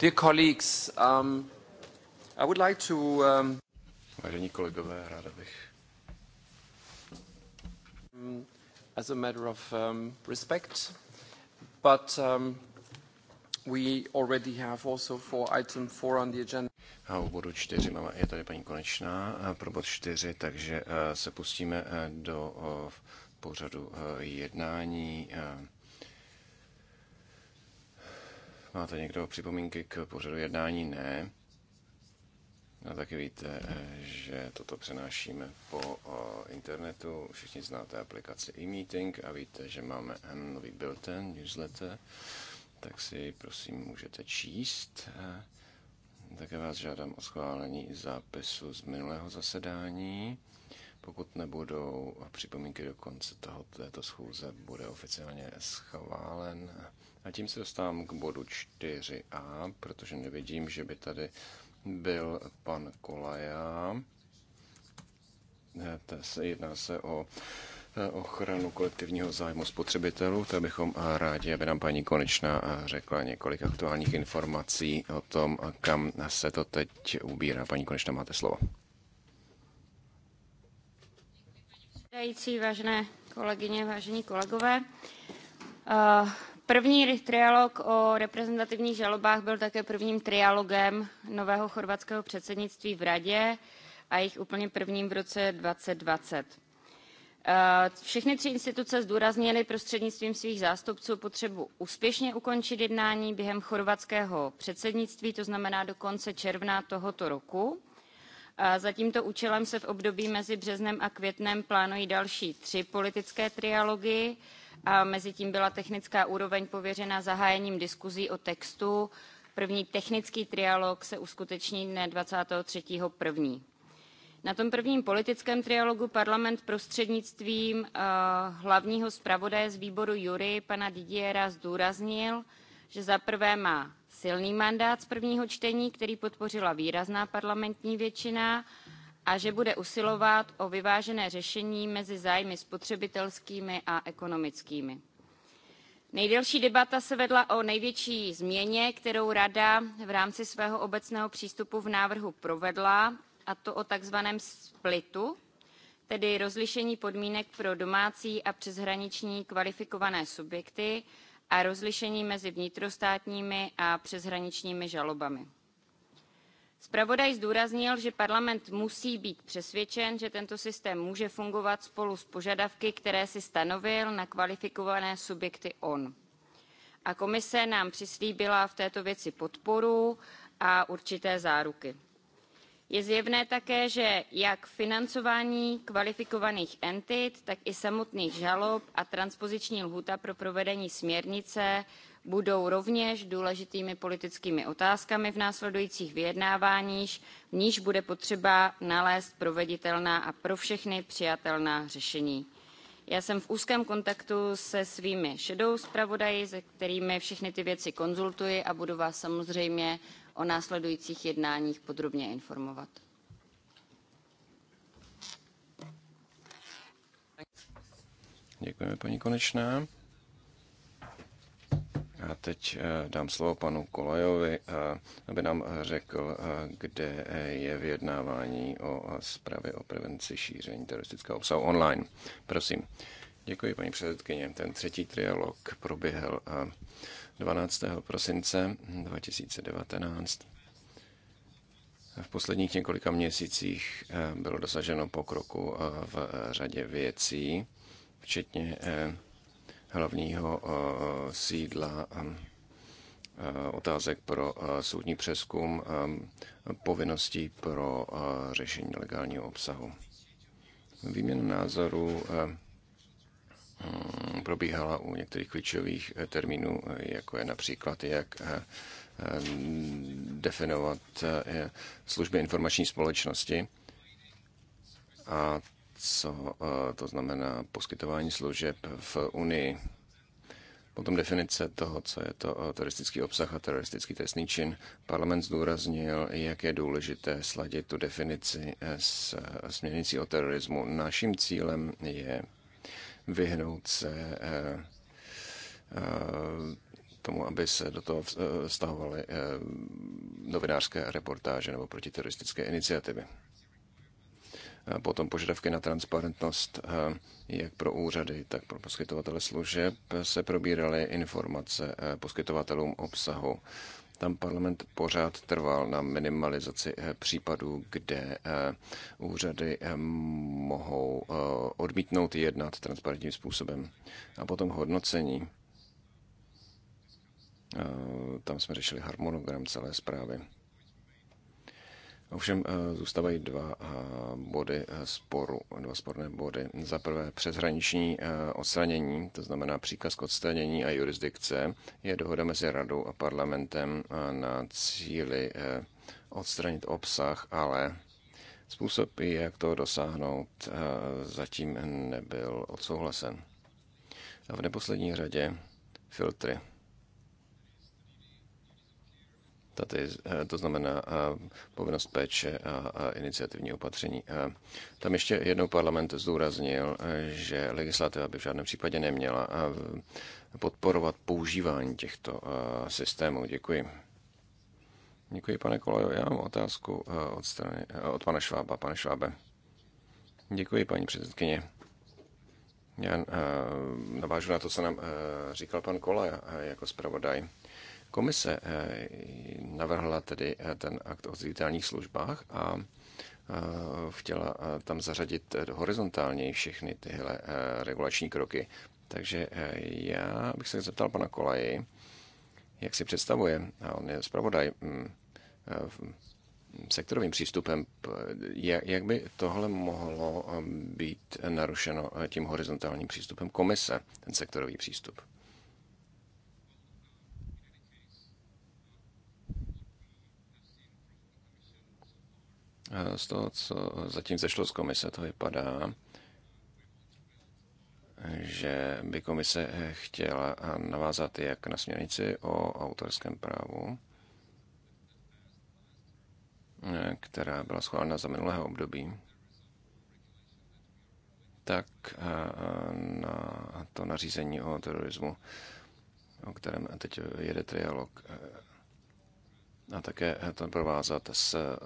Dear colleagues, um, I would like to... Um... Vážení kolegové, ráda bych. As a matter of um, respect, but um, we already have also for item four on the agenda. A u bodu čtyři máme, je tady paní Konečná pro bod čtyři, takže eh, se pustíme eh, do eh, pořadu jednání. Máte někdo připomínky k pořadu jednání? Ne. No taky víte, že toto přenášíme po internetu. Všichni znáte aplikaci e-meeting a víte, že máme nový built-in newsletter, tak si prosím můžete číst. Také vás žádám o schválení zápisu z minulého zasedání. Pokud nebudou připomínky do konce tohoto této schůze, bude oficiálně schválen. A tím se dostávám k bodu 4a, protože nevidím, že by tady byl pan Kolaja. Eh, jedná se o eh, ochranu kolektivního zájmu spotřebitelů, To bychom eh, rádi, aby nám paní Konečná řekla několik aktuálních informací o tom, kam se to teď ubírá. Paní Konečná, máte slovo. Vážené kolegyně, vážení kolegové, První trialog o reprezentativních žalobách byl také prvním trialogem nového chorvatského předsednictví v Radě a jejich úplně prvním v roce 2020. Eh, všechny tři instituce zdůraznily prostřednictvím svých zástupců potřebu úspěšně ukončit jednání během chorvatského předsednictví, to znamená do konce června tohoto roku. Za tímto účelem se v období mezi březnem a květnem plánují další tři politické trialogy a mezitím byla technická úroveň pověřena zahájením diskuzí o textu. První technický trialog se uskuteční dne 23. 1. Na tom prvním politickém trialogu parlament prostřednictvím uh, hlavního zpravodaje z výboru Jury, pana Didiera, zdůraznil, že za prvé má silný mandát z prvního čtení, který podpořila výrazná parlamentní většina a že bude usilovat o vyvážené řešení mezi zájmy spotřebitelskými a ekonomickými. Nejdelší debata se vedla o největší změně, kterou Rada v rámci svého obecného přístupu v návrhu provedla, a to o takzvaném splitu, tedy rozlišení podmínek pro domácí a přeshraniční kvalifikované subjekty a rozlišení mezi vnitrostátními a přeshraničními žalobami. Spravodaj zdůraznil, že parlament musí být přesvědčen, že tento systém může fungovat spolu s požadavky, které si stanovil na kvalifikované subjekty ON. A komise nám přislíbila v této věci podporu a určité záruky. Je zjevné také, že jak financování kvalifikovaných entit, tak i samotných žalob a transpoziční lhůta pro provedení směrnice budou rovněž důležitými politickými otázkami v následujících vyjednáváních, v níž bude potřeba nalézt proveditelná a pro všechny přijatelná řešení. Já jsem v úzkém kontaktu se svými šedou zpravodaji, se kterými všechny ty věci konzultuji a budu vás samozřejmě o následujících jednáních podrobně informovat. Děkujeme, paní Konečná. A teď eh, dám slovo panu Kolejovi, eh, aby nám řekl, eh, kde je vyjednávání o zprávě o prevenci šíření teroristického obsahu online. Prosím. Děkuji, paní předsedkyně. Ten třetí trialog proběhl 12. prosince 2019. V posledních několika měsících bylo dosaženo pokroku v řadě věcí, včetně hlavního eh, sídla eh, eh, otázek pro soudní přeskum povinností pro řešení legálního obsahu. Výměna názorů hm, probíhala u některých klíčových termínů, jako je například, jak definovat služby informační společnosti a co eh, to znamená poskytování služeb v Unii. Potom definice toho, co je to eh, teroristický obsah a teroristický trestný čin. Parlament zdůraznil, jak je důležité sladit tu definici eh, s směrnicí o terorismu. Naším cílem je vyhnout se tomu, aby se do toho vztahovaly novinářské reportáže nebo protiteroristické iniciativy potom požadavky na transparentnost eh, jak pro úřady, tak pro poskytovatele služeb se probíraly informace eh, poskytovatelům obsahu. Tam parlament pořád trval na minimalizaci eh, případů, kde úřady mohou odmítnout jednat transparentním způsobem. A potom hodnocení. Tam jsme řešili harmonogram celé zprávy. Ovšem eh, zůstávají dva eh, body eh, sporu, dva sporné body. Za prvé přeshraniční odstranění, to znamená příkaz k odstranění a jurisdikce, je dohoda mezi radou a parlamentem na cíli odstranit obsah, ale způsob, jak to dosáhnout, zatím nebyl odsouhlasen. A v neposlední řadě filtry. Tady, eh, to znamená eh, povinnost péče a iniciativní opatření. Eh, tam ještě jednou parlament zdůraznil, že legislativa by v žádném případě neměla podporovat používání těchto systémů. Děkuji. Děkuji, pane Kolejo. Já mám otázku od, strany, od pana Švába. Pane Švábe. Děkuji, paní předsedkyně. Já navážu na to, co nám říkal pan Kola jako zpravodaj. Komise eh, navrhla tedy eh, ten akt o digitálních službách a eh, chtěla tam zařadit horizontálně všechny tyhle regulační kroky. Takže já bych se zeptal pana Kolaji, jak si představuje, a on je zpravodaj, mm, sektorovým přístupem, jak by tohle mohlo být narušeno tím horizontálním přístupem komise, ten sektorový přístup? Eh, z toho, co zatím zešlo z komise, to vypadá, že by komise eh, chtěla eh, navázat jak na směrnici o autorském právu, která byla schválena za minulého období, tak na to nařízení o terorismu, o kterém teď jede trialog a také to provázat s eh,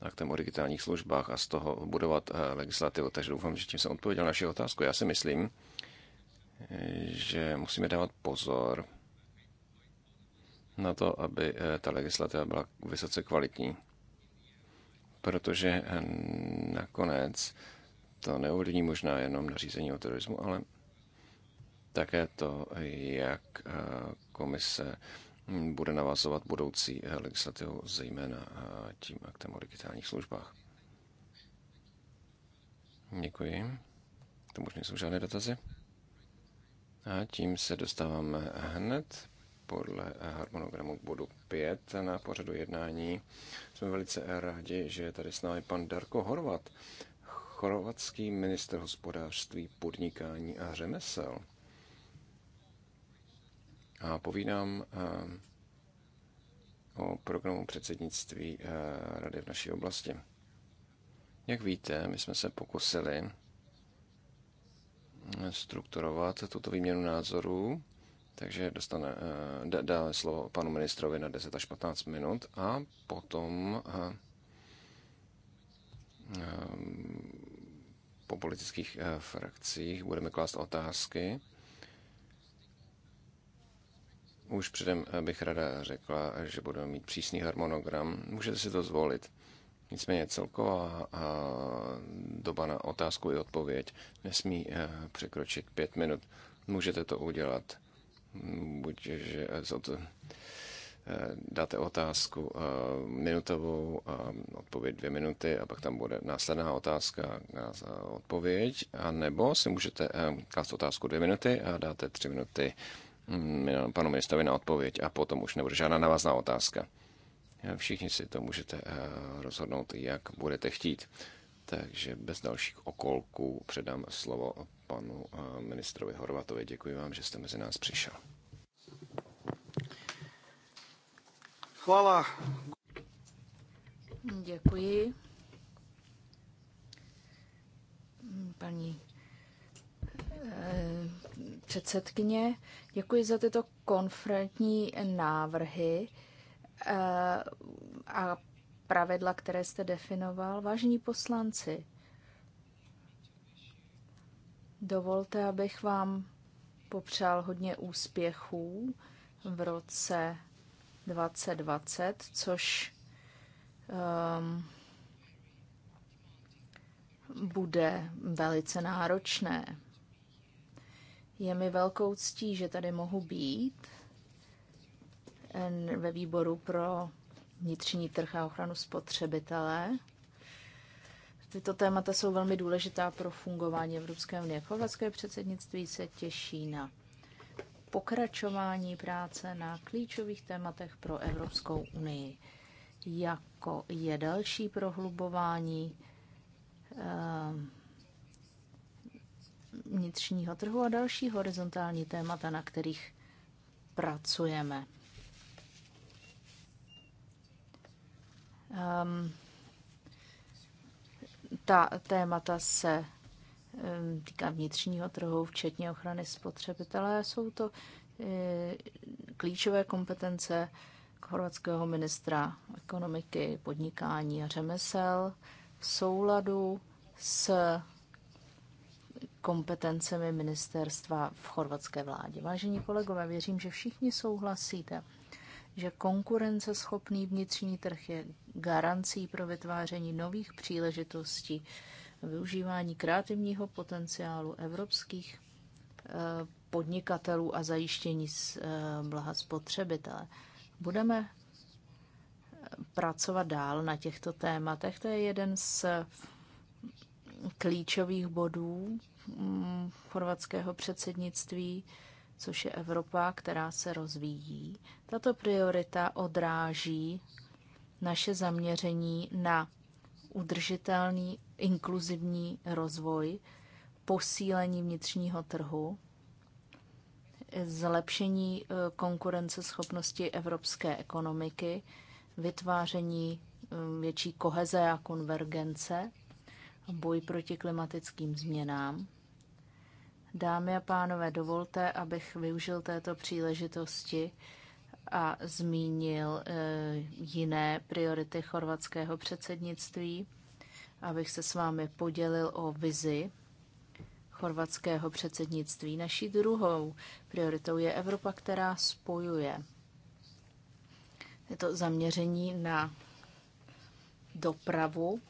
aktem o digitálních službách a z toho budovat eh, legislativu. Takže doufám, že tím jsem odpověděl na naši otázku. Já si myslím, že musíme dávat pozor na to, aby eh, ta legislativa byla vysoce kvalitní. Protože nakonec to neovlivní možná jenom nařízení o terorismu, ale také to, jak komise bude navazovat budoucí legislativu, zejména tím aktem o digitálních službách. Děkuji. To už nejsou žádné dotazy. A tím se dostáváme hned podle harmonogramu k bodu 5 na pořadu jednání. Jsme velice rádi, že je tady s námi pan Darko Horvat, chorvatský minister hospodářství, podnikání a řemesel. A povídám eh, o programu předsednictví eh, Rady v naší oblasti. Jak víte, my jsme se pokusili eh, strukturovat tuto výměnu názorů, takže dostane, dáme slovo panu ministrovi na 10 až 15 minut a potom po politických frakcích budeme klást otázky už předem bych rada řekla, že budeme mít přísný harmonogram. Můžete si to zvolit. Nicméně celková doba na otázku i odpověď nesmí eh, překročit pět minut. Můžete to udělat, buď že eh, dáte otázku eh, minutovou, odpověď dvě minuty a pak tam bude následná otázka a odpověď, a nebo si můžete klást otázku dvě minuty a dáte tři minuty Mm, panu ministrovi na odpověď a potom už nebude žádná navazná otázka. Všichni si to můžete eh, rozhodnout, jak budete chtít. Takže bez dalších okolků předám slovo panu eh, ministrovi Horvatovi. Děkuji vám, že jste mezi nás přišel. Chvala. Děkuji. Paní Eh, předsedkyně. Děkuji za tyto konfrontní návrhy eh, a pravidla, které jste definoval. Vážení poslanci, dovolte, abych vám popřál hodně úspěchů v roce 2020, což um, bude velice náročné. Je mi velkou ctí, že tady mohu být ve výboru pro vnitřní trh a ochranu spotřebitele. Tyto témata jsou velmi důležitá pro fungování Evropské unie. Chorvatské předsednictví se těší na pokračování práce na klíčových tématech pro Evropskou unii, jako je další prohlubování um, vnitřního trhu a další horizontální témata, na kterých pracujeme. Um, ta témata se um, týká vnitřního trhu, včetně ochrany spotřebitele. Jsou to um, klíčové kompetence chorvatského ministra ekonomiky, podnikání a řemesel v souladu s kompetencemi ministerstva v chorvatské vládě. Vážení kolegové, věřím, že všichni souhlasíte, že konkurenceschopný vnitřní trh je garancí pro vytváření nových příležitostí, využívání kreativního potenciálu evropských eh, podnikatelů a zajištění eh, blaha spotřebitele. Budeme eh, pracovat dál na těchto tématech. To je jeden z klíčových bodů Mm, chorvatského předsednictví, což je Evropa, která se rozvíjí. Tato priorita odráží naše zaměření na udržitelný inkluzivní rozvoj, posílení vnitřního trhu, zlepšení eh, konkurenceschopnosti evropské ekonomiky, vytváření mm, větší koheze a konvergence boj proti klimatickým změnám. Dámy a pánové, dovolte, abych využil této příležitosti a zmínil eh, jiné priority chorvatského předsednictví, abych se s vámi podělil o vizi chorvatského předsednictví. Naší druhou prioritou je Evropa, která spojuje. Je to zaměření na dopravu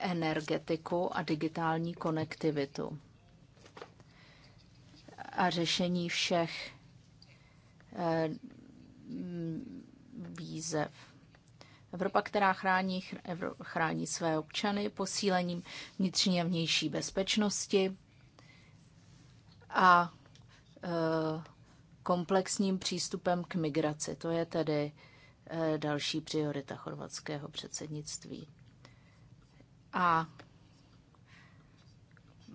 energetiku a digitální konektivitu a řešení všech eh, výzev. Evropa, která chrání, chrání své občany posílením vnitřní a vnější bezpečnosti a eh, komplexním přístupem k migraci. To je tedy eh, další priorita chorvatského předsednictví. A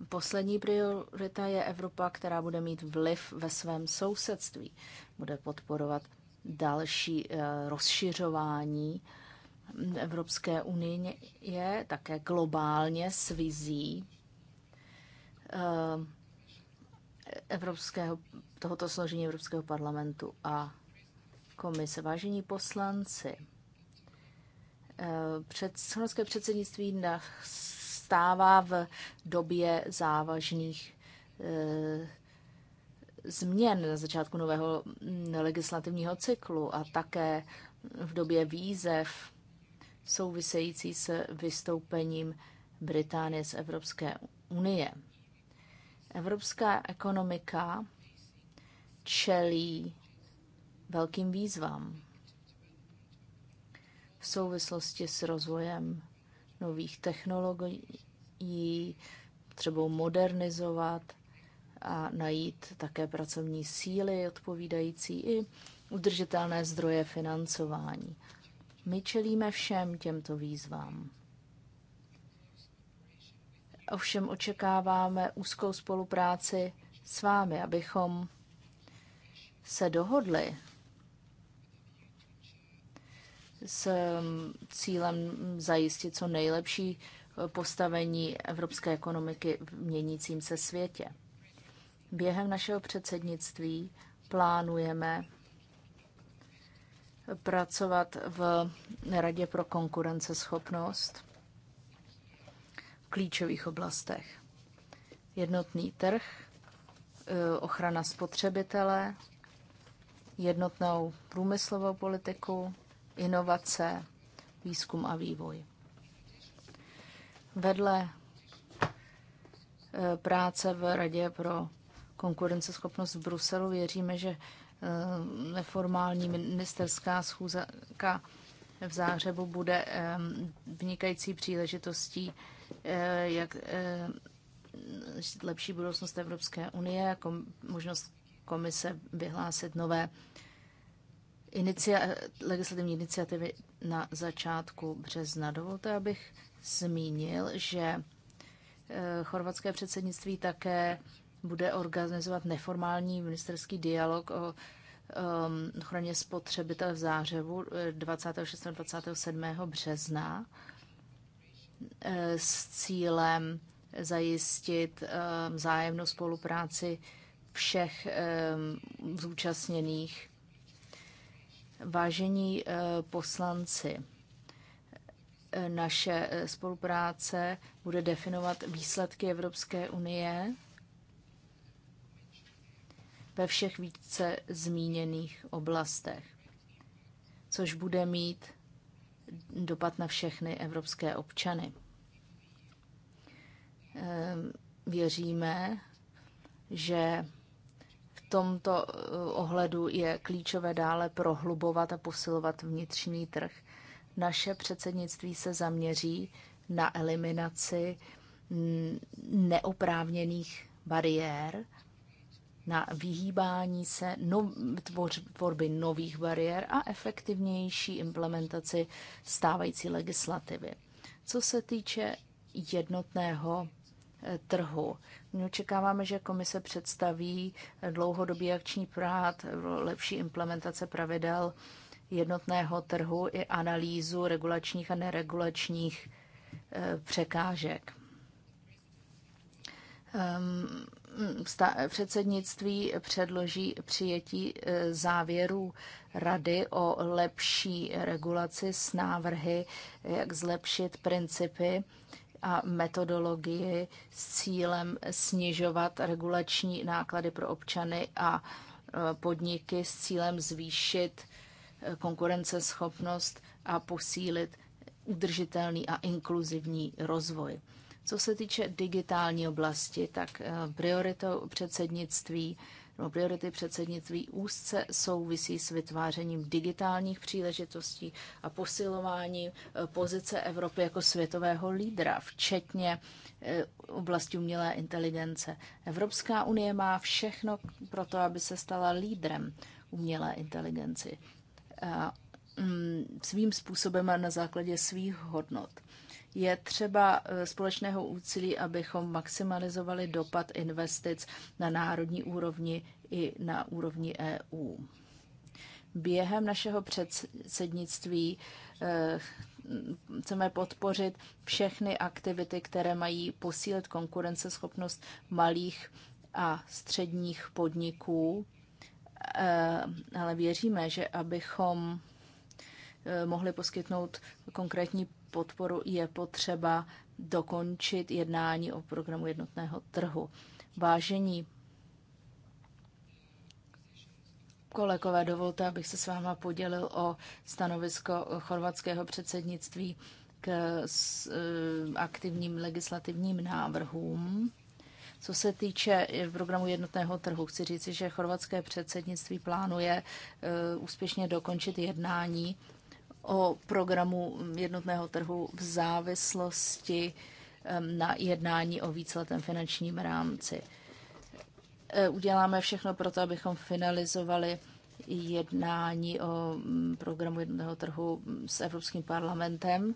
poslední priorita je Evropa, která bude mít vliv ve svém sousedství. Bude podporovat další eh, rozšiřování Evropské unie, je také globálně s vizí eh, evropského, tohoto složení Evropského parlamentu a komise. Vážení poslanci, Eh, před slovenské předsednictví stává v době závažných eh, změn na začátku nového mm, legislativního cyklu a také v době výzev související s vystoupením Británie z Evropské unie. Evropská ekonomika čelí velkým výzvám v souvislosti s rozvojem nových technologií, třeba modernizovat a najít také pracovní síly odpovídající i udržitelné zdroje financování. My čelíme všem těmto výzvám. Ovšem očekáváme úzkou spolupráci s vámi, abychom se dohodli s mm, cílem zajistit co nejlepší eh, postavení evropské ekonomiky v měnícím se světě. Během našeho předsednictví plánujeme pracovat v Radě pro konkurenceschopnost v klíčových oblastech. Jednotný trh, eh, ochrana spotřebitele, jednotnou průmyslovou politiku, inovace, výzkum a vývoj. Vedle eh, práce v Radě pro konkurenceschopnost v Bruselu věříme, že eh, neformální ministerská schůzka v Zářebu bude eh, vnikající příležitostí, jak lepší budoucnost Evropské unie, jako možnost komise vyhlásit nové inicia- legislativní iniciativy na začátku března. Dovolte, abych zmínil, že eh, chorvatské předsednictví také bude organizovat neformální ministerský dialog o ehm, ochraně spotřebitele v Zářevu 26. Eh, a 27. března eh, s cílem zajistit ehm, zájemnou spolupráci všech ehm, zúčastněných Vážení eh, poslanci, eh, naše eh, spolupráce bude definovat výsledky Evropské unie ve všech více zmíněných oblastech, což bude mít dopad na všechny evropské občany. Ehm, věříme, že tomto eh, ohledu je klíčové dále prohlubovat a posilovat vnitřní trh. Naše předsednictví se zaměří na eliminaci mm, neoprávněných bariér, na vyhýbání se no, tvoř, tvorby nových bariér a efektivnější implementaci stávající legislativy. Co se týče jednotného trhu. My očekáváme, že komise představí dlouhodobý akční prát, lepší implementace pravidel jednotného trhu i analýzu regulačních a neregulačních eh, překážek. Ehm, předsednictví předloží přijetí eh, závěrů Rady o lepší regulaci s návrhy, jak zlepšit principy a metodologii s cílem snižovat regulační náklady pro občany a e, podniky s cílem zvýšit e, konkurenceschopnost a posílit udržitelný a inkluzivní rozvoj. Co se týče digitální oblasti, tak e, prioritou předsednictví no, priority předsednictví úzce souvisí s vytvářením digitálních příležitostí a posilování eh, pozice Evropy jako světového lídra, včetně eh, oblasti umělé inteligence. Evropská unie má všechno pro to, aby se stala lídrem umělé inteligenci mm, svým způsobem a na základě svých hodnot. Je třeba eh, společného úsilí, abychom maximalizovali dopad investic na národní úrovni i na úrovni EU. Během našeho předsednictví eh, chceme podpořit všechny aktivity, které mají posílit konkurenceschopnost malých a středních podniků, eh, ale věříme, že abychom mohli poskytnout konkrétní podporu je potřeba dokončit jednání o programu jednotného trhu. Vážení kolegové, dovolte, abych se s váma podělil o stanovisko chorvatského předsednictví k eh, aktivním legislativním návrhům. Co se týče eh, programu jednotného trhu, chci říci, že chorvatské předsednictví plánuje eh, úspěšně dokončit jednání o programu jednotného trhu v závislosti na jednání o víceletém finančním rámci. E, uděláme všechno pro to, abychom finalizovali jednání o mm, programu jednotného trhu mm, s Evropským parlamentem.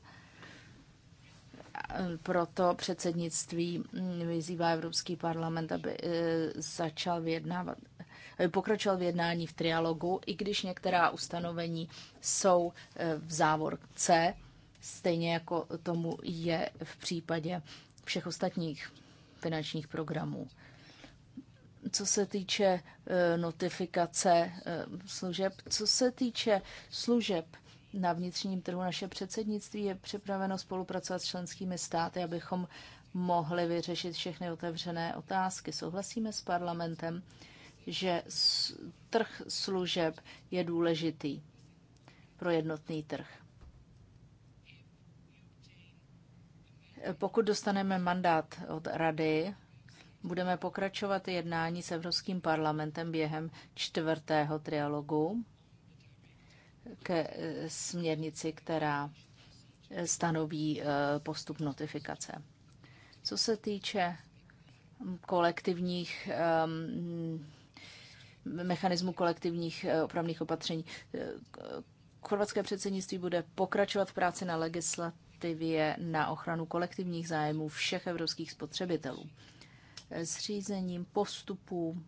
E, proto předsednictví mm, vyzývá Evropský parlament, aby e, začal vyjednávat aby pokračoval v jednání v trialogu, i když některá ustanovení jsou eh, v závorce, stejně jako tomu je v případě všech ostatních finančních programů. Co se týče eh, notifikace eh, služeb, co se týče služeb, na vnitřním trhu naše předsednictví je připraveno spolupracovat s členskými státy, abychom mohli vyřešit všechny otevřené otázky. Souhlasíme s parlamentem, že trh služeb je důležitý pro jednotný trh. Pokud dostaneme mandát od Rady, budeme pokračovat jednání s Evropským parlamentem během čtvrtého trialogu ke eh, směrnici, která eh, stanoví eh, postup notifikace. Co se týče kolektivních ehm, mechanismu kolektivních eh, opravných opatření. Eh, chorvatské předsednictví bude pokračovat v práci na legislativě na ochranu kolektivních zájmů všech evropských spotřebitelů. S eh, řízením postupů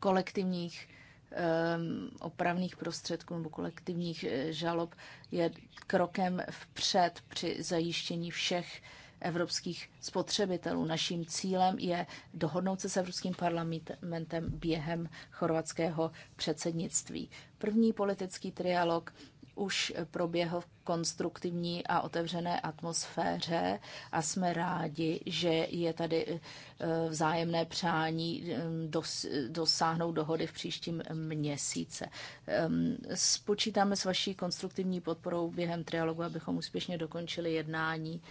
kolektivních ehm, opravných prostředků nebo kolektivních žalob je krokem vpřed při zajištění všech evropských spotřebitelů. Naším cílem je dohodnout se s Evropským parlamentem během chorvatského předsednictví. První politický trialog už proběhl v konstruktivní a otevřené atmosféře a jsme rádi, že je tady eh, vzájemné přání eh, dosáhnout dohody v příštím měsíce. Ehm, spočítáme s vaší konstruktivní podporou během trialogu, abychom úspěšně dokončili jednání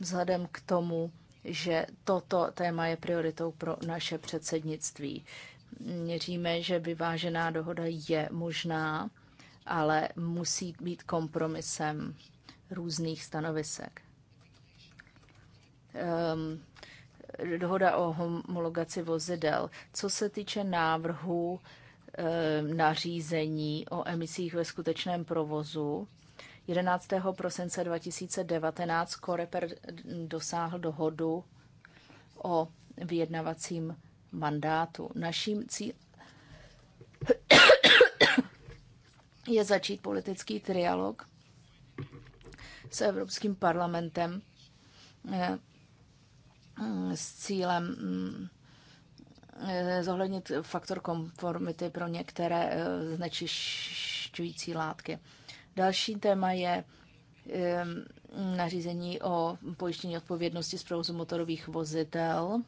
vzhledem k tomu, že toto téma je prioritou pro naše předsednictví. Měříme, že vyvážená dohoda je možná, ale musí být kompromisem různých stanovisek. Um, dohoda o homologaci vozidel. Co se týče návrhu ehm, nařízení o emisích ve skutečném provozu, 11. prosince 2019 Koreper dosáhl dohodu o vyjednavacím mandátu. Naším cílem je začít politický trialog s Evropským parlamentem eh, s cílem mm, eh, zohlednit faktor konformity pro některé eh, znečišťující látky. Další téma je nařízení o pojištění odpovědnosti z provozu motorových vozidel.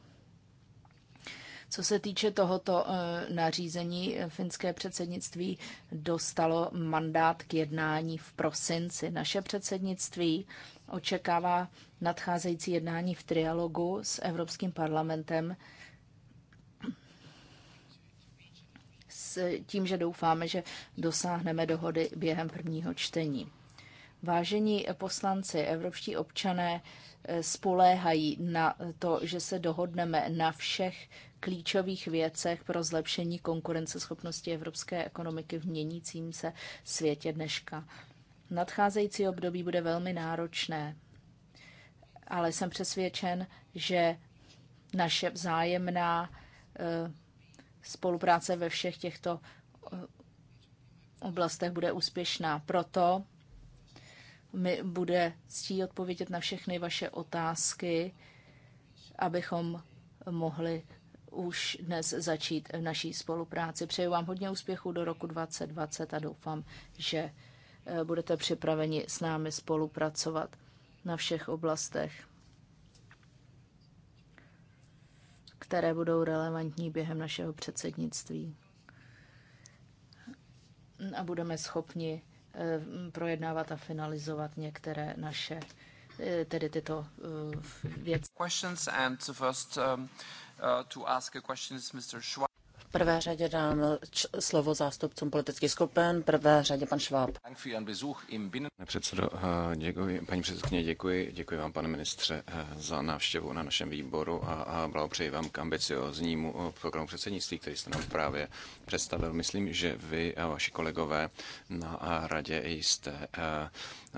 Co se týče tohoto eh, nařízení, finské předsednictví dostalo mandát k jednání v prosinci. Naše předsednictví očekává nadcházející jednání v trialogu s Evropským parlamentem s tím, že doufáme, že dosáhneme dohody během prvního čtení. Vážení poslanci, evropští občané eh, spoléhají na to, že se dohodneme na všech klíčových věcech pro zlepšení konkurenceschopnosti evropské ekonomiky v měnícím se světě dneška. Nadcházející období bude velmi náročné, ale jsem přesvědčen, že naše vzájemná eh, spolupráce ve všech těchto eh, oblastech bude úspěšná. Proto mi bude ctí odpovědět na všechny vaše otázky, abychom mohli už dnes začít v naší spolupráci. Přeju vám hodně úspěchů do roku 2020 a doufám, že eh, budete připraveni s námi spolupracovat na všech oblastech. které budou relevantní během našeho předsednictví. A budeme schopni eh, projednávat a finalizovat některé naše eh, tedy tyto eh, věci prvé řadě dám slovo zástupcům politických skupin, prvé řadě pan Šváb. Pane předsedo, eh, děkuji, paní předsedkyně, děkuji, děkuji vám, pane ministře, eh, za návštěvu na našem výboru a, a blahopřeji vám k ambicioznímu eh, programu předsednictví, který jste nám právě představil. Myslím, že vy a vaši kolegové na radě jste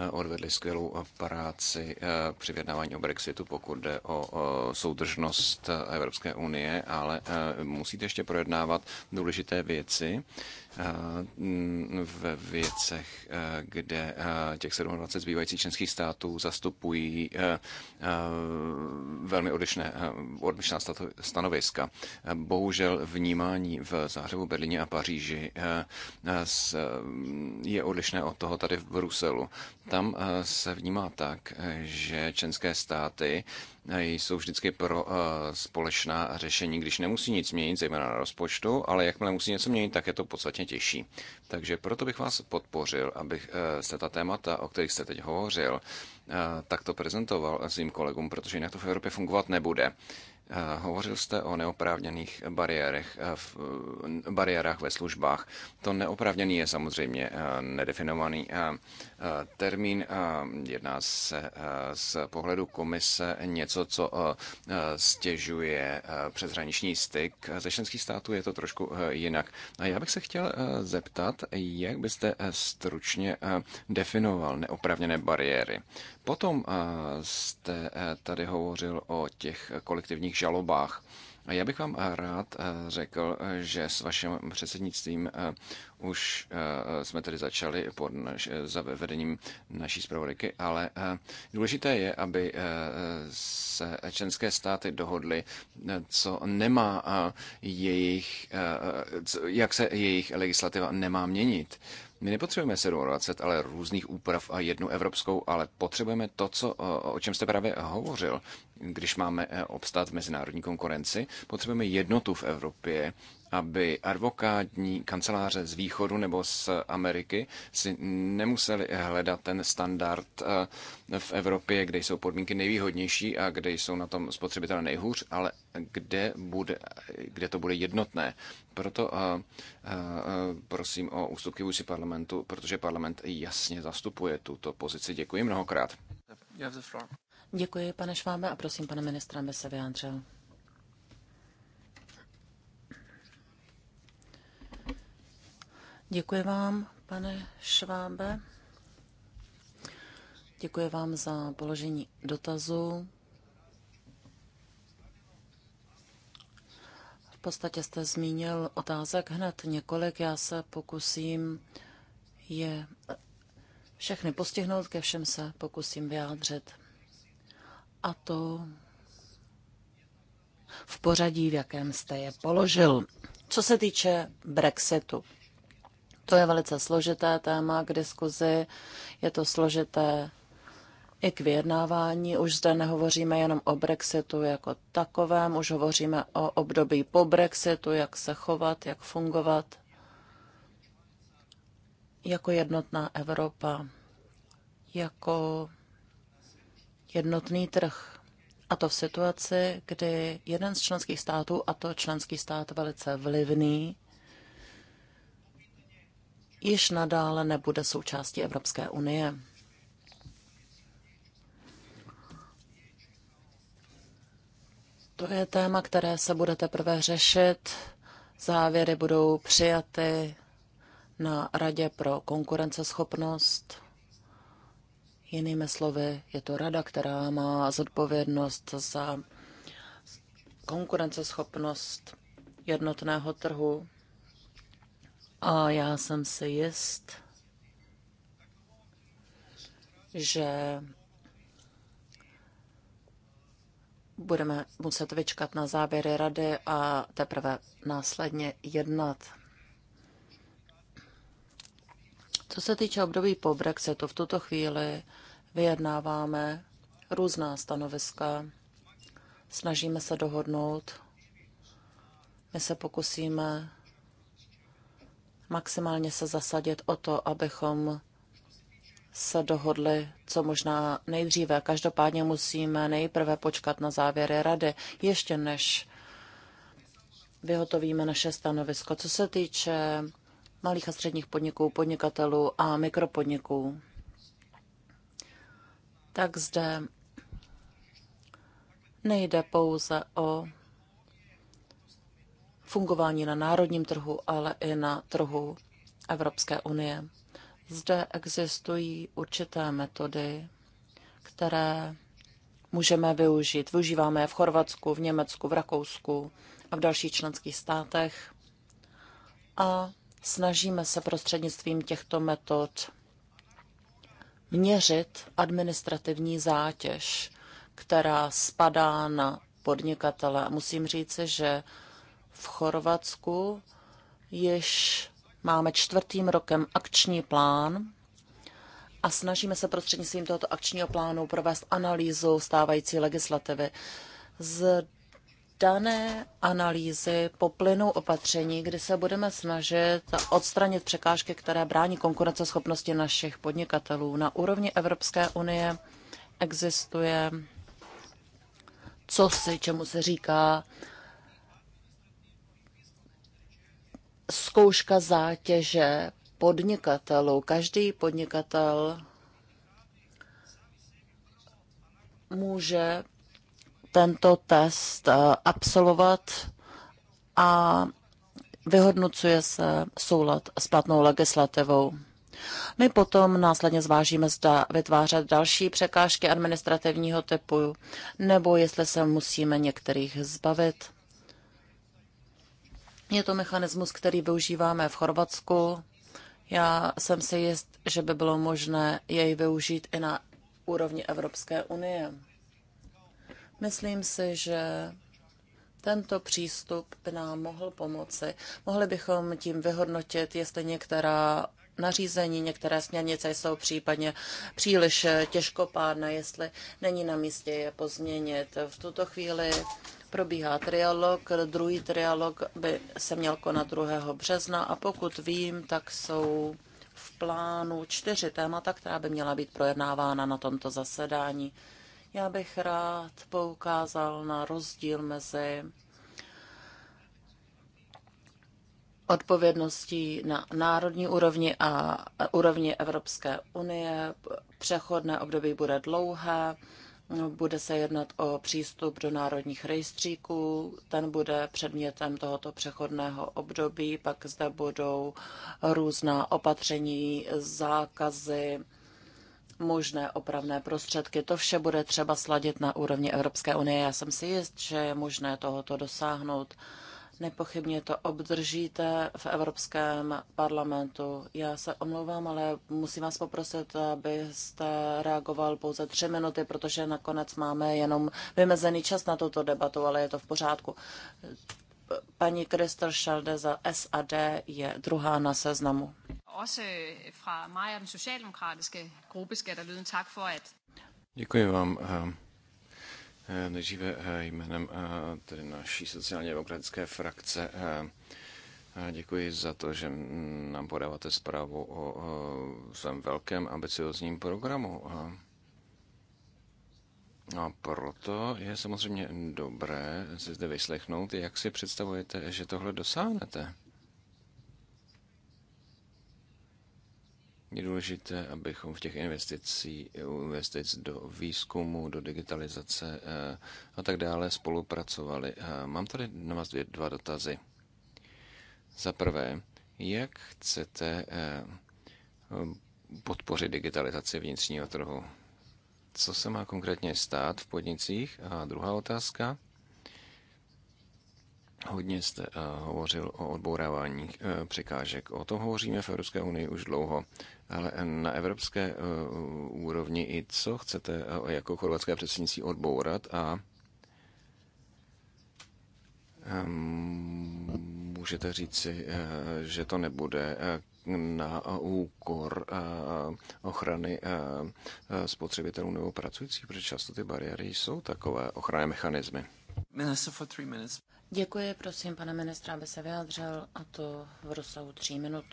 Eh, odvedli skvělou eh, práci eh, při vyjednávání o Brexitu, pokud jde o soudržnost Evropské unie, ale musíte ještě projednávat důležité věci Eh, mm, ve věcech, eh, kde eh, těch 27 zbývajících členských států zastupují velmi odlišné, odlišná stanoviska. Bohužel vnímání v Záhřebu, Berlíně a Paříži je odlišné od toho tady v Bruselu. Tam se vnímá tak, že členské státy jsou vždycky pro eh, společná řešení, když nemusí nic měnit, zejména na rozpočtu, ale jakmile musí něco měnit, tak je to podstatně těžší. Takže proto bych vás podpořil, abych eh, se ta témata, o kterých jste teď hovořil, eh, tak to prezentoval svým kolegům, protože jinak to v Evropě fungovat nebude. Hovořil jste o neoprávněných bariérech, v, bariérách ve službách. To neoprávněný je samozřejmě nedefinovaný Eh, termín. Eh, jedná se eh, z pohledu komise něco, co stěžuje přeshraniční styk. Ze členských států je to trošku jinak. A já bych se chtěl zeptat, jak byste stručně definoval neopravněné bariéry. Potom jste tady hovořil o těch kolektivních žalobách. Já bych vám eh, rád eh, řekl, eh, že s vaším předsednictvím už jsme tedy začali pod naš, za vedením naší zpravodajky, ale důležité je, aby se členské státy dohodly, co nemá jejich, jak se jejich legislativa nemá měnit. My nepotřebujeme 27, ale různých úprav a jednu evropskou, ale potřebujeme to, co, o čem jste právě hovořil když máme eh, obstát v mezinárodní konkurenci. Potřebujeme jednotu v Evropě, aby advokátní kanceláře z východu nebo z Ameriky si nemuseli hledat ten standard eh, v Evropě, kde jsou podmínky nejvýhodnější a kde jsou na tom spotřebitelé nejhůř, ale kde, bude, kde to bude jednotné. Proto eh, prosím o ústupky vůči parlamentu, protože parlament jasně zastupuje tuto pozici. Děkuji mnohokrát. Děkuji, pane Šváme, a prosím pana ministra, aby se vyjádřil. Děkuji vám, pane Švábe. Děkuji vám za položení dotazu. V podstatě jste zmínil otázek hned několik. Já se pokusím je všechny postihnout, ke všem se pokusím vyjádřit a to v pořadí, v jakém jste je položil. Co se týče Brexitu, to je velice složité téma k diskuzi, je to složité i k vyjednávání. Už zde nehovoříme jenom o Brexitu jako takovém, už hovoříme o období po Brexitu, jak se chovat, jak fungovat jako jednotná Evropa, jako jednotný trh. A to v situaci, kdy jeden z členských států, a to členský stát velice vlivný, již nadále nebude součástí Evropské unie. To je téma, které se bude teprve řešit. Závěry budou přijaty na Radě pro konkurenceschopnost Jinými slovy, je to rada, která má zodpovědnost za konkurenceschopnost jednotného trhu. A já jsem si jist, že budeme muset vyčkat na záběry rady a teprve následně jednat. Co se týče období po Brexitu, v tuto chvíli vyjednáváme různá stanoviska, snažíme se dohodnout, my se pokusíme maximálně se zasadit o to, abychom se dohodli co možná nejdříve. Každopádně musíme nejprve počkat na závěry rady, ještě než vyhotovíme naše stanovisko. Co se týče malých a středních podniků, podnikatelů a mikropodniků, tak zde nejde pouze o fungování na národním trhu, ale i na trhu Evropské unie. Zde existují určité metody, které můžeme využít. Využíváme je v Chorvatsku, v Německu, v Rakousku a v dalších členských státech. A snažíme se prostřednictvím těchto metod měřit administrativní zátěž, která spadá na podnikatele. Musím říci, že v Chorvatsku již máme čtvrtým rokem akční plán a snažíme se prostřednictvím tohoto akčního plánu provést analýzu stávající legislativy. Z dané analýzy poplynou opatření, kdy se budeme snažit odstranit překážky, které brání konkurenceschopnosti našich podnikatelů. Na úrovni Evropské unie existuje co si, čemu se říká zkouška zátěže podnikatelů. Každý podnikatel může tento test eh, absolvovat a vyhodnocuje se soulad s platnou legislativou. My potom následně zvážíme, zda vytvářet další překážky administrativního typu, nebo jestli se musíme některých zbavit. Je to mechanismus, který využíváme v Chorvatsku. Já jsem si jist, že by bylo možné jej využít i na úrovni Evropské unie. Myslím si, že tento přístup by nám mohl pomoci. Mohli bychom tím vyhodnotit, jestli některá nařízení, některé směrnice jsou případně příliš těžkopádné, jestli není na místě je pozměnit. V tuto chvíli probíhá trialog, druhý trialog by se měl konat 2. března a pokud vím, tak jsou v plánu čtyři témata, která by měla být projednávána na tomto zasedání. Já bych rád poukázal na rozdíl mezi odpovědností na národní úrovni a úrovni Evropské unie. Přechodné období bude dlouhé, bude se jednat o přístup do národních rejstříků, ten bude předmětem tohoto přechodného období, pak zde budou různá opatření, zákazy, možné opravné prostředky. To vše bude třeba sladit na úrovni Evropské unie. Já jsem si jist, že je možné tohoto dosáhnout. Nepochybně to obdržíte v Evropském parlamentu. Já se omlouvám, ale musím vás poprosit, abyste reagoval pouze tři minuty, protože nakonec máme jenom vymezený čas na tuto debatu, ale je to v pořádku. Paní Kristel Šalde za SAD je druhá na seznamu. Også øh, fra mig og den socialdemokratiske gruppe skal der lyde en tak for, at... Děkuji vám. Eh, eh, nejdříve eh, jménem tedy naší sociálně demokratické frakce Děkuji za to, že nám podáváte zprávu o svém velkém ambiciozním programu. No a proto je samozřejmě dobré si zde vyslechnout, jak si představujete, že tohle dosáhnete. Je důležité, abychom v těch investicích, investic do výzkumu, do digitalizace eh, a tak dále spolupracovali. Eh, mám tady na vás dvě, dva dotazy. Za prvé, jak chcete eh, podpořit digitalizaci vnitřního trhu? Co se má konkrétně stát v podnicích? A druhá otázka, Hodně jste eh, hovořil o odbourávání eh, překážek. O tom hovoříme v Evropské unii už dlouho, ale na evropské eh, úrovni i co chcete jako chorvatské předsednictví odbourat a ehm, můžete říci, že to nebude na úkor ochrany spotřebitelů nebo pracujících, protože často ty bariéry jsou takové ochranné mechanismy. Děkuji, prosím, pane ministra, aby se vyjádřil, a to v rozsahu tří minut.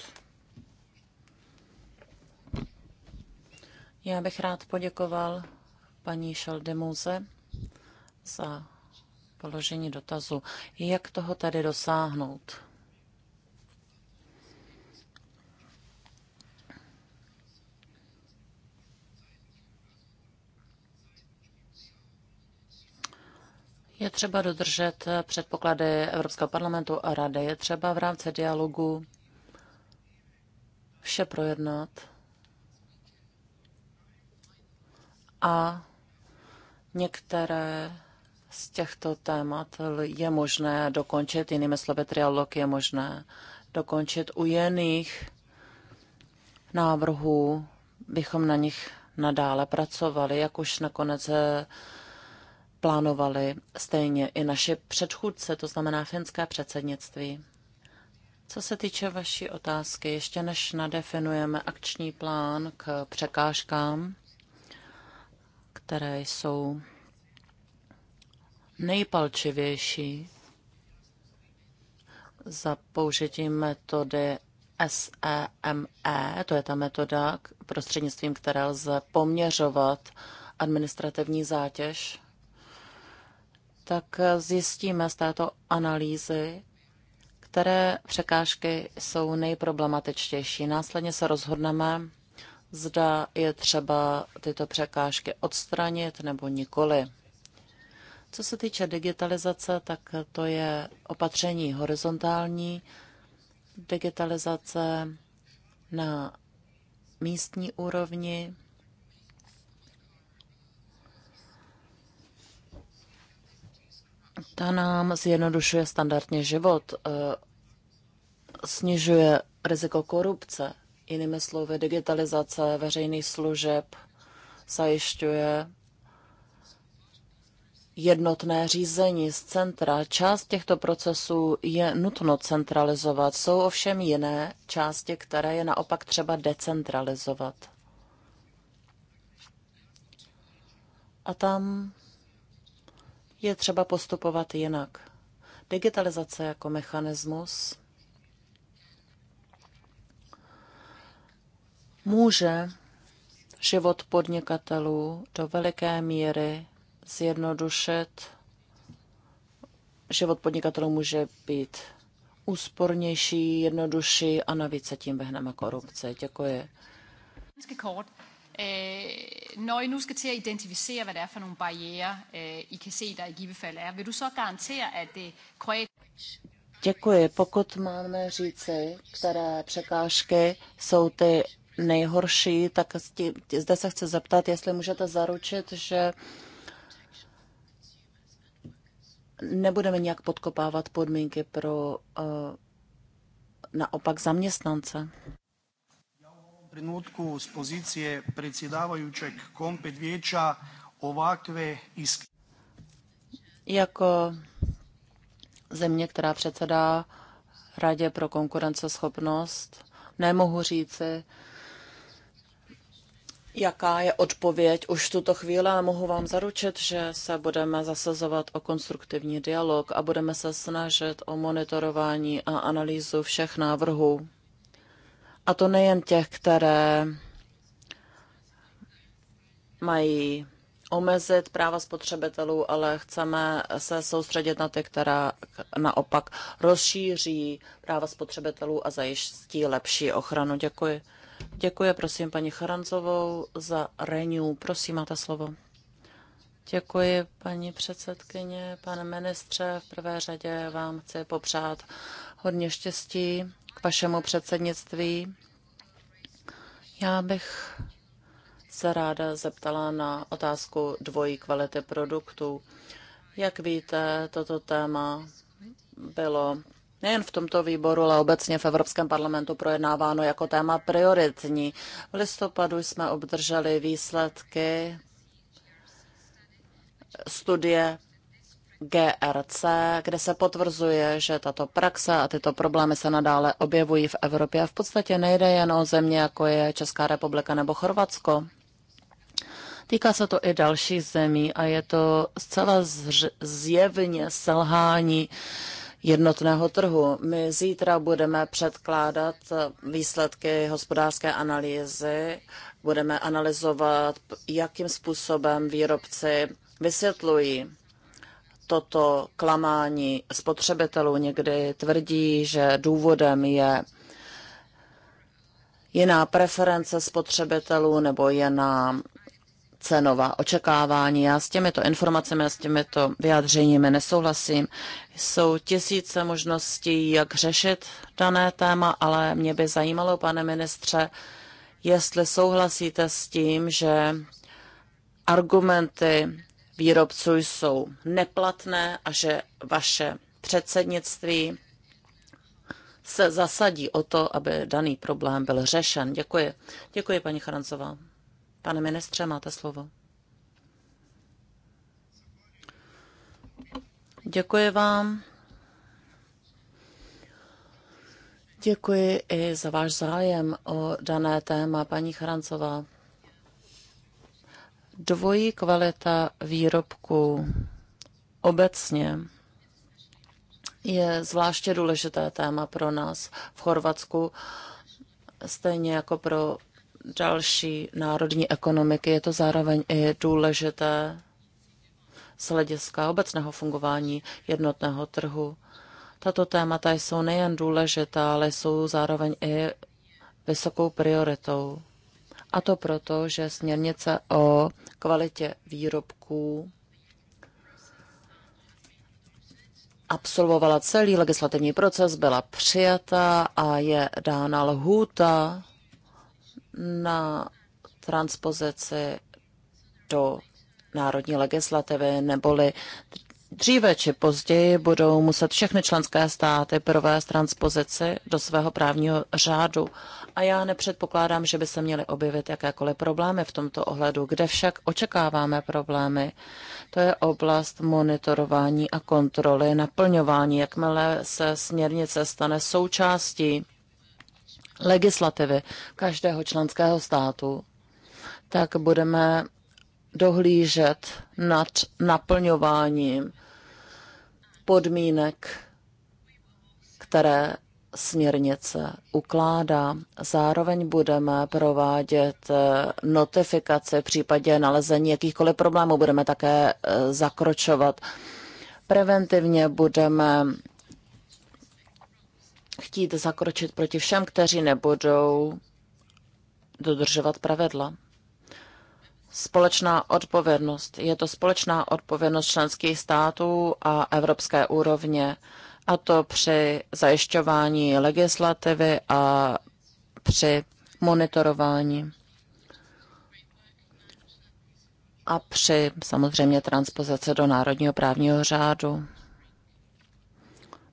Já bych rád poděkoval paní Šaldemuze za položení dotazu, jak toho tady dosáhnout. Je třeba dodržet předpoklady Evropského parlamentu a Rady. Je třeba v rámci dialogu vše projednat a některé z těchto témat je možné dokončit, jinými slovy trialog je možné dokončit. U jiných návrhů bychom na nich nadále pracovali, jak už nakonec plánovali stejně i naše předchůdce, to znamená finské předsednictví. Co se týče vaší otázky, ještě než nadefinujeme akční plán k překážkám, které jsou nejpalčivější za použití metody SEME, e, to je ta metoda, prostřednictvím které lze poměřovat administrativní zátěž tak zjistíme z této analýzy, které překážky jsou nejproblematičtější. Následně se rozhodneme, zda je třeba tyto překážky odstranit nebo nikoli. Co se týče digitalizace, tak to je opatření horizontální. Digitalizace na místní úrovni Ta nám zjednodušuje standardně život, eh, snižuje riziko korupce, jinými slovy digitalizace veřejných služeb, zajišťuje jednotné řízení z centra. Část těchto procesů je nutno centralizovat, jsou ovšem jiné části, které je naopak třeba decentralizovat. A tam je třeba postupovat jinak. Digitalizace jako mechanismus může život podnikatelů do veliké míry zjednodušit. Život podnikatelů může být úspornější, jednodušší a navíc se tím vyhneme korupce. Děkuji. Øh, når I nu skal til at identificere, hvad det er for nogle barriere, øh, I kan se, der i givet fald er, vil du så garantere, at det øh, kroat... Děkuji. Pokud máme říci, které překážky jsou ty nejhorší, tak zde se chci zeptat, jestli můžete zaručit, že nebudeme nějak podkopávat podmínky pro uh, naopak zaměstnance trenutku s pozicije predsjedavajućeg kompet vijeća ovakve isk... Jako země, která předsedá Radě pro konkurenceschopnost, nemohu říci, jaká je odpověď už v tuto chvíli, ale mohu vám zaručit, že se budeme zasazovat o konstruktivní dialog a budeme se snažit o monitorování a analýzu všech návrhů a to nejen těch, které mají omezit práva spotřebitelů, ale chceme se soustředit na ty, která naopak rozšíří práva spotřebitelů a zajistí lepší ochranu. Děkuji. Děkuji, prosím, paní Charanzovou za Renew. Prosím, máte slovo. Děkuji, paní předsedkyně, pane ministře. V prvé řadě vám chci popřát hodně štěstí k vašemu předsednictví. Já bych se ráda zeptala na otázku dvojí kvality produktů. Jak víte, toto téma bylo nejen v tomto výboru, ale obecně v Evropském parlamentu projednáváno jako téma prioritní. V listopadu jsme obdrželi výsledky studie GRC, kde se potvrzuje, že tato praxe a tyto problémy se nadále objevují v Evropě. A v podstatě nejde jen o země, jako je Česká republika nebo Chorvatsko. Týká se to i dalších zemí a je to zcela zjevně selhání jednotného trhu. My zítra budeme předkládat výsledky hospodářské analýzy, budeme analyzovat, jakým způsobem výrobci vysvětlují toto klamání spotřebitelů. Někdy tvrdí, že důvodem je jiná preference spotřebitelů nebo jiná cenová očekávání. Já s těmito informacemi a s těmito vyjádřeními nesouhlasím. Jsou tisíce možností, jak řešit dané téma, ale mě by zajímalo, pane ministře, jestli souhlasíte s tím, že argumenty výrobců jsou neplatné a že vaše předsednictví se zasadí o to, aby daný problém byl řešen. Děkuji. Děkuji, paní Charancová. Pane ministře, máte slovo. Děkuji vám. Děkuji i za váš zájem o dané téma, paní Charancová dvojí kvalita výrobků obecně je zvláště důležité téma pro nás v Chorvatsku, stejně jako pro další národní ekonomiky. Je to zároveň i důležité z hlediska obecného fungování jednotného trhu. Tato témata jsou nejen důležitá, ale jsou zároveň i vysokou prioritou. A to proto, že směrnice o kvalitě výrobků absolvovala celý legislativní proces, byla přijata a je dána lhůta na transpozici do národní legislativy, neboli dříve či později budou muset všechny členské státy provést transpozici do svého právního řádu a já nepředpokládám, že by se měly objevit jakékoliv problémy v tomto ohledu. Kde však očekáváme problémy, to je oblast monitorování a kontroly naplňování. Jakmile se směrnice stane součástí legislativy každého členského státu, tak budeme dohlížet nad naplňováním podmínek, které směrnice ukládá. Zároveň budeme provádět eh, notifikace v případě nalezení jakýchkoliv problémů. Budeme také eh, zakročovat. Preventivně budeme chtít zakročit proti všem, kteří nebudou dodržovat pravidla. Společná odpovědnost. Je to společná odpovědnost členských států a evropské úrovně a to při zajišťování legislativy a při monitorování a při samozřejmě transpozici do národního právního řádu.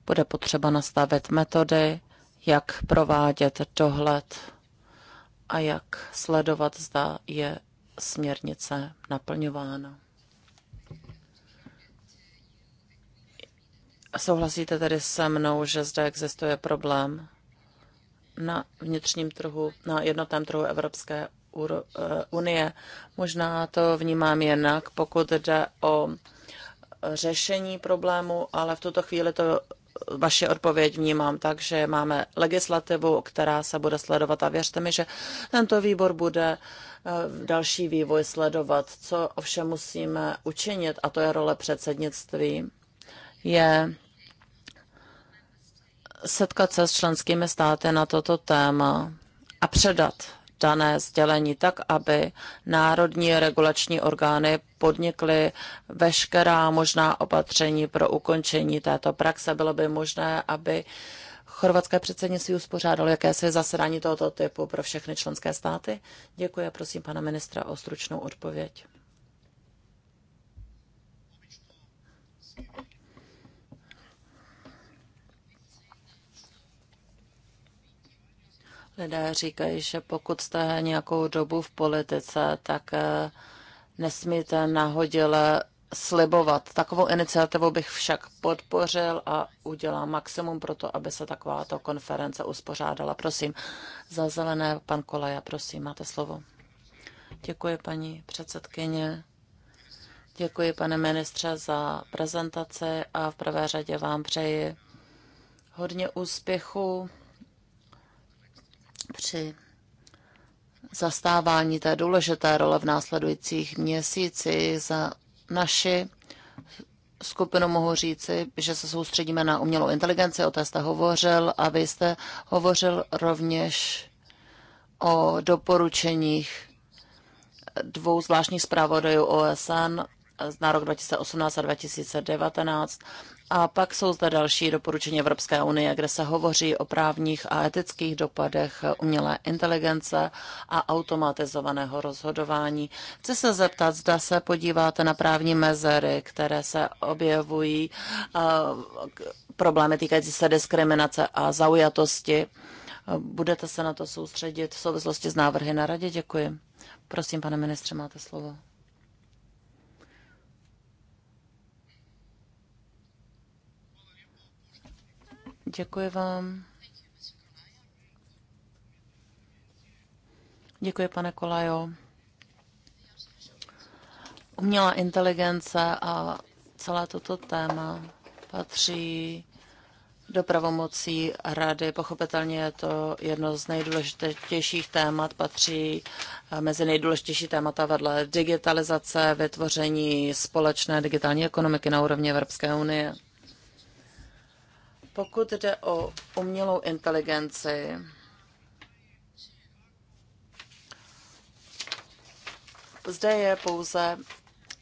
Bude potřeba nastavit metody, jak provádět dohled a jak sledovat, zda je směrnice naplňována. Souhlasíte tedy se mnou, že zde existuje problém na vnitřním trhu, na jednotném trhu Evropské eh, unie. Možná to vnímám jinak, pokud jde o řešení problému, ale v tuto chvíli to vaše odpověď vnímám tak, že máme legislativu, která se bude sledovat a věřte mi, že tento výbor bude eh, další vývoj sledovat. Co ovšem musíme učinit, a to je role předsednictví, je setkat se s členskými státy na toto téma a předat dané sdělení tak, aby národní regulační orgány podnikly veškerá možná opatření pro ukončení této praxe. Bylo by možné, aby chorvatské předsednictví uspořádalo jakési zasedání tohoto typu pro všechny členské státy. Děkuji a prosím pana ministra o stručnou odpověď. Lidé říkají, že pokud jste nějakou dobu v politice, tak eh, nesmíte nahodile slibovat. Takovou iniciativu bych však podpořil a udělám maximum pro to, aby se takováto konference uspořádala. Prosím, za zelené pan Kolaja, prosím, máte slovo. Děkuji, paní předsedkyně. Děkuji, pane ministře, za prezentaci a v prvé řadě vám přeji hodně úspěchu při zastávání té důležité role v následujících měsících za naši skupinu mohu říci, že se soustředíme na umělou inteligenci, o té jste hovořil a vy jste hovořil rovněž o doporučeních dvou zvláštních zpravodajů OSN na rok 2018 a 2019 a pak jsou zde další doporučení Evropské unie, kde se hovoří o právních a etických dopadech umělé inteligence a automatizovaného rozhodování. Chci se zeptat, zda se podíváte na právní mezery, které se objevují, problémy týkající se diskriminace a zaujatosti. Budete se na to soustředit v souvislosti s návrhy na radě? Děkuji. Prosím, pane ministře, máte slovo. Děkuji vám. Děkuji, pane Kolajo. Umělá inteligence a celé toto téma patří do pravomocí rady. Pochopitelně je to jedno z nejdůležitějších témat, patří mezi nejdůležitější témata vedle digitalizace, vytvoření společné digitální ekonomiky na úrovni Evropské unie. Pokud jde o umělou inteligenci, zde je pouze,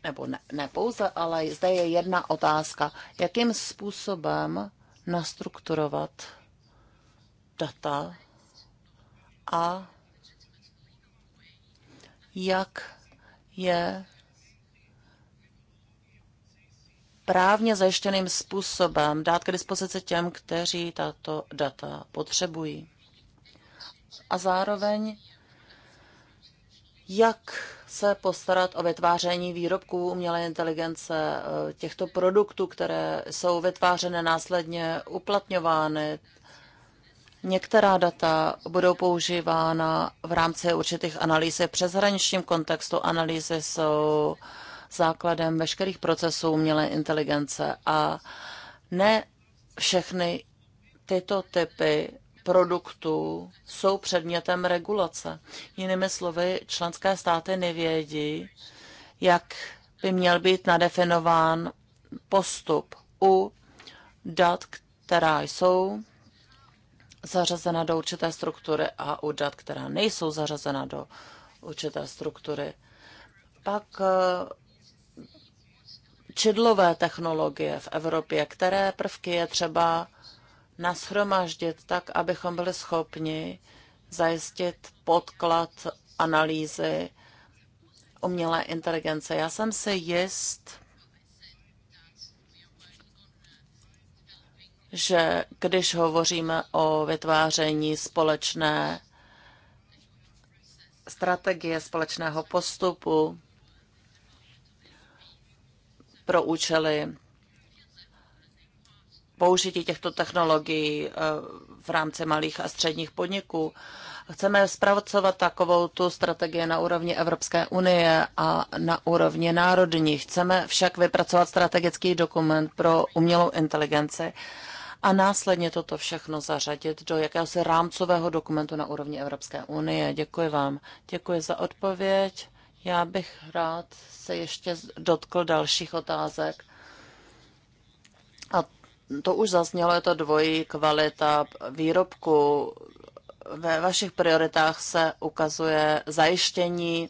nebo ne, ne pouze, ale zde je jedna otázka. Jakým způsobem nastrukturovat data a jak je právně zajištěným způsobem dát k dispozici těm, kteří tato data potřebují. A zároveň, jak se postarat o vytváření výrobků umělé inteligence, eh, těchto produktů, které jsou vytvářené následně, uplatňovány. Některá data budou používána v rámci určitých analýz v přeshraničním kontextu. Analýzy jsou uh, základem veškerých procesů umělé inteligence a ne všechny tyto typy produktů jsou předmětem regulace. Jinými slovy, členské státy nevědí, jak by měl být nadefinován postup u dat, která jsou zařazena do určité struktury a u dat, která nejsou zařazena do určité struktury. Pak eh, čidlové technologie v Evropě, které prvky je třeba nashromaždit tak, abychom byli schopni zajistit podklad analýzy umělé inteligence. Já jsem si jist, že když hovoříme o vytváření společné strategie, společného postupu, pro účely použití těchto technologií eh, v rámci malých a středních podniků. Chceme zpracovat takovou tu strategii na úrovni Evropské unie a na úrovni národní. Chceme však vypracovat strategický dokument pro umělou inteligenci a následně toto všechno zařadit do jakéhosi rámcového dokumentu na úrovni Evropské unie. Děkuji vám. Děkuji za odpověď. Já bych rád se ještě dotkl dalších otázek. A to už zaznělo, je to dvojí kvalita výrobku. Ve vašich prioritách se ukazuje zajištění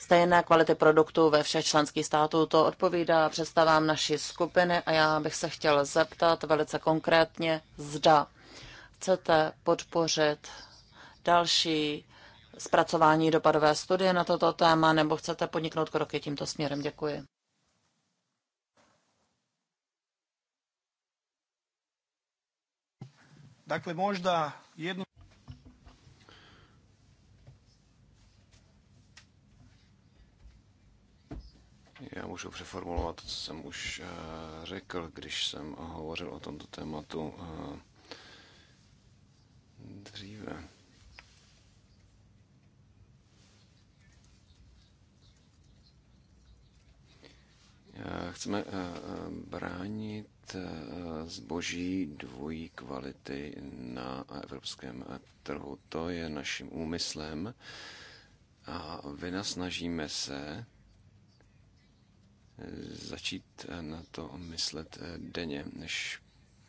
stejné kvality produktů ve všech členských států. To odpovídá představám naší skupiny a já bych se chtěl zeptat velice konkrétně, zda chcete podpořit další zpracování dopadové studie na toto téma, nebo chcete podniknout kroky tímto směrem? Děkuji. Takhle možda jednu... Já můžu přeformulovat to, co jsem už eh, řekl, když jsem hovořil o tomto tématu eh, dříve. Eh, chceme eh, eh, bránit zboží dvojí kvality na evropském trhu. To je naším úmyslem a vynasnažíme se začít na to myslet denně, než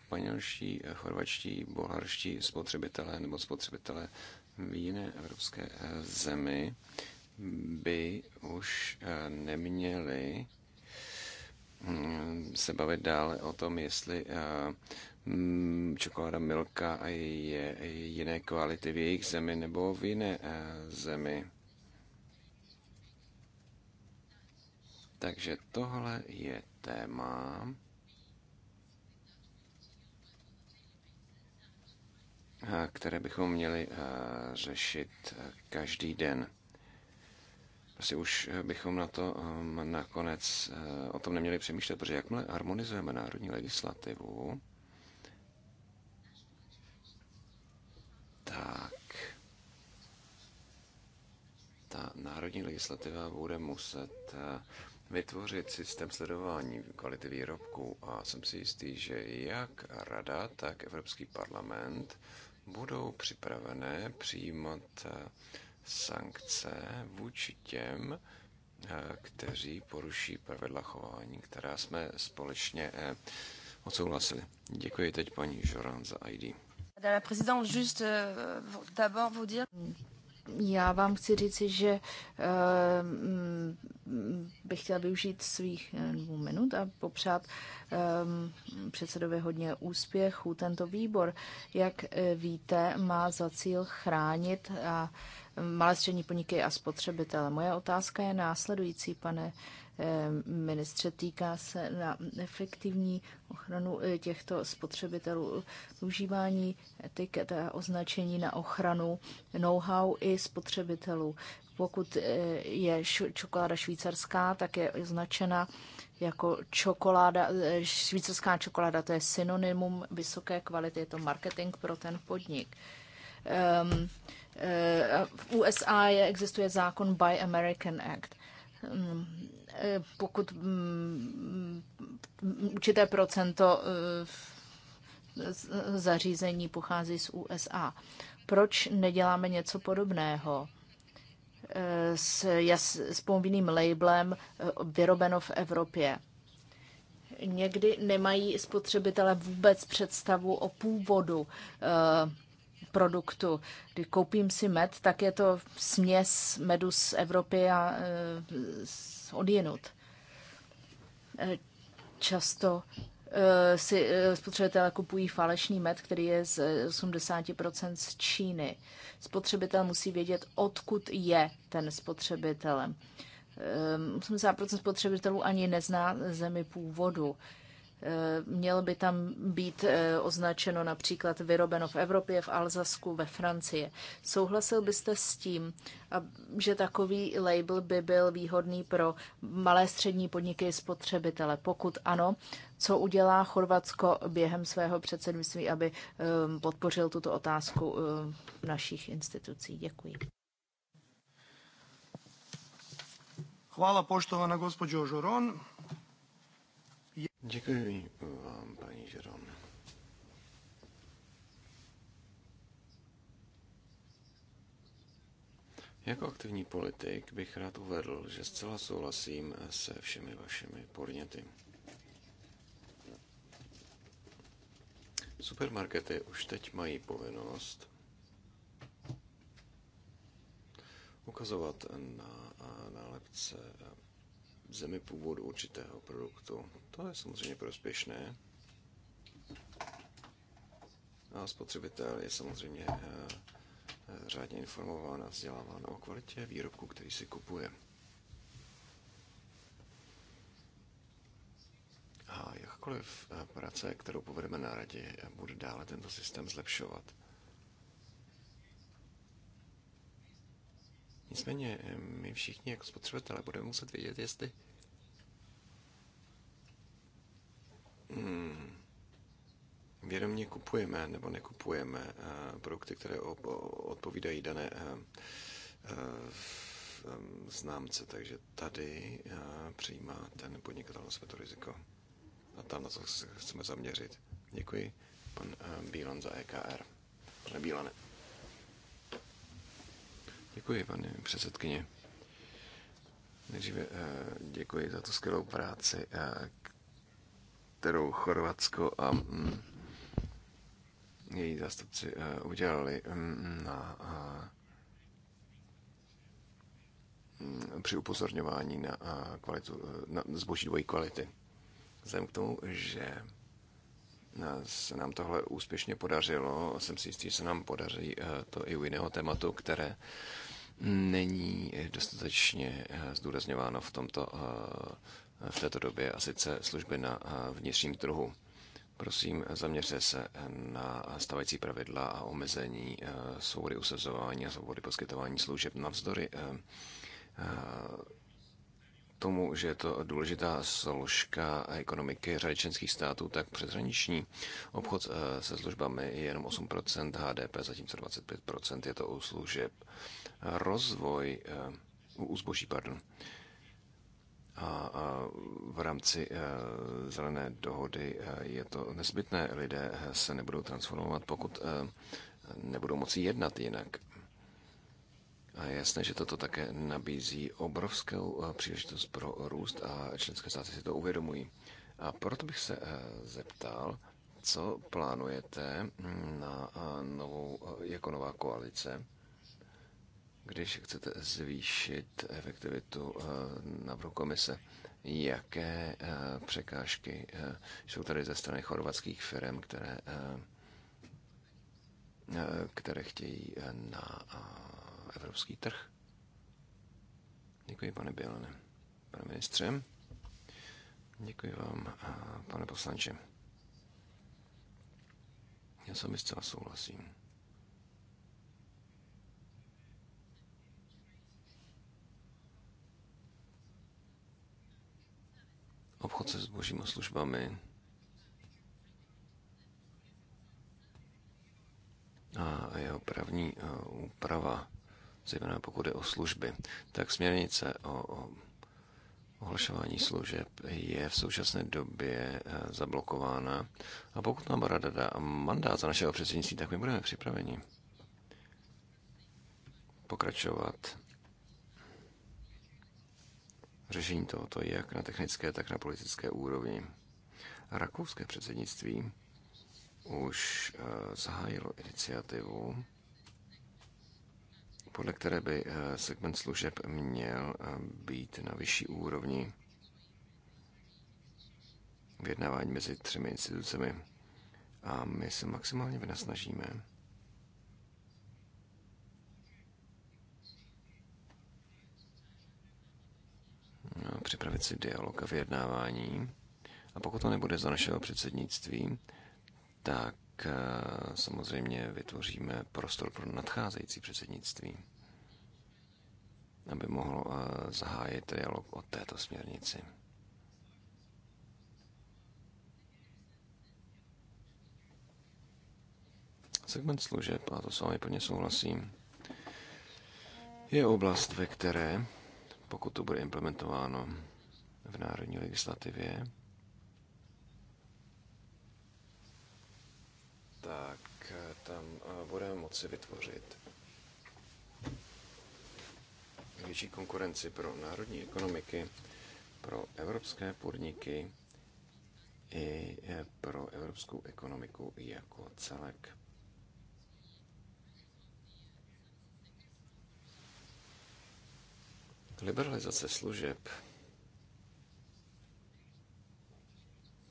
španělští, chorvačtí, bulharští spotřebitelé nebo spotřebitelé v jiné evropské zemi by už neměli Hmm, se bavit dále o tom, jestli eh, hmm, čokoláda Milka je jiné kvality v jejich zemi nebo v jiné eh, zemi. Takže tohle je téma. Eh, které bychom měli řešit každý den. Asi už eh, bychom na to ehm, nakonec eh, o tom neměli přemýšlet, protože jakmile harmonizujeme národní legislativu, tak ta národní legislativa bude muset eh, vytvořit systém sledování kvality výrobků a jsem si jistý, že jak Rada, tak Evropský parlament budou připravené přijímat sankce vůči těm, eh, kteří poruší pravidla chování, která jsme společně eh, odsouhlasili. Děkuji teď paní Joran za ID já vám chci říci, že eh, bych chtěla využít svých eh, dvou minut a popřát eh, předsedovi hodně úspěchů. Tento výbor, jak víte, má za cíl chránit a malé střední podniky a spotřebitele. Moje otázka je následující, pane Eh, ministře, týká se na efektivní ochranu eh, těchto spotřebitelů, užívání etiket a označení na ochranu know-how i spotřebitelů. Pokud eh, je čokoláda švýcarská, tak je označena jako čokoláda, švýcarská čokoláda, to je synonymum vysoké kvality, je to marketing pro ten podnik. Um, uh, v USA je, existuje zákon Buy American Act. Um, pokud mm, určité procento eh, zařízení pochází z USA. Proč neděláme něco podobného? Eh, s, jas, s povinným labelem eh, vyrobeno v Evropě. Někdy nemají spotřebitelé vůbec představu o původu produktu. Když koupím si med, tak je to směs medu z Evropy a z odjenut. E, často e, si e, spotřebitelé kupují falešný med, který je z 80% z Číny. Spotřebitel musí vědět, odkud je ten spotřebitelem. 80% spotřebitelů ani nezná zemi původu. Eh, mělo by tam být eh, označeno například vyrobeno v Evropě, v Alzasku, ve Francii. Souhlasil byste s tím, že takový label by byl výhodný pro malé střední podniky spotřebitele? Pokud ano, co udělá Chorvatsko během svého předsednictví, aby ehm, podpořil tuto otázku ehm, našich institucí? Děkuji. Hvala poštovaná gospodžo Žoron. Děkuji vám, paní Žeron. Jako aktivní politik bych rád uvedl, že zcela souhlasím se všemi vašimi podněty. Supermarkety už teď mají povinnost ukazovat na nálepce zemi původu určitého produktu. No, to je samozřejmě prospěšné. A spotřebitel je samozřejmě eh, eh, řádně informován a vzděláván o kvalitě výrobku, který si kupuje. A jakkoliv eh, práce, kterou povedeme na radě, bude dále tento systém zlepšovat. Nicméně eh, my všichni jako spotřebitelé budeme muset vědět, jestli hmm, vědomě kupujeme nebo nekupujeme eh, produkty, které odpovídají dané eh, známce. Takže tady přijímá ten podnikatel na to riziko. A tam na to se chceme zaměřit. Děkuji, pan Bílan za EKR. Pane Bílane. Děkuji, paní předsedkyně. Nejdříve eh, děkuji za tu skvělou práci, eh, kterou Chorvatsko a mm, její zástupci eh, udělali mm, na, mm, při upozorňování na, kvalitu, na zboží dvojí kvality. Vzhledem k tomu, že se nám tohle úspěšně podařilo. Jsem si jistý, že se nám podaří eh, to i u jiného tématu, které není dostatečně eh, zdůrazňováno v, tomto, eh, v této době, a sice služby na vnitřním trhu. Prosím, zaměřte se na stavající pravidla a omezení svobody usazování a svobody poskytování služeb navzdory tomu, že je to důležitá složka ekonomiky řady členských států, tak přeshraniční obchod eh, se službami je jenom 8% HDP, zatímco 25% je to u služeb. Rozvoj eh, u zboží, pardon. A, v rámci eh, zelené dohody je to nezbytné. Lidé se nebudou transformovat, pokud nebudou moci jednat jinak. A je jasné, že toto také nabízí obrovskou eh, příležitost pro růst a členské státy si to uvědomují. A proto bych se eh, zeptal, co plánujete hm, na eh, novou, jako nová koalice, když chcete zvýšit efektivitu návrhu komise. Jaké překážky jsou tady ze strany chorvatských firm, které, které chtějí na evropský trh. Děkuji, pane Bělene. Pane ministře, děkuji vám, pane poslanče. Já sami zcela souhlasím. Obchod se zbožím a službami a jeho právní úprava zejména pokud je o služby, tak směrnice o, o ohlašování služeb je v současné době eh, zablokována. A pokud nám rada dá mandát za našeho předsednictví, tak my budeme připraveni pokračovat řešení tohoto jak na technické, tak na politické úrovni. Rakouské předsednictví už eh, zahájilo iniciativu podle které by eh, segment služeb měl eh, být na vyšší úrovni vyjednávání mezi třemi institucemi. A my se maximálně vynasnažíme. připravit si dialog a vyjednávání. A pokud to nebude za našeho předsednictví, tak tak eh, samozřejmě vytvoříme prostor pro nadcházející předsednictví, aby mohl eh, zahájit dialog o této směrnici. Segment služeb, a to s vámi plně souhlasím, je oblast, ve které, pokud to bude implementováno v národní legislativě, tak tam eh, budeme moci vytvořit větší konkurenci pro národní ekonomiky, pro evropské podniky i eh, pro evropskou ekonomiku jako celek. Liberalizace služeb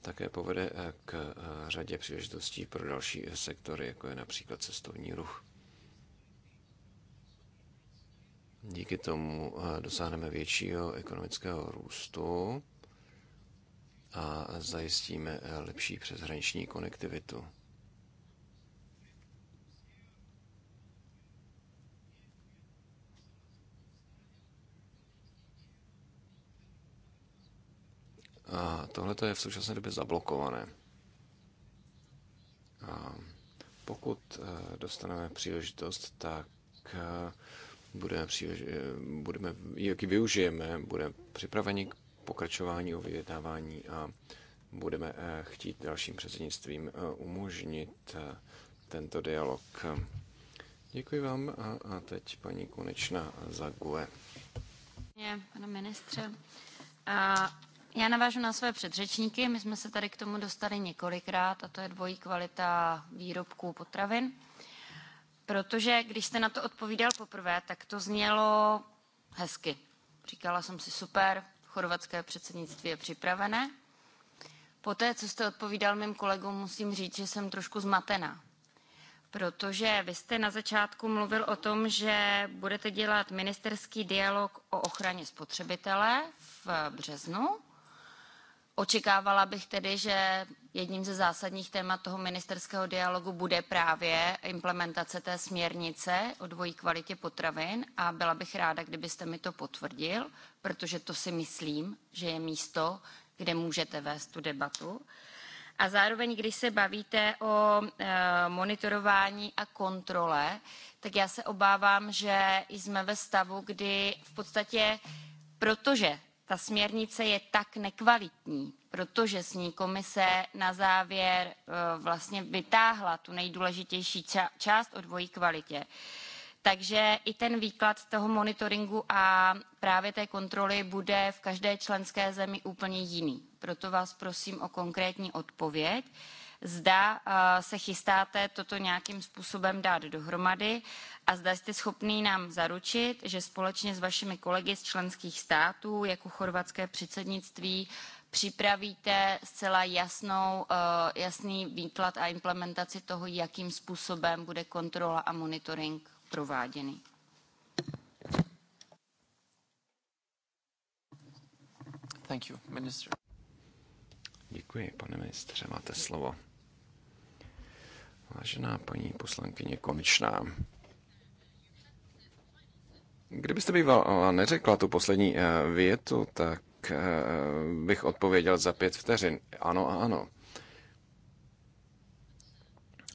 také povede eh, k eh, řadě příležitostí pro další eh, sektory, jako je například cestovní ruch. Díky tomu dosáhneme většího ekonomického růstu a zajistíme lepší přeshraniční konektivitu. A tohle je v současné době zablokované. A pokud eh, dostaneme příležitost, tak eh, budeme, přílež, eh, budeme jak ji využijeme, budeme připraveni k pokračování o vyjednávání a budeme chtít dalším předsednictvím umožnit tento dialog. Děkuji vám a, a teď paní Konečná za GUE. Pane ministře, a já navážu na své předřečníky. My jsme se tady k tomu dostali několikrát a to je dvojí kvalita výrobků potravin. Protože když jste na to odpovídal poprvé, tak to znělo hezky. Říkala jsem si super, chorvatské předsednictví je připravené. Poté, co jste odpovídal mým kolegům, musím říct, že jsem trošku zmatená. Protože vy jste na začátku mluvil o tom, že budete dělat ministerský dialog o ochraně spotřebitele v březnu Očekávala bych tedy, že jedním ze zásadních témat toho ministerského dialogu bude právě implementace té směrnice o dvojí kvalitě potravin a byla bych ráda, kdybyste mi to potvrdil, protože to si myslím, že je místo, kde můžete vést tu debatu. A zároveň, když se bavíte o e, monitorování a kontrole, tak já se obávám, že jsme ve stavu, kdy v podstatě, protože ta směrnice je tak nekvalitní, protože s ní komise na závěr eh, vlastně vytáhla tu nejdůležitější část o dvojí kvalitě. Takže i ten výklad toho monitoringu a právě té kontroly bude v každé členské zemi úplně jiný. Proto vás prosím o konkrétní odpověď. Zda eh, se chystáte toto nějakým způsobem dát dohromady a zda jste schopný nám zaručit, že společně s vašimi kolegy z členských států, jako chorvatské předsednictví, připravíte zcela jasnou, eh, jasný výklad a implementaci toho, jakým způsobem bude kontrola a monitoring prováděný. Thank you, minister. Děkuji, pane ministře, máte slovo. Vážená paní poslankyně Konečná, kdybyste bývala neřekla tu poslední eh, větu, tak eh, bych odpověděl za pět vteřin. Ano a ano.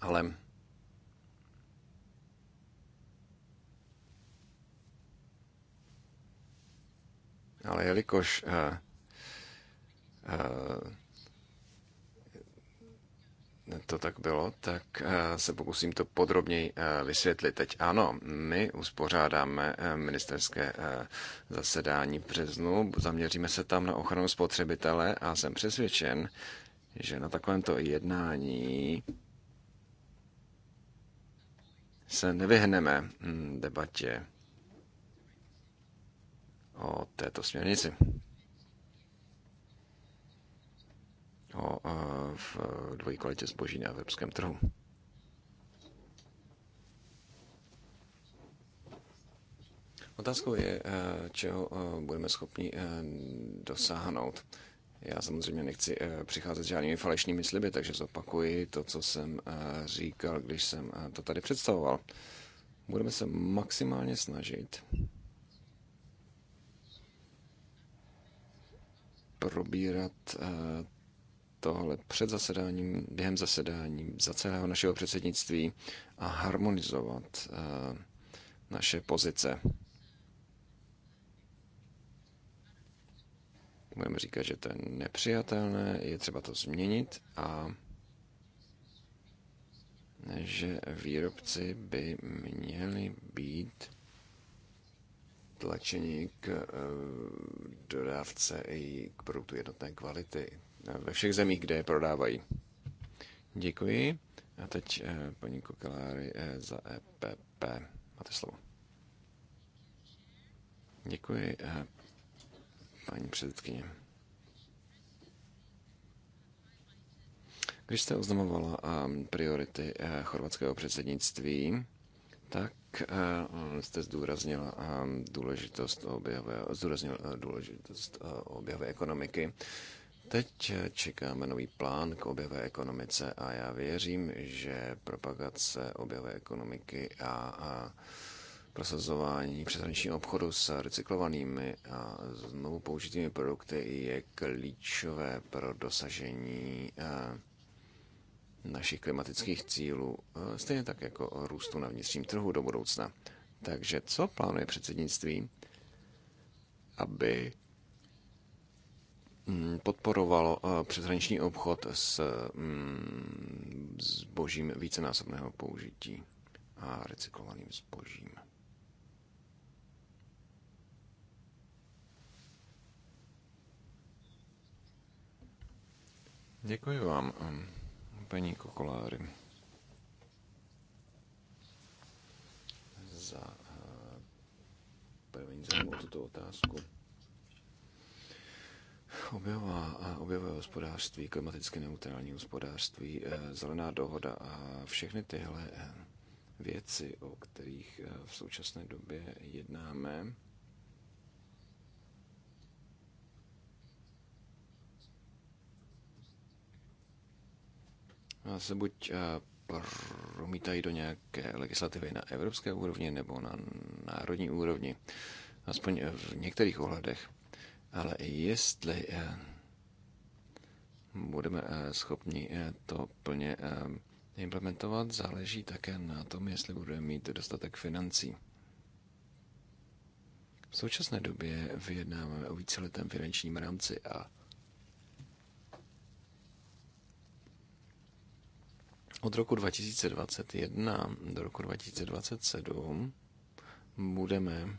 Ale ale jelikož uh, uh, to tak bylo, tak eh, se pokusím to podrobněji eh, vysvětlit. Teď ano, my uspořádáme eh, ministerské zasedání v březnu, zaměříme se tam na ochranu spotřebitele a jsem přesvědčen, že na takovémto jednání se nevyhneme hm, debatě o této směrnici. o no v eh, dvojí kvalitě zboží na evropském trhu. Otázkou je, eh, čeho eh, budeme schopni dosáhnout. Já samozřejmě nechci přicházet s žádnými falešnými sliby, takže zopakuji to, co jsem říkal, když jsem to tady představoval. Budeme se maximálně snažit probírat tohle před zasedáním, během zasedání, za celého našeho předsednictví a harmonizovat eh, naše pozice. Budeme říkat, že to je nepřijatelné, je třeba to změnit a že výrobci by měli být tlačení k eh, dodávce i k produktu jednotné kvality ve všech zemích, kde je prodávají. Děkuji. A teď eh, paní Kokeláry eh, za EPP. Máte slovo. Děkuji, eh, paní předsedkyně. Když jste oznamovala ehm, priority chorvatského předsednictví, tak jste zdůraznila ehm, důležitost objevy, důležitost objevy ekonomiky. Teď čekáme nový plán k oběhové ekonomice a já věřím, že propagace oběhové ekonomiky a, a prosazování přeshraničního obchodu s recyklovanými a znovu použitými produkty je klíčové pro dosažení eh, našich klimatických cílů, eh, stejně tak jako růstu na vnitřním trhu do budoucna. Takže co plánuje předsednictví, aby Mm, podporovalo eh, přeshraniční obchod s mm, zbožím vícenásobného použití a recyklovaným zbožím. Děkuji vám, mm, paní Kokoláry, za eh, první zajímavou tuto otázku objevová, objevové hospodářství, klimaticky neutrální hospodářství, eh, zelená dohoda a všechny tyhle eh, věci, o kterých eh, v současné době jednáme, se buď promítají do nějaké legislativy na evropské úrovni nebo na národní úrovni, aspoň v některých ohledech. Ale jestli eh, budeme eh, schopni eh, to plně implementovat, záleží také na tom, jestli budeme mít dostatek financí. V současné době vyjednáváme o víceletém finančním rámci a od roku 2021 do roku 2027 budeme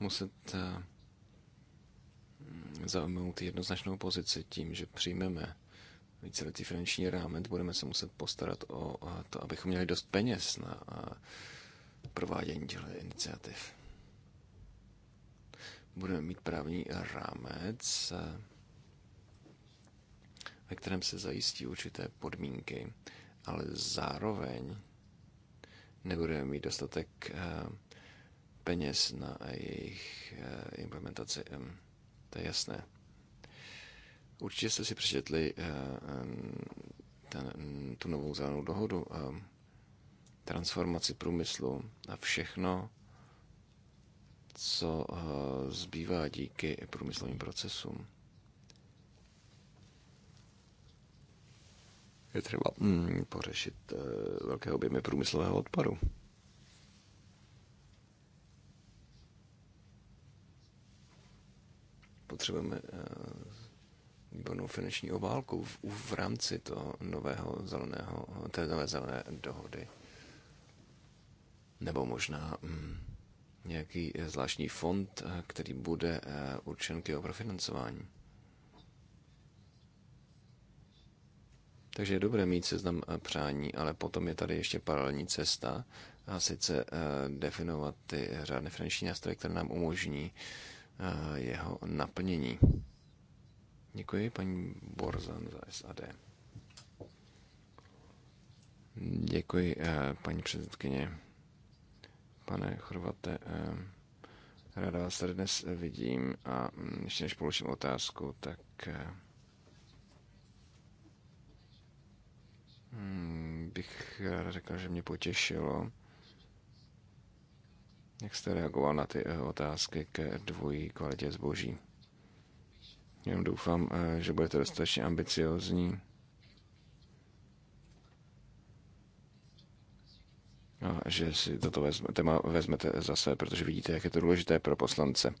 muset eh, zaujmout jednoznačnou pozici tím, že přijmeme víceletý finanční rámec, budeme se muset postarat o to, abychom měli dost peněz na eh, provádění těchto iniciativ. Budeme mít právní rámec, eh, ve kterém se zajistí určité podmínky, ale zároveň nebudeme mít dostatek peněz na jejich eh, implementaci. To je jasné. Určitě jste si přečetli eh, eh, ten, tu novou zelenou dohodu, transformaci průmyslu a všechno, co zbývá díky průmyslovým procesům. Je třeba hm, pořešit velké objemy průmyslového odpadu. potřebujeme eh, výbornou finanční obálku v, v rámci toho nového zeleného, té nové zelené dohody. Nebo možná mm, nějaký zvláštní fond, eh, který bude eh, určen k jeho profinancování. Takže je dobré mít seznam přání, ale potom je tady ještě paralelní cesta a sice definovat ty řádné finanční nástroje, které nám umožní uh, Eh, jeho naplnění. Děkuji paní Borzan za SAD. Děkuji, eh, paní předsedkyně. Pane Chorvate, eh, ráda vás tady dnes vidím a mm, ještě než položím otázku, tak mm, bych řekl, že mě potěšilo, jak jste reagoval na ty eh, otázky k dvojí kvalitě zboží? Jenom doufám, eh, že budete dostatečně ambiciozní. A že si toto vezme, téma vezmete za protože vidíte, jak je to důležité pro poslance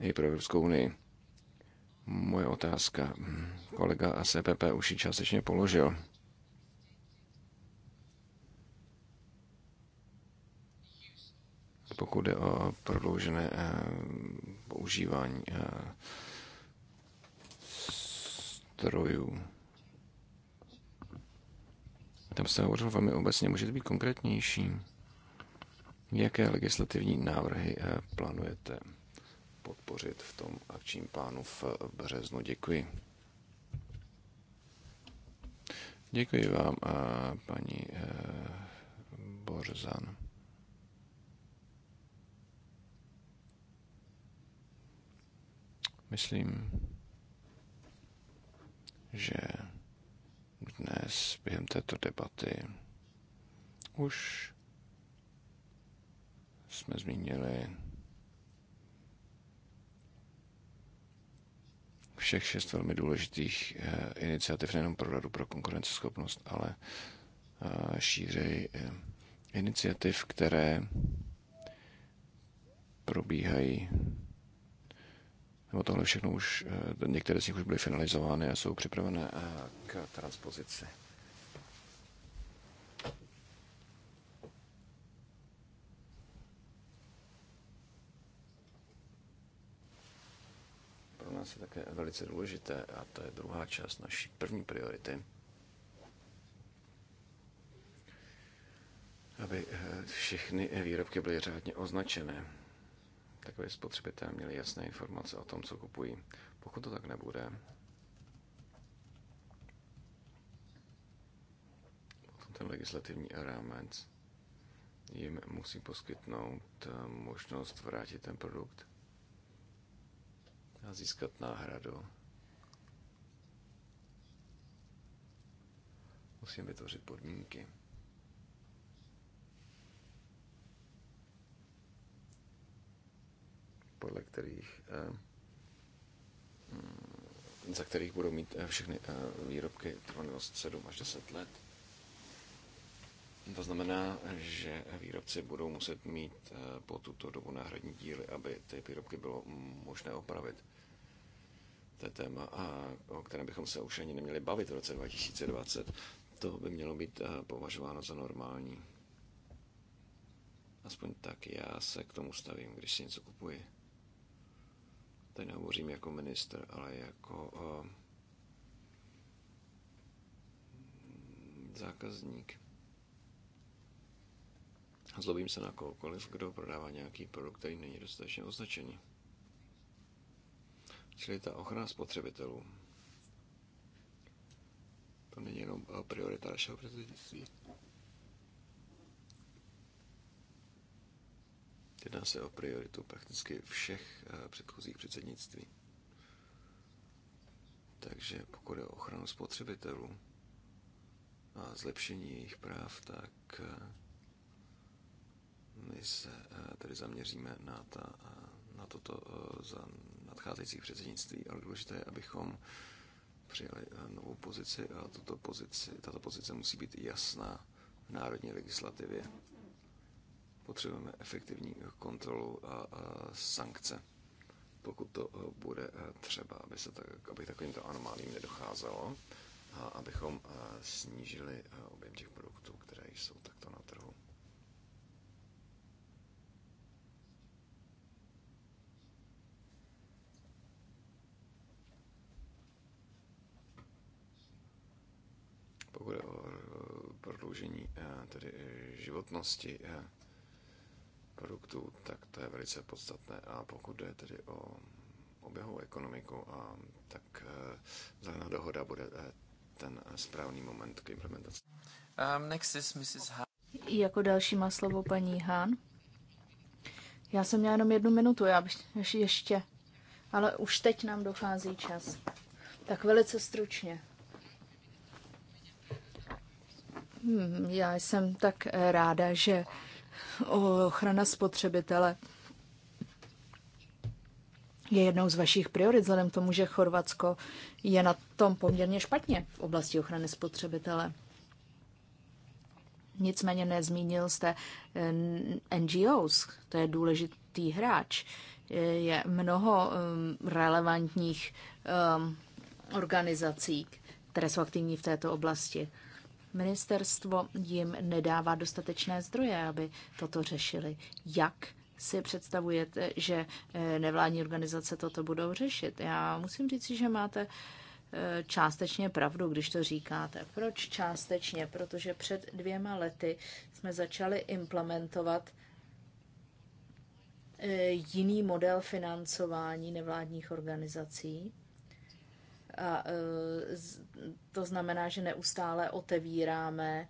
i pro Evropskou unii. Moje otázka. Hm, kolega ACPP e už ji částečně položil. pokud jde o prodloužené eh, používání eh, strojů. Tam se hovořil velmi obecně, můžete být konkrétnější. Jaké legislativní návrhy eh, plánujete podpořit v tom akčním plánu v březnu? Děkuji. Děkuji vám, paní Borzan. Myslím, že dnes během této debaty už jsme zmínili všech šest velmi důležitých eh, iniciativ nejenom pro Radu pro konkurenceschopnost, ale eh, šířej eh, iniciativ, které probíhají nebo tohle všechno už, eh, některé z nich už byly finalizovány a jsou připravené eh, k transpozici. Pro nás je také velice důležité, a to je druhá část naší první priority, aby eh, všechny výrobky byly řádně označené tak aby spotřebitelé měli jasné informace o tom, co kupují. Pokud to tak nebude, potom ten legislativní rámec jim musí poskytnout eh, možnost vrátit ten produkt a získat náhradu. Musím vytvořit podmínky podle kterých eh, za kterých budou mít eh, všechny eh, výrobky trvanost 7 až 10 let. To znamená, že výrobci budou muset mít po tuto dobu náhradní díly, aby ty výrobky bylo možné opravit. To je téma, o kterém bychom se už ani neměli bavit v roce 2020. To by mělo být považováno za normální. Aspoň tak já se k tomu stavím, když si něco kupuji. Tady nehovořím jako minister, ale jako uh, zákazník. Zlobím se na kohokoliv, kdo prodává nějaký produkt, který není dostatečně označený. Čili ta ochrana spotřebitelů. To není jenom eh, priorita našeho předsednictví. Jedná se o prioritu prakticky všech eh, předchozích předsednictví. Takže pokud je o ochranu spotřebitelů a zlepšení jejich práv, tak eh, my se eh, tedy zaměříme na, ta, na toto za nadcházejících předsednictví, ale důležité je, abychom přijali novou pozici a tuto pozici, tato pozice musí být jasná v národní legislativě. Potřebujeme efektivní kontrolu a sankce, pokud to eh, bude eh, třeba, aby, se tak, aby takovýmto anomálím nedocházelo a abychom eh, snížili objem těch produktů, které jsou takto na trhu. pokud je o prodloužení tedy životnosti produktů, tak to je velice podstatné. A pokud jde tedy o oběhovou ekonomiku, a tak eh, zelená dohoda bude eh, ten správný moment k implementaci. Um, next is Mrs. Han. jako další má slovo paní Han. Já jsem měla jenom jednu minutu, já bych ještě. Ale už teď nám dochází čas. Tak velice stručně. Hmm, já jsem tak eh, ráda, že ochrana spotřebitele je jednou z vašich priorit, vzhledem k tomu, že Chorvatsko je na tom poměrně špatně v oblasti ochrany spotřebitele. Nicméně nezmínil jste eh, NGOs, to je důležitý hráč. Eh, je mnoho eh, relevantních organizací, které jsou aktivní v této oblasti. Ministerstvo jim nedává dostatečné zdroje, aby toto řešili. Jak si představujete, že eh, nevládní organizace toto budou řešit? Já musím říct, že máte eh, částečně pravdu, když to říkáte. Proč částečně? Protože před dvěma lety jsme začali implementovat eh, jiný model financování nevládních organizací. A e, to znamená, že neustále otevíráme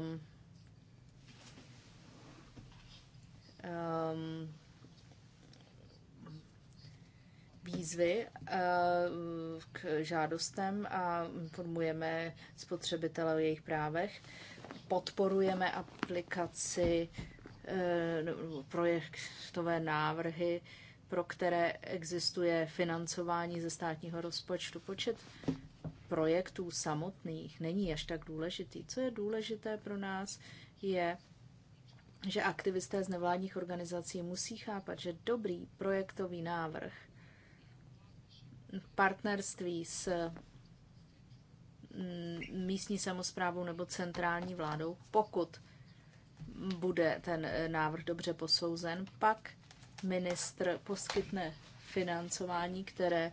um, um, výzvy e, k žádostem a informujeme spotřebitele o jejich právech. Podporujeme aplikaci e, projektové návrhy pro které existuje financování ze státního rozpočtu. Počet projektů samotných není až tak důležitý. Co je důležité pro nás, je, že aktivisté z nevládních organizací musí chápat, že dobrý projektový návrh partnerství s mm, místní samozprávou nebo centrální vládou, pokud bude ten eh, návrh dobře posouzen, pak ministr poskytne financování, které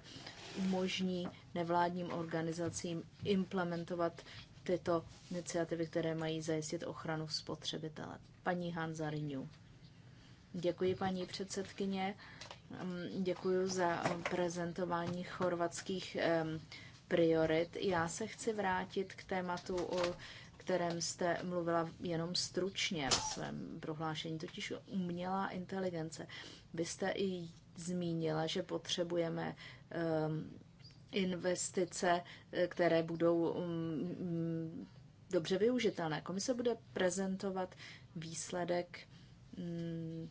umožní nevládním organizacím implementovat tyto iniciativy, které mají zajistit ochranu spotřebitele. Paní Hanzarinu. Děkuji, paní předsedkyně. Um, děkuji za prezentování chorvatských um, priorit. Já se chci vrátit k tématu o kterém jste mluvila jenom stručně v svém prohlášení, totiž umělá inteligence. Vy jste i zmínila, že potřebujeme ehm, investice, eh, které budou mm, mm, dobře využitelné. Komise bude prezentovat výsledek mm,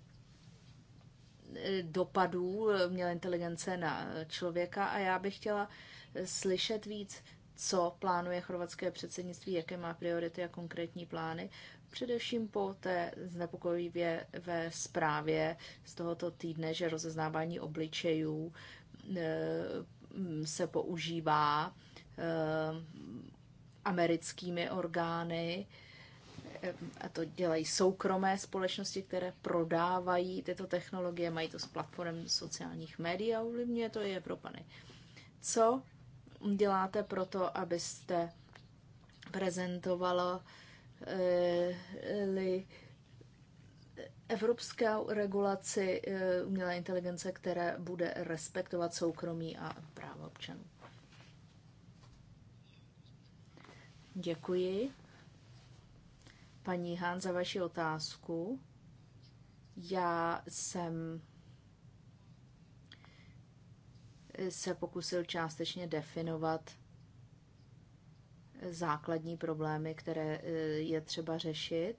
dopadů umělé inteligence na člověka a já bych chtěla slyšet víc co plánuje chorvatské předsednictví, jaké má priority a konkrétní plány, především po té znepokojivě ve zprávě z tohoto týdne, že rozeznávání obličejů e, se používá e, americkými orgány, e, a to dělají soukromé společnosti, které prodávají tyto technologie, mají to s platformem sociálních médií a ovlivňuje to i Evropany. Co děláte pro to, abyste prezentovala eh, li evropskou regulaci eh, umělé inteligence, které bude respektovat soukromí a práva občanů. Děkuji, paní Hán, za vaši otázku. Já jsem se pokusil částečně definovat základní problémy, které e, je třeba řešit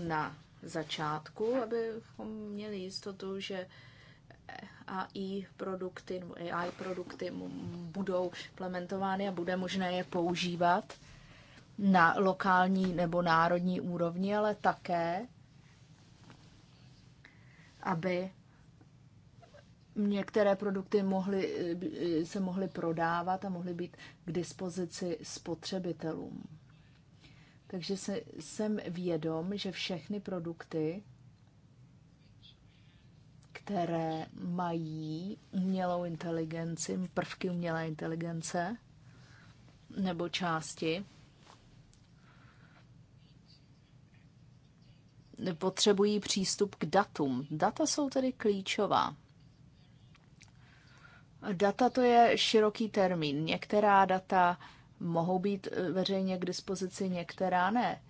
na začátku, abychom měli jistotu, že AI produkty, AI produkty budou implementovány a bude možné je používat na lokální nebo národní úrovni, ale také, aby některé produkty mohly, eh, se mohly prodávat a mohly být k dispozici spotřebitelům. Takže se, jsem vědom, že všechny produkty, které mají umělou inteligenci, prvky umělé inteligence nebo části, potřebují přístup k datům. Data jsou tedy klíčová. Data to je široký termín. Některá data mohou být eh, veřejně k dispozici, některá ne.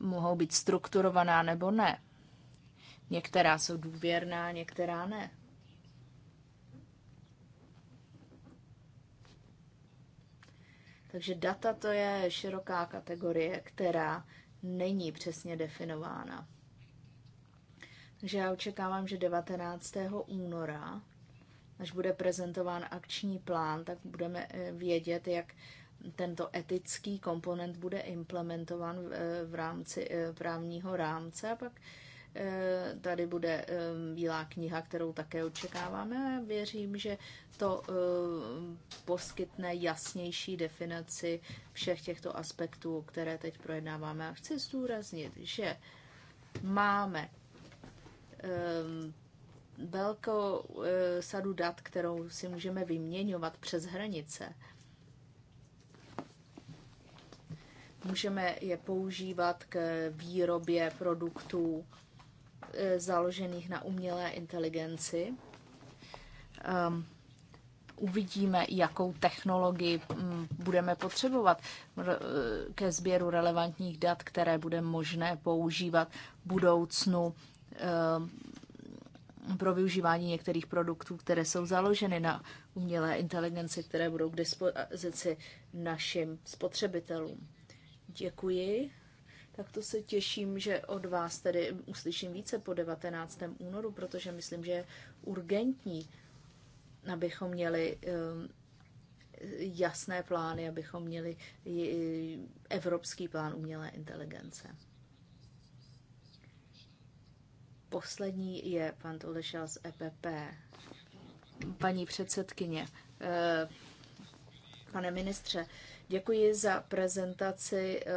Mohou být strukturovaná nebo ne. Některá jsou důvěrná, některá ne. Takže data to je široká kategorie, která není přesně definována. Takže já očekávám, že 19. února až bude prezentován akční plán, tak budeme eh, vědět, jak tento etický komponent bude implementován v eh, rámci eh, právního rámce a pak tady bude bílá kniha, kterou také očekáváme a věřím, že to poskytne jasnější definici všech těchto aspektů, které teď projednáváme. A chci zdůraznit, že máme velkou eh, sadu dat, kterou si můžeme vyměňovat přes hranice. Můžeme je používat k výrobě produktů eh, založených na umělé inteligenci. Um, uvidíme, jakou technologii mm, budeme potřebovat eh, ke sběru relevantních dat, které bude možné používat v budoucnu ehm, pro využívání některých produktů, které jsou založeny na umělé inteligenci, které budou k dispozici našim spotřebitelům. Děkuji. Tak to se těším, že od vás tedy uslyším více po 19. únoru, protože myslím, že je urgentní, abychom měli eh, jasné plány, abychom měli evropský plán umělé inteligence poslední je pan Tolešal z EPP. Paní předsedkyně, eh, pane ministře, děkuji za prezentaci eh,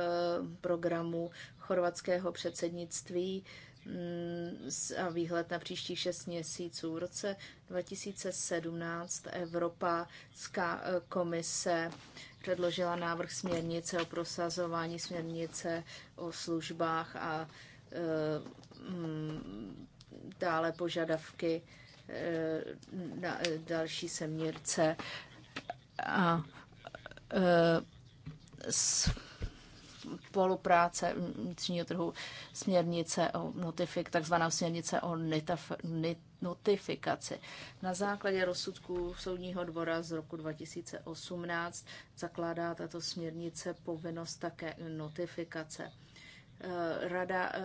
programu chorvatského předsednictví mm, a výhled na příštích šest měsíců. V roce 2017 Evropská eh, komise předložila návrh směrnice o prosazování směrnice o službách a Eh, dále požadavky eh, na eh, další seměrce a spolupráce vnitřního trhu směrnice o notifik, takzvaná směrnice o nitaf, nit, notifikaci. Na základě rozsudků Soudního dvora z roku 2018 zakládá tato směrnice povinnost také notifikace. Eh, Rada eh,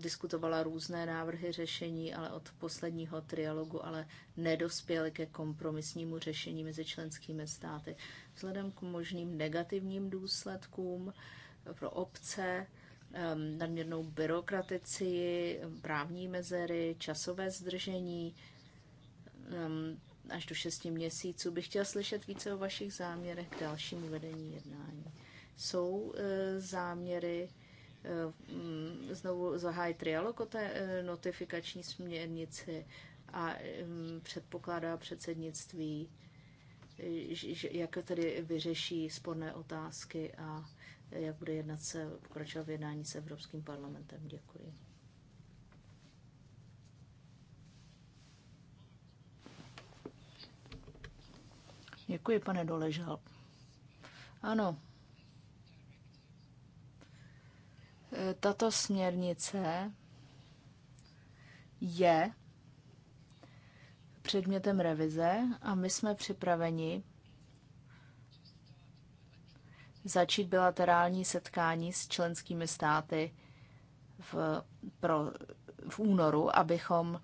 diskutovala různé návrhy řešení, ale od posledního trialogu ale nedospěly ke kompromisnímu řešení mezi členskými státy. Vzhledem k možným negativním důsledkům eh, pro obce, nadměrnou byrokraticii, právní mezery, časové zdržení až do šesti měsíců, bych chtěla slyšet více o vašich záměrech k dalšímu vedení jednání. Jsou záměry, Eh, znovu zahájit trialog o té eh, notifikační směrnici a eh, předpokládá předsednictví, jak tedy vyřeší sporné otázky a jak bude jednat se, pokračovat v jednání s Evropským parlamentem. Děkuji. Děkuji, pane Doležal. Ano, tato směrnice je předmětem revize a my jsme připraveni začít bilaterální setkání s členskými státy v, pro, v únoru, abychom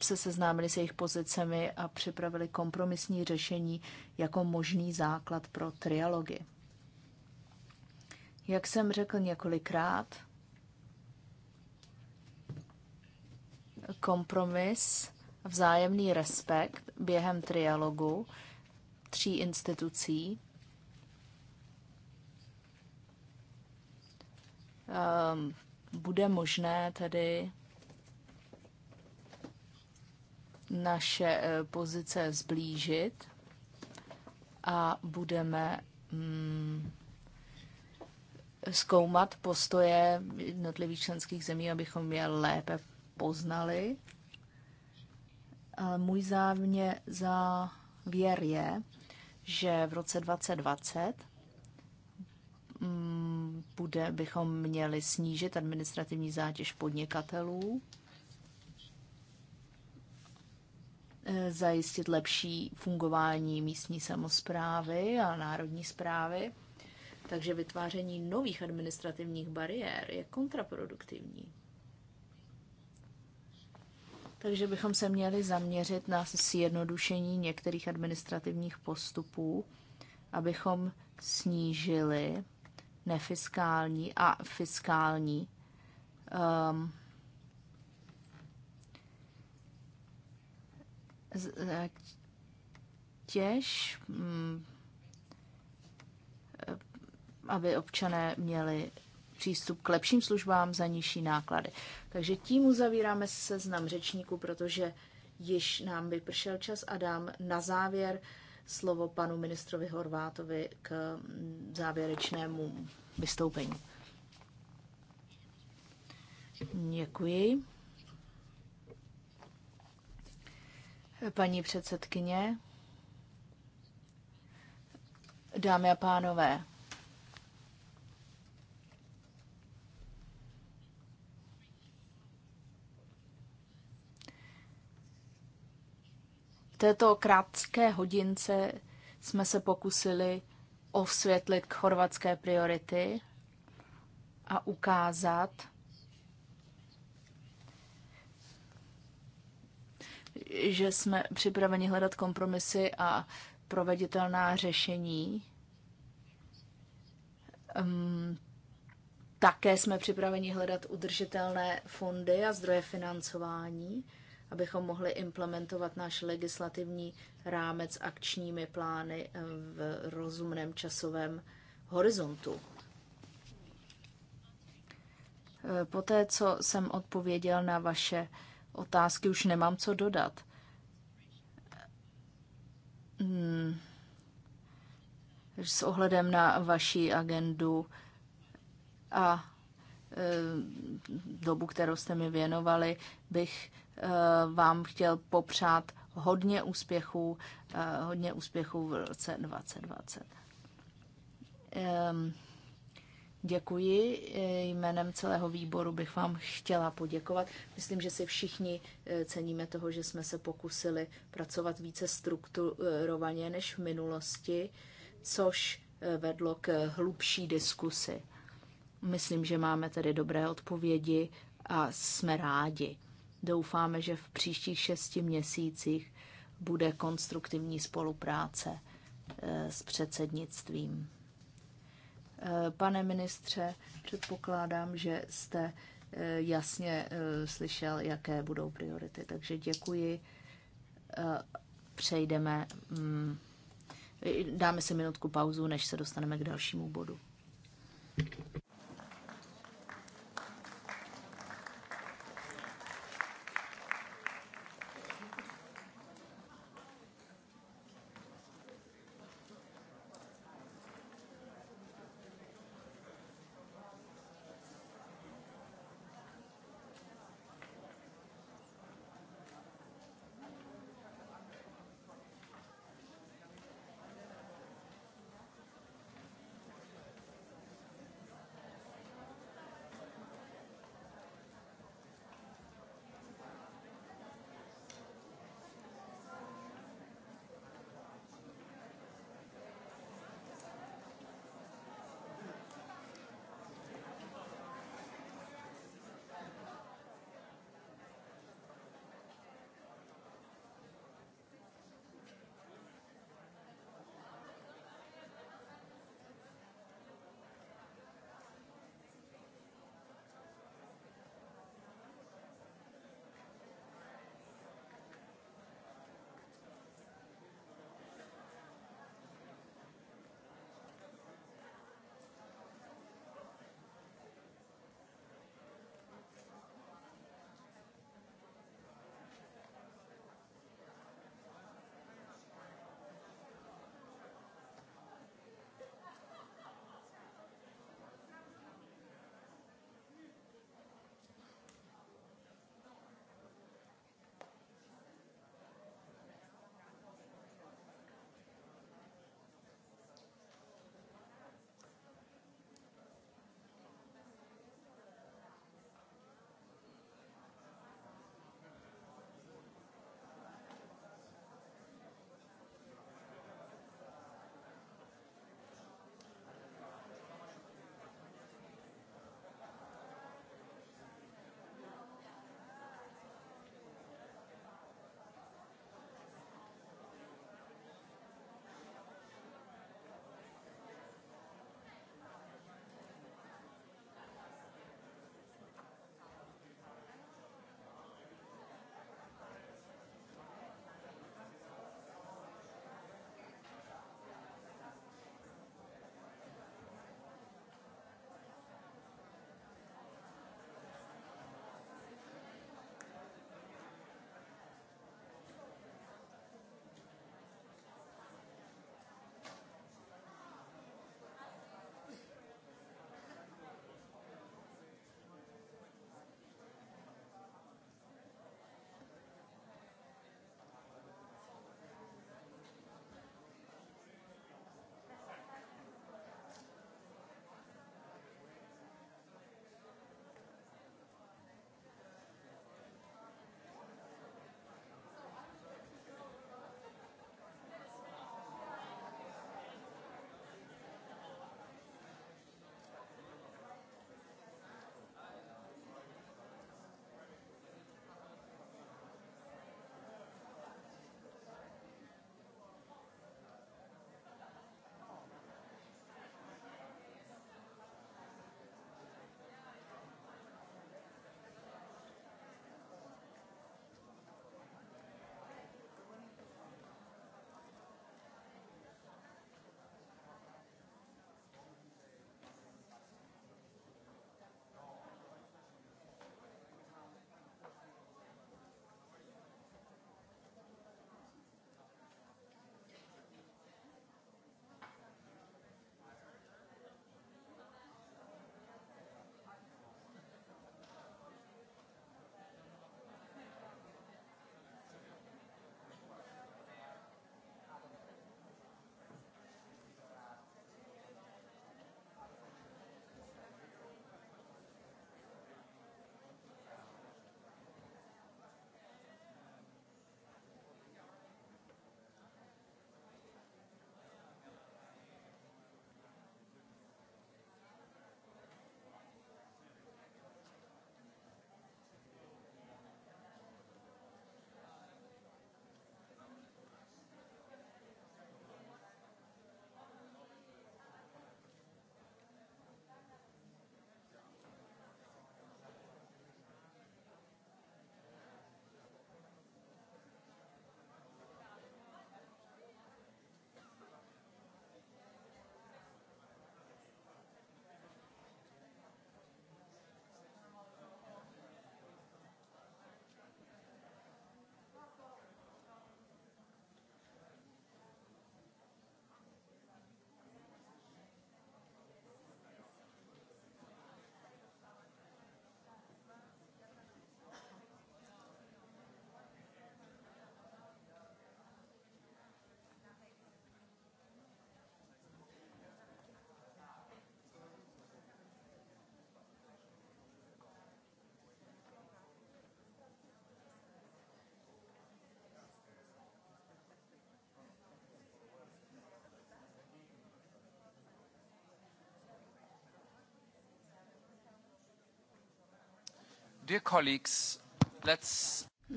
se seznámili s jejich pozicemi a připravili kompromisní řešení jako možný základ pro trialogy. Jak jsem řekl několikrát, kompromis, vzájemný respekt během trialogu tří institucí ehm, bude možné tedy naše eh, pozice zblížit a budeme mm, zkoumat postoje jednotlivých členských zemí, abychom je lépe poznali. Ale můj závěr, závěr je, že v roce 2020 mm, bude, bychom měli snížit administrativní zátěž podnikatelů, e, zajistit lepší fungování místní samozprávy a národní zprávy takže vytváření nových administrativních bariér je kontraproduktivní. Takže bychom se měli zaměřit na sjednodušení některých administrativních postupů, abychom snížili nefiskální a fiskální um, těž. Um, aby občané měli přístup k lepším službám za nižší náklady. Takže tím uzavíráme seznam řečníků, protože již nám vypršel čas a dám na závěr slovo panu ministrovi Horvátovi k mm, závěrečnému vystoupení. Děkuji. Paní předsedkyně, dámy a pánové, této krátké hodince jsme se pokusili osvětlit k chorvatské priority a ukázat, že jsme připraveni hledat kompromisy a proveditelná řešení. Um, také jsme připraveni hledat udržitelné fondy a zdroje financování abychom mohli implementovat náš legislativní rámec akčními plány eh, v rozumném časovém horizontu. Eh, poté, co jsem odpověděl na vaše otázky, už nemám co dodat. Hmm. S ohledem na vaši agendu a eh, dobu, kterou jste mi věnovali, bych Eh, vám chtěl popřát hodně úspěchů, eh, hodně úspěchů v roce 2020. Děkuji. Eh, jménem celého výboru bych vám chtěla poděkovat. Myslím, že si všichni ceníme toho, že jsme se pokusili pracovat více strukturovaně než v minulosti, což vedlo k hlubší diskusi. Myslím, že máme tedy dobré odpovědi a jsme rádi doufáme, že v příštích šesti měsících bude konstruktivní spolupráce eh, s předsednictvím. Eh, pane ministře, předpokládám, že jste eh, jasně slyšel, jaké budou priority. Takže děkuji. Přejdeme, mm, dáme si minutku pauzu, než se dostaneme k dalšímu bodu.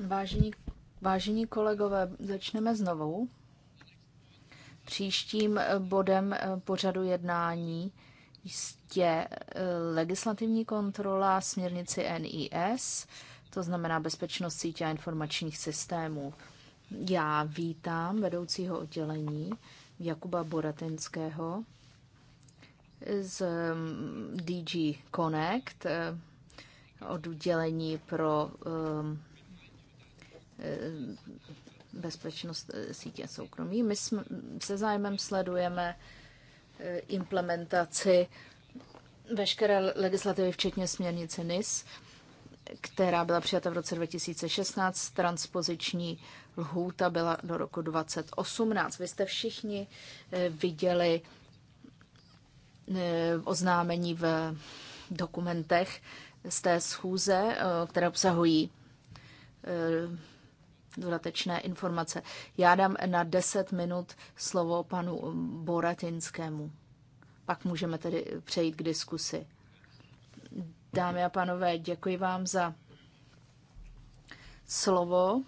Vážení, vážení kolegové, začneme znovu. Příštím eh, bodem eh, pořadu jednání je eh, legislativní kontrola směrnici NIS, to znamená bezpečnost sítě a informačních systémů. Já vítám vedoucího oddělení Jakuba Boratinského z mm, DG Connect, oddělení pro um, eh, bezpečnost eh, sítě soukromí. My jsme, se zájmem sledujeme eh, implementaci veškeré legislativy, včetně směrnice NIS, která byla přijata v roce 2016. Transpoziční lhůta byla do roku 2018. Vy jste všichni viděli oznámení v dokumentech z té schůze, eh, které obsahují eh, dodatečné informace. Já dám na 10 minut slovo panu Boratinskému. Pak můžeme tedy přejít k diskusi. Dámy a pánové, děkuji vám za slovo,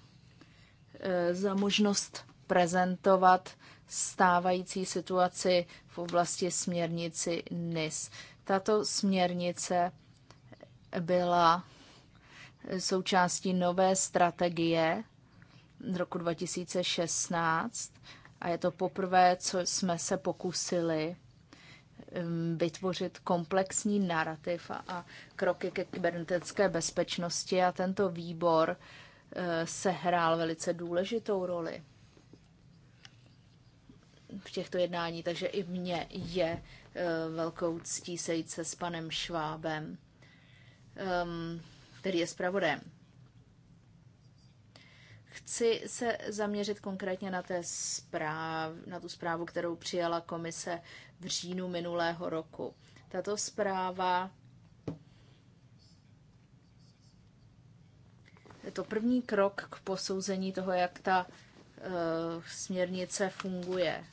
eh, za možnost prezentovat stávající situaci v oblasti směrnici NIS. Tato směrnice byla součástí nové strategie z roku 2016 a je to poprvé, co jsme se pokusili um, vytvořit komplexní narrativ a, a kroky ke kybernetické bezpečnosti a tento výbor uh, sehrál velice důležitou roli v těchto jednání, takže i mně je uh, velkou ctí sejít se s panem Švábem um, který je zpravodajem. Chci se zaměřit konkrétně na, té zpráv, na tu zprávu, kterou přijala komise v říjnu minulého roku. Tato zpráva je to první krok k posouzení toho, jak ta uh, směrnice funguje.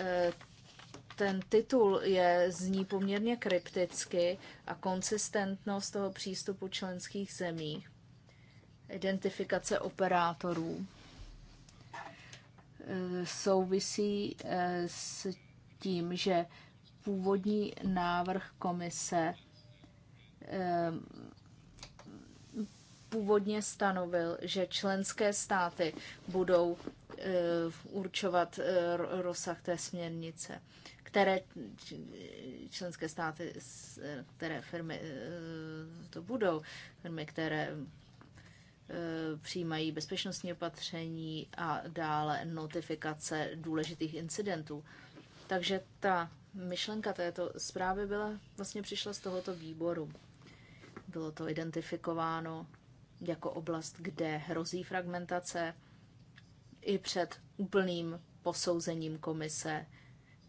Uh, ten titul je, zní poměrně krypticky a konsistentnost toho přístupu členských zemí, identifikace operátorů, e, souvisí e, s tím, že původní návrh komise e, původně stanovil, že členské státy budou eh, určovat eh, rozsah té směrnice, které členské státy, eh, které firmy to budou, firmy, které přijímají bezpečnostní opatření a dále notifikace důležitých incidentů. Takže ta myšlenka této zprávy byla, vlastně přišla z tohoto výboru. Bylo to identifikováno jako oblast, kde hrozí fragmentace i před úplným posouzením komise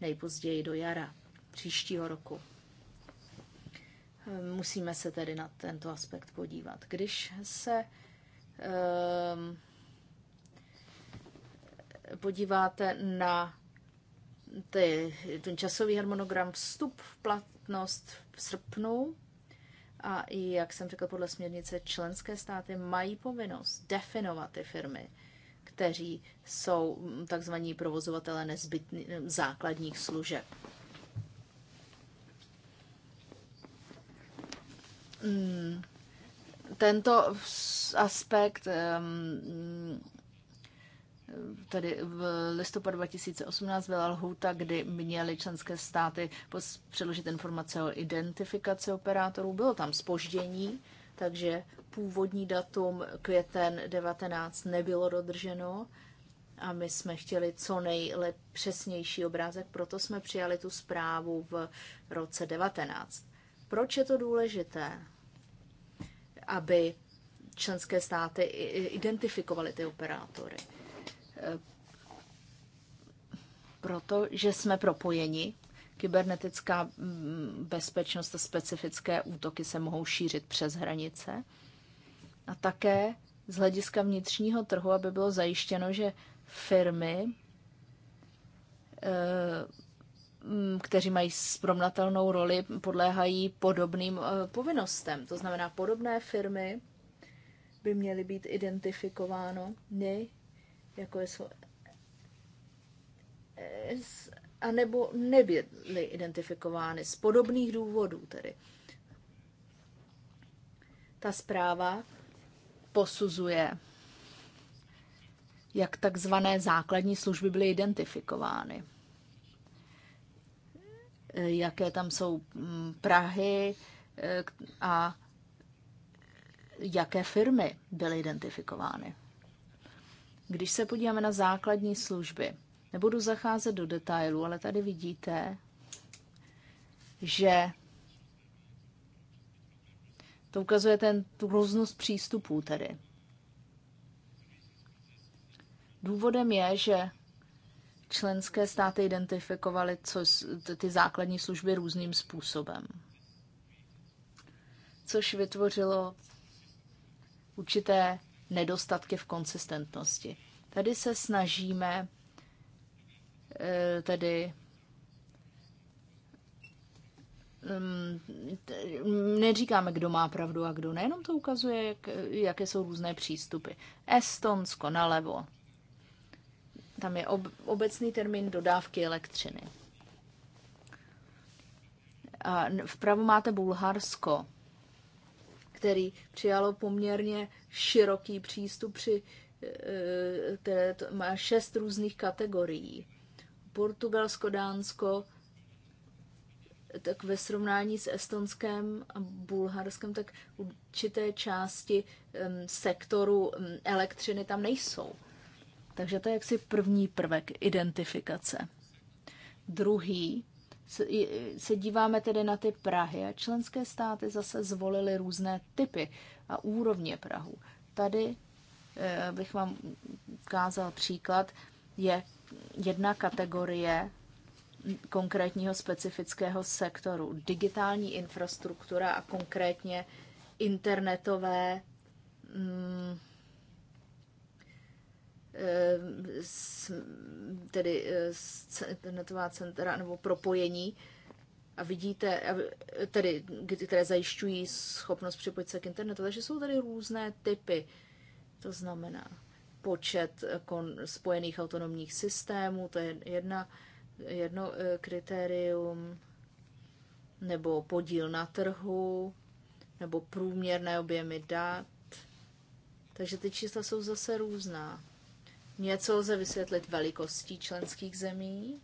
nejpozději do jara příštího roku. Ehm, musíme se tedy na tento aspekt podívat. Když se um, podíváte na ty, ten časový harmonogram vstup v platnost v srpnu, a i, jak jsem řekl, podle směrnice členské státy mají povinnost definovat ty firmy, kteří jsou mm, takzvaní provozovatele nezbytných mm, základních služeb. Mm. Tento aspekt tedy v listopadu 2018 byla lhůta, kdy měly členské státy předložit informace o identifikaci operátorů. Bylo tam spoždění, takže původní datum květen 19 nebylo dodrženo a my jsme chtěli co nejpřesnější obrázek, proto jsme přijali tu zprávu v roce 19. Proč je to důležité? Aby členské státy identifikovaly ty operátory proto, že jsme propojeni. Kybernetická mm, bezpečnost a specifické útoky se mohou šířit přes hranice. A také z hlediska vnitřního trhu, aby bylo zajištěno, že firmy, eh, mm, kteří mají spromnatelnou roli, podléhají podobným eh, povinnostem. To znamená, podobné firmy by měly být identifikováno jako jsou eh, a nebo nebyly identifikovány z podobných důvodů tedy. Ta zpráva posuzuje, jak takzvané základní služby byly identifikovány. Eh, jaké tam jsou mm, Prahy eh, a jaké firmy byly identifikovány. Když se podíváme na základní služby, nebudu zacházet do detailů, ale tady vidíte, že to ukazuje ten, tu hroznost přístupů tedy. Důvodem je, že členské státy identifikovaly co, ty základní služby různým způsobem, což vytvořilo určité nedostatky v konsistentnosti. Tady se snažíme eh, tedy mm, neříkáme, kdo má pravdu a kdo ne, jenom to ukazuje, jak, jaké jsou různé přístupy. Estonsko nalevo. Tam je ob, obecný termín dodávky elektřiny. A vpravo máte Bulharsko, který přijalo poměrně široký přístup při eh, které má šest různých kategorií. Portugalsko, Dánsko, tak ve srovnání s Estonskem a Bulharskem, tak určité části um, sektoru um, elektřiny tam nejsou. Takže to je jaksi první prvek identifikace. Druhý se díváme tedy na ty Prahy a členské státy zase zvolily různé typy a úrovně Prahu. Tady eh, bych vám ukázal příklad, je jedna kategorie konkrétního specifického sektoru. Digitální infrastruktura a konkrétně internetové mm, tedy internetová eh, centra nebo propojení a vidíte, tedy, které zajišťují schopnost připojit se k internetu. Takže jsou tady různé typy. To znamená počet eh, spojených autonomních systémů, to je jedna, jedno eh, kritérium, nebo podíl na trhu, nebo průměrné objemy dat. Takže ty čísla jsou zase různá. Něco lze vysvětlit velikostí členských zemí,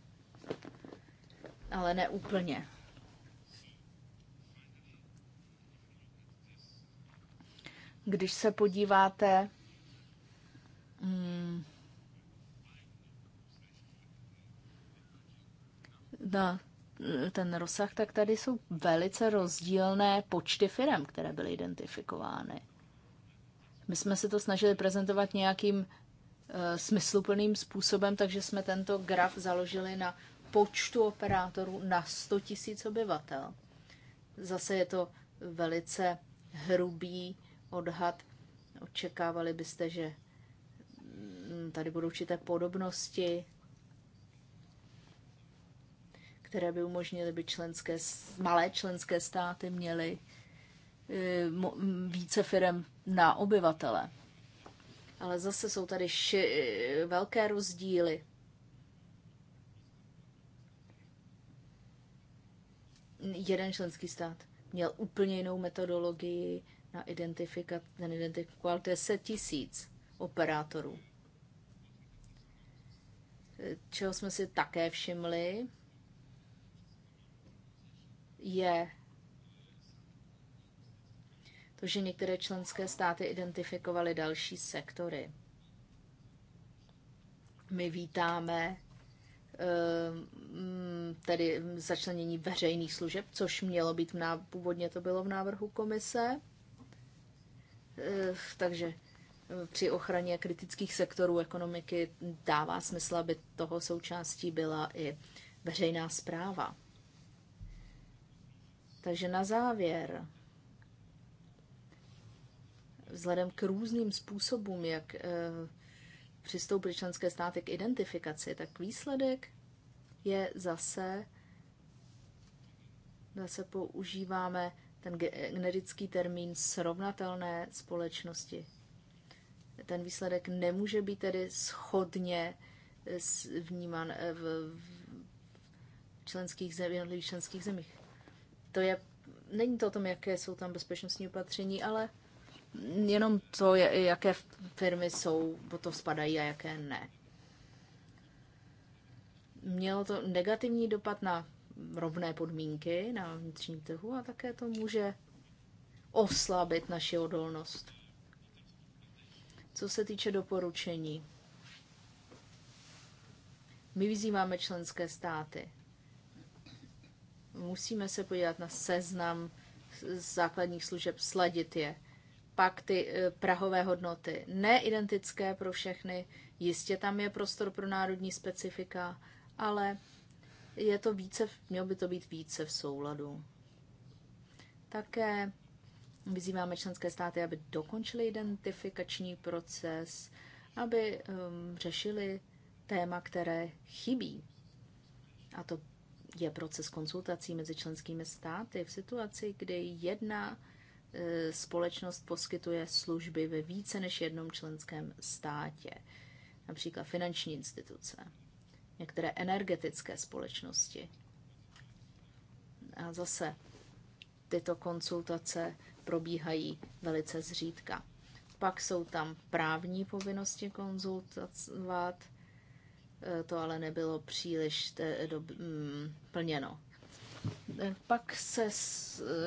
ale ne úplně. Když se podíváte hmm, na eh, ten rozsah, tak tady jsou velice rozdílné počty firm, které byly identifikovány. My jsme se to snažili prezentovat nějakým Eh, smysluplným způsobem, takže jsme tento graf založili na počtu operátorů na 100 000 obyvatel. Zase je to velice hrubý odhad. Očekávali byste, že mm, tady budou určité podobnosti, které by umožnily, by členské, malé členské státy měly eh, více firm na obyvatele ale zase jsou tady ši- velké rozdíly. Jeden členský stát měl úplně jinou metodologii na identifikaci, ten identifikoval 10 tisíc operátorů. Čeho jsme si také všimli, je to, že některé členské státy identifikovaly další sektory. My vítáme ehm, tedy začlenění veřejných služeb, což mělo být, v náv- původně to bylo v návrhu komise. Eh, takže eh, při ochraně kritických sektorů ekonomiky dává smysl, aby toho součástí byla i veřejná zpráva. Takže na závěr vzhledem k různým způsobům, jak eh, přistoupit členské státy k identifikaci, tak výsledek je zase, zase používáme ten generický termín srovnatelné společnosti. Ten výsledek nemůže být tedy schodně eh, vnímán eh, v členských členských zemích. To je, není to o tom, jaké jsou tam bezpečnostní opatření, ale jenom to, jaké firmy jsou, po to spadají a jaké ne. Mělo to negativní dopad na rovné podmínky na vnitřní trhu a také to může oslabit naši odolnost. Co se týče doporučení, my vyzýváme členské státy. Musíme se podívat na seznam základních služeb, sledit je pak ty eh, prahové hodnoty neidentické pro všechny, jistě tam je prostor pro národní specifika, ale je to více, mělo by to být více v souladu. Také vyzýváme členské státy, aby dokončili identifikační proces, aby um, řešili téma, které chybí. A to je proces konzultací mezi členskými státy v situaci, kdy jedna E, společnost poskytuje služby ve více než jednom členském státě, například finanční instituce, některé energetické společnosti. A zase tyto konsultace probíhají velice zřídka. Pak jsou tam právní povinnosti konzultovat, e, to ale nebylo příliš plněno. Pak se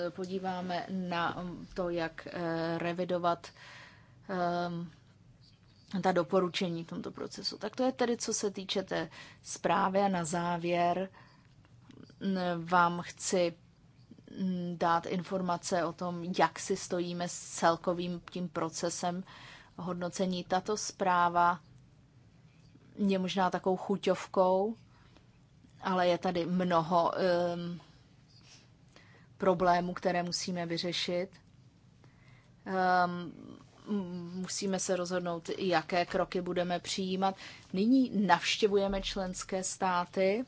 podíváme na to, jak eh, revidovat ehm, ta doporučení v tomto procesu. Tak to je tedy, co se týče té zprávy a na závěr mm, vám chci mm, dát informace o tom, jak si stojíme s celkovým tím procesem hodnocení. Tato zpráva je možná takovou chuťovkou ale je tady mnoho um, problémů, které musíme vyřešit. Um, musíme se rozhodnout, jaké kroky budeme přijímat. Nyní navštěvujeme členské státy.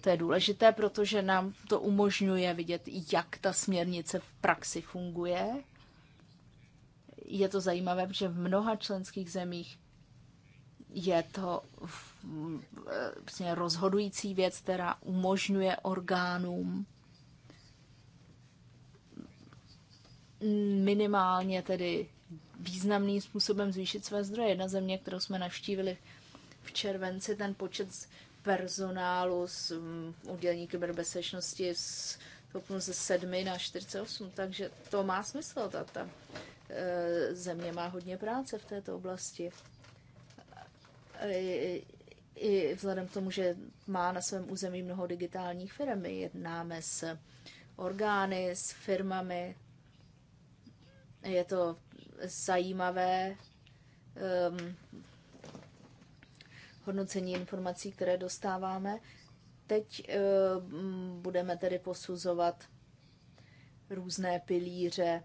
To je důležité, protože nám to umožňuje vidět, jak ta směrnice v praxi funguje. Je to zajímavé, že v mnoha členských zemích je to vlastně rozhodující věc, která umožňuje orgánům minimálně tedy významným způsobem zvýšit své zdroje. Jedna země, kterou jsme navštívili v červenci, ten počet personálu z udělení mm, kyberbezpečnosti stoupnul ze 7 na 48, takže to má smysl. Ta, ta e, země má hodně práce v této oblasti i vzhledem k tomu, že má na svém území mnoho digitálních firm, jednáme s orgány, s firmami. Je to zajímavé um, hodnocení informací, které dostáváme. Teď um, budeme tedy posuzovat různé pilíře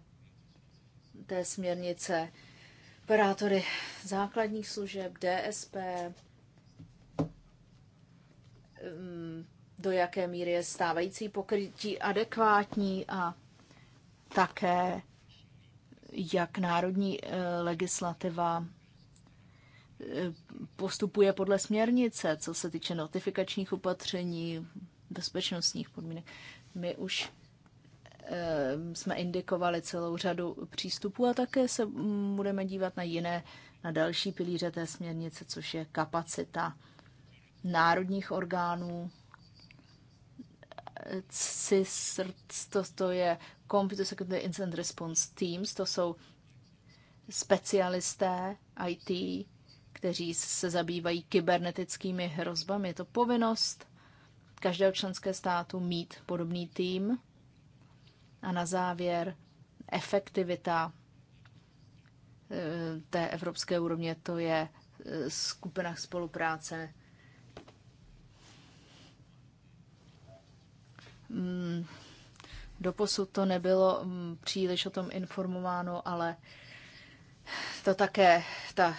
té směrnice operátory základních služeb, DSP, mm, do jaké míry je stávající pokrytí adekvátní a také jak národní eh, legislativa eh, postupuje podle směrnice, co se týče notifikačních opatření, bezpečnostních podmínek. My už Ehm, jsme indikovali celou řadu přístupů a také se mm, budeme dívat na jiné, na další pilíře té směrnice, což je kapacita národních orgánů. CIS, to, to je Computer Security Incident Response Teams, to jsou specialisté IT, kteří se zabývají kybernetickými hrozbami. Je to povinnost každého členské státu mít podobný tým a na závěr efektivita eh, té evropské úrovně, to je eh, skupina spolupráce. Hmm, doposud to nebylo hmm, příliš o tom informováno, ale to také, ta,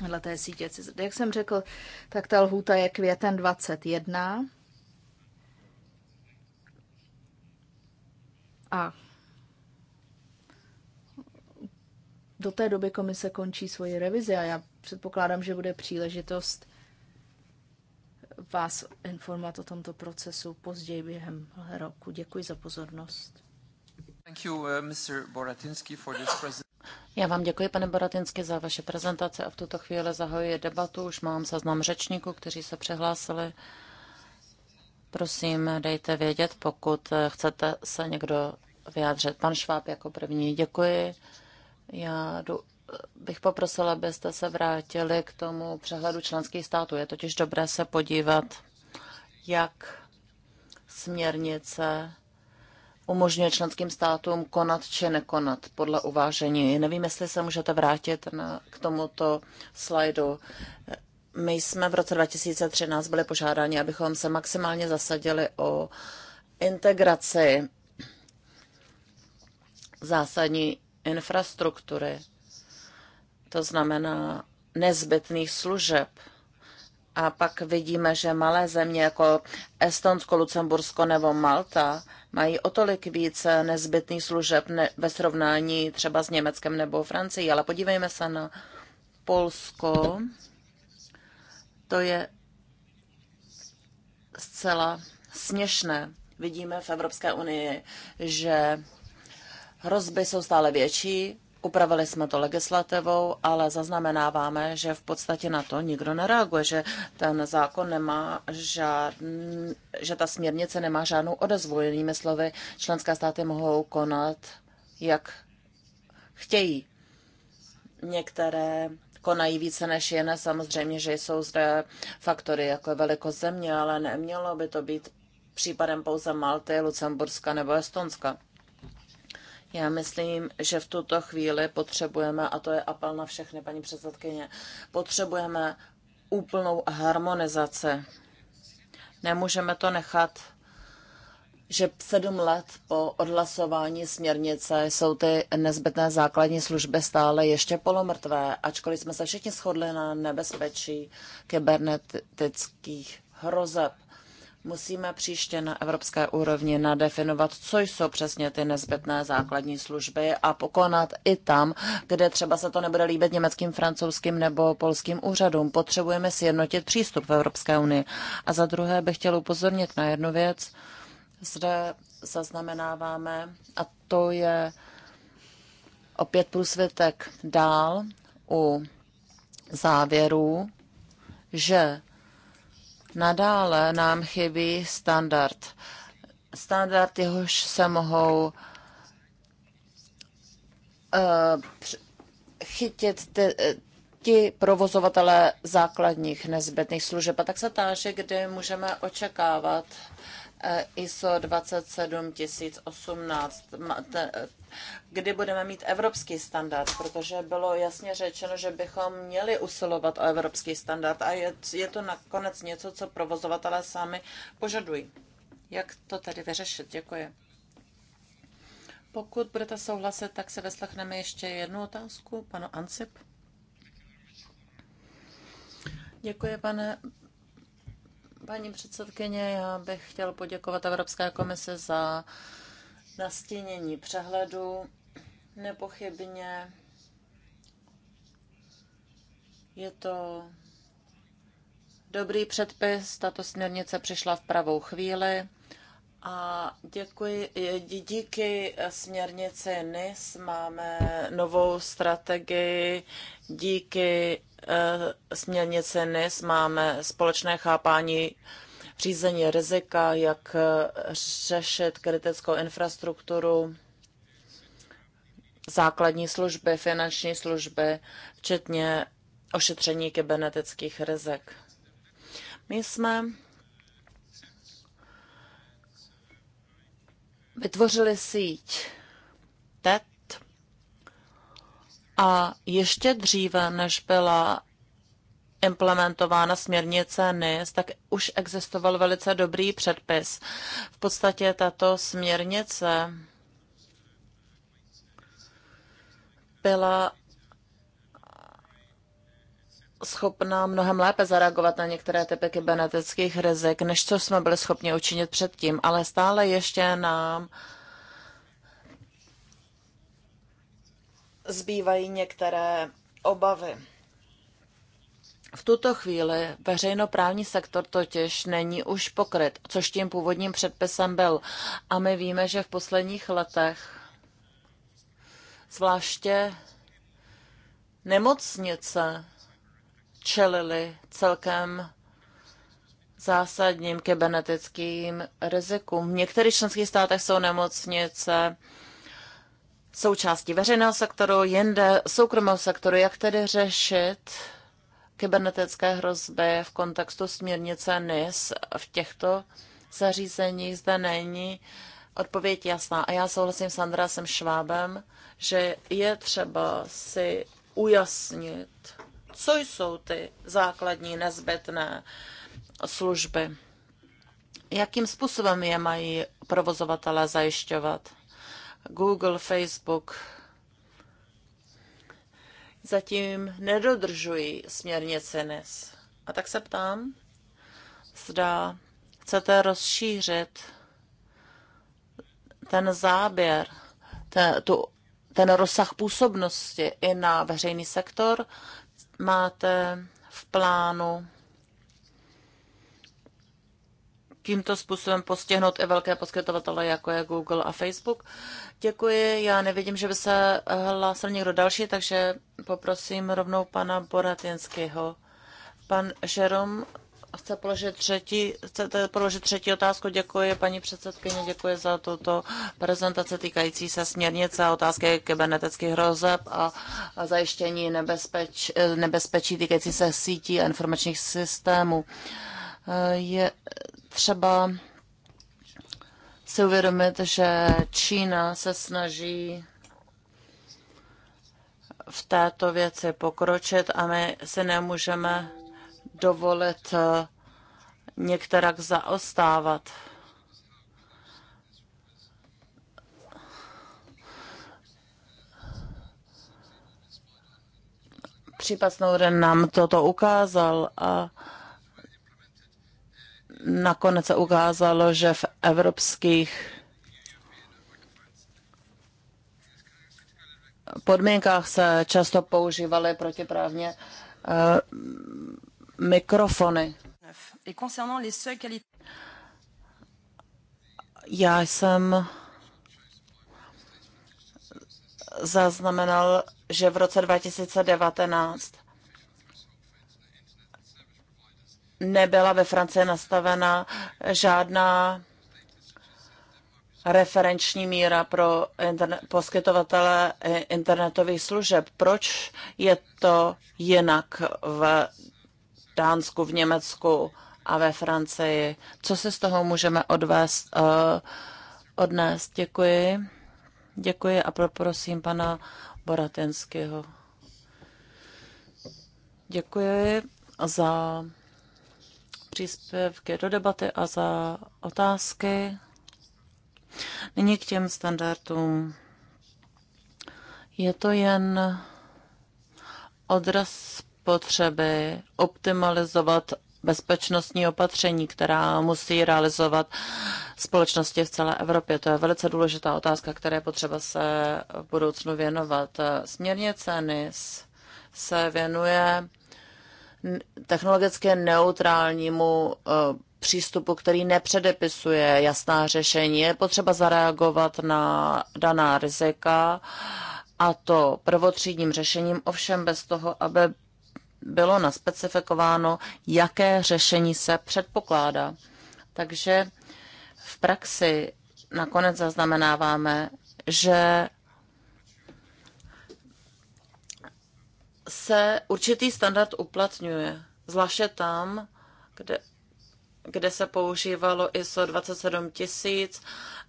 eh, dle té sítě, jak jsem řekl, tak ta lhůta je květen 21 A do té doby komise končí svoji revizi a já předpokládám, že bude příležitost vás informovat o tomto procesu později během roku. Děkuji za pozornost. Uh, já vám děkuji, pane Boratinsky, za vaše prezentace a v tuto chvíli zahajuji debatu. Už mám seznam řečníků, kteří se přihlásili. Prosím, dejte vědět, pokud eh, chcete se někdo vyjádřit. Pan Šváb jako první. Děkuji. Já jdu eh, bych poprosila, abyste se vrátili k tomu přehledu členských států. Je totiž dobré se podívat, jak směrnice umožňuje členským státům konat či nekonat podle uvážení. Nevím, jestli se můžete vrátit na, k tomuto slajdu. My jsme v roce 2013 byli požádáni, abychom se maximálně zasadili o integraci zásadní infrastruktury, to znamená nezbytných služeb. A pak vidíme, že malé země jako Estonsko, Lucembursko nebo Malta mají o tolik více nezbytných služeb ne- ve srovnání třeba s Německem nebo Francií. Ale podívejme se na Polsko. To je zcela směšné. Vidíme v Evropské unii, že hrozby jsou stále větší, Upravili jsme to legislativou, ale zaznamenáváme, že v podstatě na to nikdo nereaguje, že ten zákon nemá žádný, že ta směrnice nemá žádnou odezvu. Jinými slovy, členské státy mohou konat, jak chtějí. Některé konají více než jen. Samozřejmě, že jsou zde faktory jako velikost země, ale nemělo by to být případem pouze Malty, Lucemburska nebo Estonska. Já myslím, že v tuto chvíli potřebujeme, a to je apel na všechny, paní předsedkyně, potřebujeme úplnou harmonizaci. Nemůžeme to nechat že sedm let po odhlasování směrnice jsou ty nezbytné základní služby stále ještě polomrtvé, ačkoliv jsme se všichni shodli na nebezpečí kybernetických hrozeb. Musíme příště na evropské úrovni nadefinovat, co jsou přesně ty nezbytné základní služby a pokonat i tam, kde třeba se to nebude líbit německým, francouzským nebo polským úřadům. Potřebujeme sjednotit přístup v Evropské unii. A za druhé bych chtěl upozornit na jednu věc, zde zaznamenáváme, a to je opět průsvitek dál u závěrů, že nadále nám chybí standard. Standard, jehož se mohou uh, chytit ty, eh, ti provozovatelé základních nezbytných služeb. A tak se táže, kdy můžeme očekávat uh, Eh, ISO 27018, eh, kdy budeme mít evropský standard, protože bylo jasně řečeno, že bychom měli usilovat o evropský standard a je, je to nakonec něco, co provozovatelé sami požadují. Jak to tedy vyřešit? Děkuji. Pokud budete souhlasit, tak se vyslechneme ještě jednu otázku, panu Ancip. Děkuji, pane Paní předsedkyně, já bych chtěl poděkovat Evropské komise za nastínění přehledu. Nepochybně je to dobrý předpis, tato směrnice přišla v pravou chvíli a děkuji, díky směrnici NIS máme novou strategii, díky Eh, směrnici NIS máme společné chápání řízení rizika, jak eh, řešit kritickou infrastrukturu, základní služby, finanční služby, včetně ošetření kybernetických rizik. My jsme vytvořili síť TED, a ještě dříve, než byla implementována směrnice NIS, tak už existoval velice dobrý předpis. V podstatě tato směrnice byla schopna mnohem lépe zareagovat na některé typy kybernetických rizik, než co jsme byli schopni učinit předtím, ale stále ještě nám uh, zbývají některé obavy. V tuto chvíli veřejnoprávní sektor totiž není už pokryt, což tím původním předpisem byl. A my víme, že v posledních letech zvláště nemocnice čelily celkem zásadním kybernetickým rizikům. V některých členských státech jsou nemocnice součástí veřejného sektoru, jinde soukromého sektoru, jak tedy řešit kybernetické hrozby v kontextu směrnice NIS v těchto zařízeních zde není odpověď jasná. A já souhlasím s Andrásem Švábem, že je třeba si ujasnit, co jsou ty základní nezbytné služby. Jakým způsobem je mají provozovatelé zajišťovat? Google, Facebook zatím nedodržují směrnice NES. A tak se ptám, zda chcete rozšířit ten záběr, ten, tu, ten rozsah působnosti i na veřejný sektor. Máte v plánu tímto způsobem postihnout i velké poskytovatele, jako je Google a Facebook. Děkuji, já nevidím, že by se hlásil někdo další, takže poprosím rovnou pana Boratinského. Pan Žerom chce položit třetí, chcete položit třetí otázku. Děkuji, paní předsedkyně, děkuji za tuto prezentaci týkající se směrnice a otázky kybernetických hrozeb a, a zajištění nebezpeč, nebezpečí týkající se sítí a informačních systémů. Je třeba si uvědomit, že Čína se snaží v této věci pokročit a my si nemůžeme dovolit eh, některak zaostávat. Případ Snowden nám toto ukázal a nakonec se ukázalo, že v evropských podmínkách se často používaly protiprávně uh, mikrofony. Já jsem zaznamenal, že v roce 2019 nebyla ve Francii nastavena žádná referenční míra pro interne- poskytovatele internetových služeb. Proč je to jinak v Dánsku, v Německu a ve Francii? Co si z toho můžeme odvést, uh, odnést? Děkuji. Děkuji a poprosím pana Boratenského. Děkuji za příspěvky do debaty a za otázky. Nyní k těm standardům. Je to jen odraz potřeby optimalizovat bezpečnostní opatření, která musí realizovat společnosti v celé Evropě. To je velice důležitá otázka, které je potřeba se v budoucnu věnovat. Směrně ceny se věnuje technologicky neutrálnímu eh, přístupu, který nepředepisuje jasná řešení. Je potřeba zareagovat na daná rizika a to prvotřídním řešením, ovšem bez toho, aby bylo naspecifikováno, jaké řešení se předpokládá. Takže v praxi nakonec zaznamenáváme, že se určitý standard uplatňuje, zvláště tam, kde, kde se používalo ISO 27 tisíc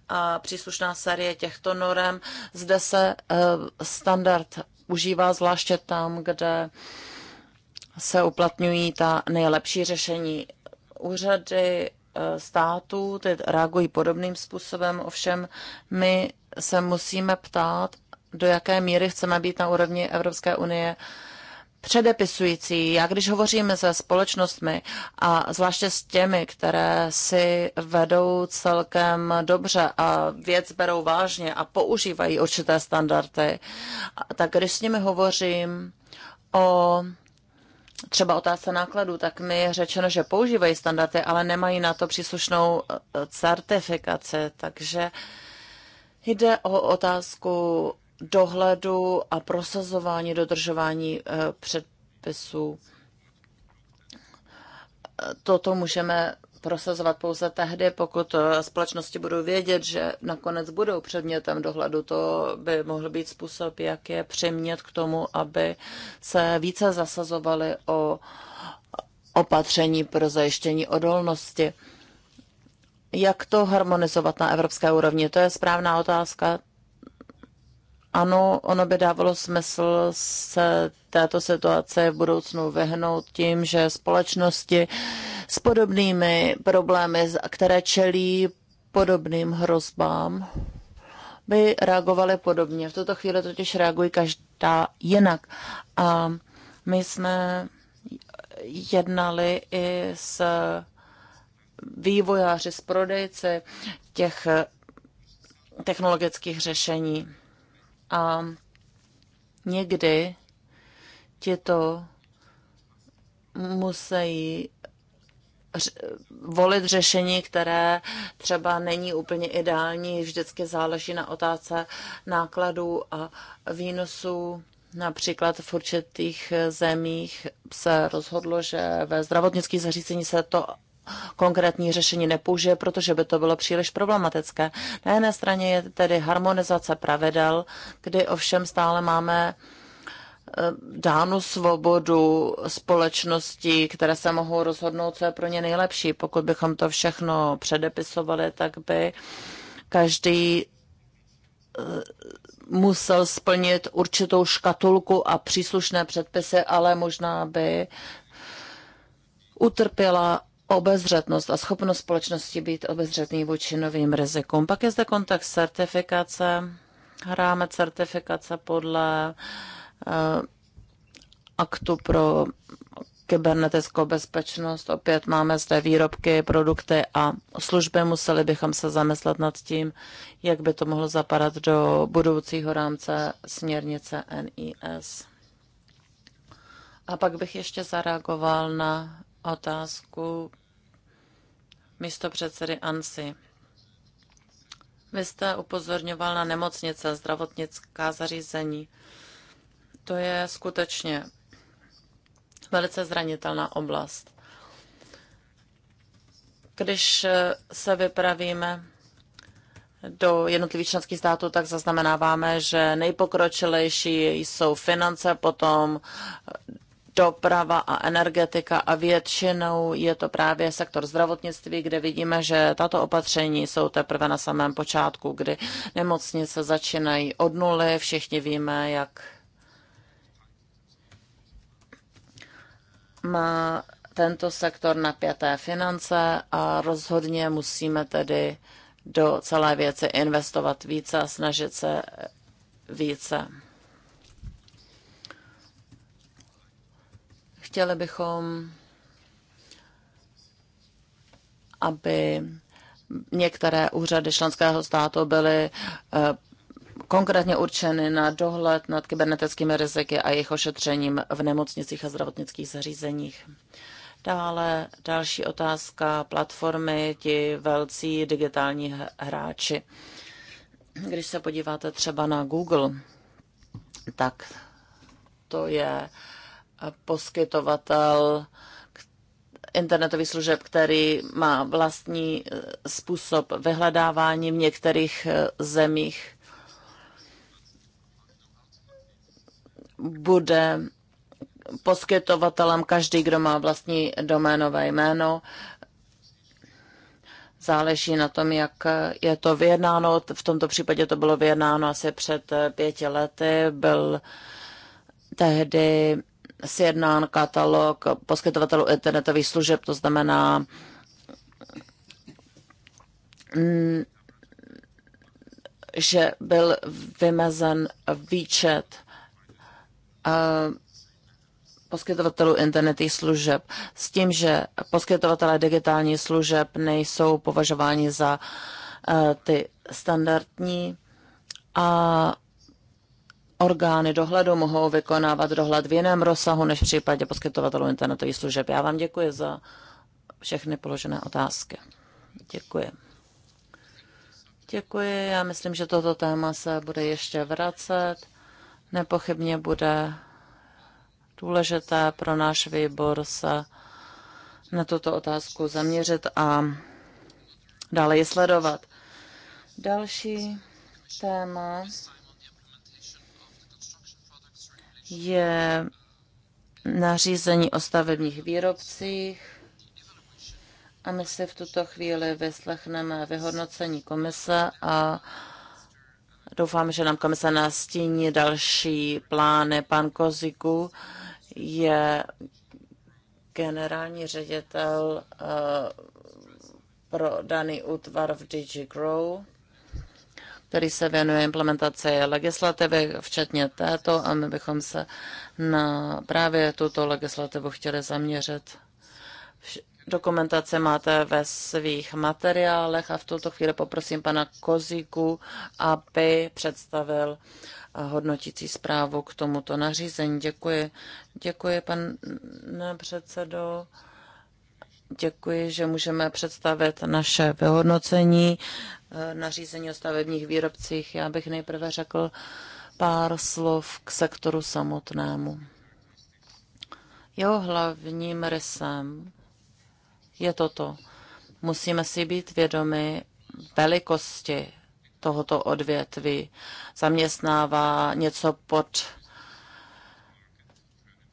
a příslušná série těchto norem. Zde se eh, standard užívá zvláště tam, kde se uplatňují ta nejlepší řešení. Úřady eh, států ty reagují podobným způsobem, ovšem my se musíme ptát, do jaké míry chceme být na úrovni Evropské unie předepisující. Já když hovořím se společnostmi a zvláště s těmi, které si vedou celkem dobře a věc berou vážně a používají určité standardy, tak když s nimi hovořím o třeba otázce nákladů, tak mi je řečeno, že používají standardy, ale nemají na to příslušnou eh, certifikaci, takže jde o otázku dohledu a prosazování dodržování eh, předpisů. Toto můžeme prosazovat pouze tehdy, pokud eh, společnosti budou vědět, že nakonec budou předmětem dohledu. To by mohl být způsob, jak je přimět k tomu, aby se více zasazovali o opatření pro zajištění odolnosti. Jak to harmonizovat na evropské úrovni? To je správná otázka. Ano, ono by dávalo smysl se této situace v budoucnu vyhnout tím, že společnosti s podobnými problémy, které čelí podobným hrozbám, by reagovaly podobně. V tuto chvíli totiž reagují každá jinak. A my jsme jednali i s vývojáři, s prodejci těch technologických řešení. A někdy to musí volit řešení, které třeba není úplně ideální, vždycky záleží na otázce nákladů a výnosů. Například v určitých zemích se rozhodlo, že ve zdravotnických zařízení se to konkrétní řešení nepoužije, protože by to bylo příliš problematické. Na jedné straně je tedy harmonizace pravidel, kdy ovšem stále máme eh, dánu svobodu společnosti, které se mohou rozhodnout, co je pro ně nejlepší. Pokud bychom to všechno předepisovali, tak by každý eh, musel splnit určitou škatulku a příslušné předpisy, ale možná by utrpěla obezřetnost a schopnost společnosti být obezřetný vůči novým rizikům. Pak je zde kontakt certifikace, rámec certifikace podle uh, aktu pro kybernetickou bezpečnost. Opět máme zde výrobky, produkty a služby. Museli bychom se zamyslet nad tím, jak by to mohlo zapadat do budoucího rámce směrnice NIS. A pak bych ještě zareagoval na otázku místo předsedy ANSI. Vy jste upozorňoval na nemocnice, zdravotnická zařízení. To je skutečně velice zranitelná oblast. Když se vypravíme do jednotlivých členských států, tak zaznamenáváme, že nejpokročilejší jsou finance, potom doprava a energetika a většinou je to právě sektor zdravotnictví, kde vidíme, že tato opatření jsou teprve na samém počátku, kdy nemocnice začínají od nuly, všichni víme, jak má tento sektor napjaté finance a rozhodně musíme tedy do celé věci investovat více a snažit se více. Chtěli bychom, aby některé úřady členského státu byly eh, konkrétně určeny na dohled nad kybernetickými riziky a jejich ošetřením v nemocnicích a zdravotnických zařízeních. Dále další otázka platformy, ti velcí digitální hráči. Když se podíváte třeba na Google, tak to je uh, poskytovatel internetových služeb, který má vlastní eh, způsob vyhledávání v některých eh, zemích, bude poskytovatelem každý, kdo má vlastní doménové jméno. Záleží na tom, jak je to vyjednáno. V tomto případě to bylo vyjednáno asi před eh, pěti lety. Byl tehdy sjednán katalog poskytovatelů internetových služeb, to znamená mm, že byl vymezen výčet eh, poskytovatelů internetových služeb s tím, že poskytovatelé digitálních služeb nejsou považováni za eh, ty standardní a orgány dohledu mohou vykonávat dohled v jiném rozsahu než v případě poskytovatelů internetových služeb. Já vám děkuji za všechny položené otázky. Děkuji. Děkuji. Já myslím, že toto téma se bude ještě vracet. Nepochybně bude důležité pro náš výbor se na tuto otázku zaměřit a dále ji sledovat. Další téma je nařízení o stavebních výrobcích a my si v tuto chvíli vyslechneme vyhodnocení komise a doufám, že nám komise nastíní další plány. Pan Koziku je generální ředitel eh, pro daný útvar v DigiGrow který se věnuje implementaci legislativy, včetně této, a my bychom se na právě tuto legislativu chtěli zaměřit. Dokumentace máte ve svých materiálech a v tuto chvíli poprosím pana Kozíku, aby představil hodnotící zprávu k tomuto nařízení. Děkuji. Děkuji, pane předsedo. Děkuji, že můžeme představit naše vyhodnocení Eh, nařízení o stavebních výrobcích. Já bych nejprve řekl pár slov k sektoru samotnému. Jeho hlavním rysem je toto. Musíme si být vědomi velikosti tohoto odvětví. Zaměstnává něco pod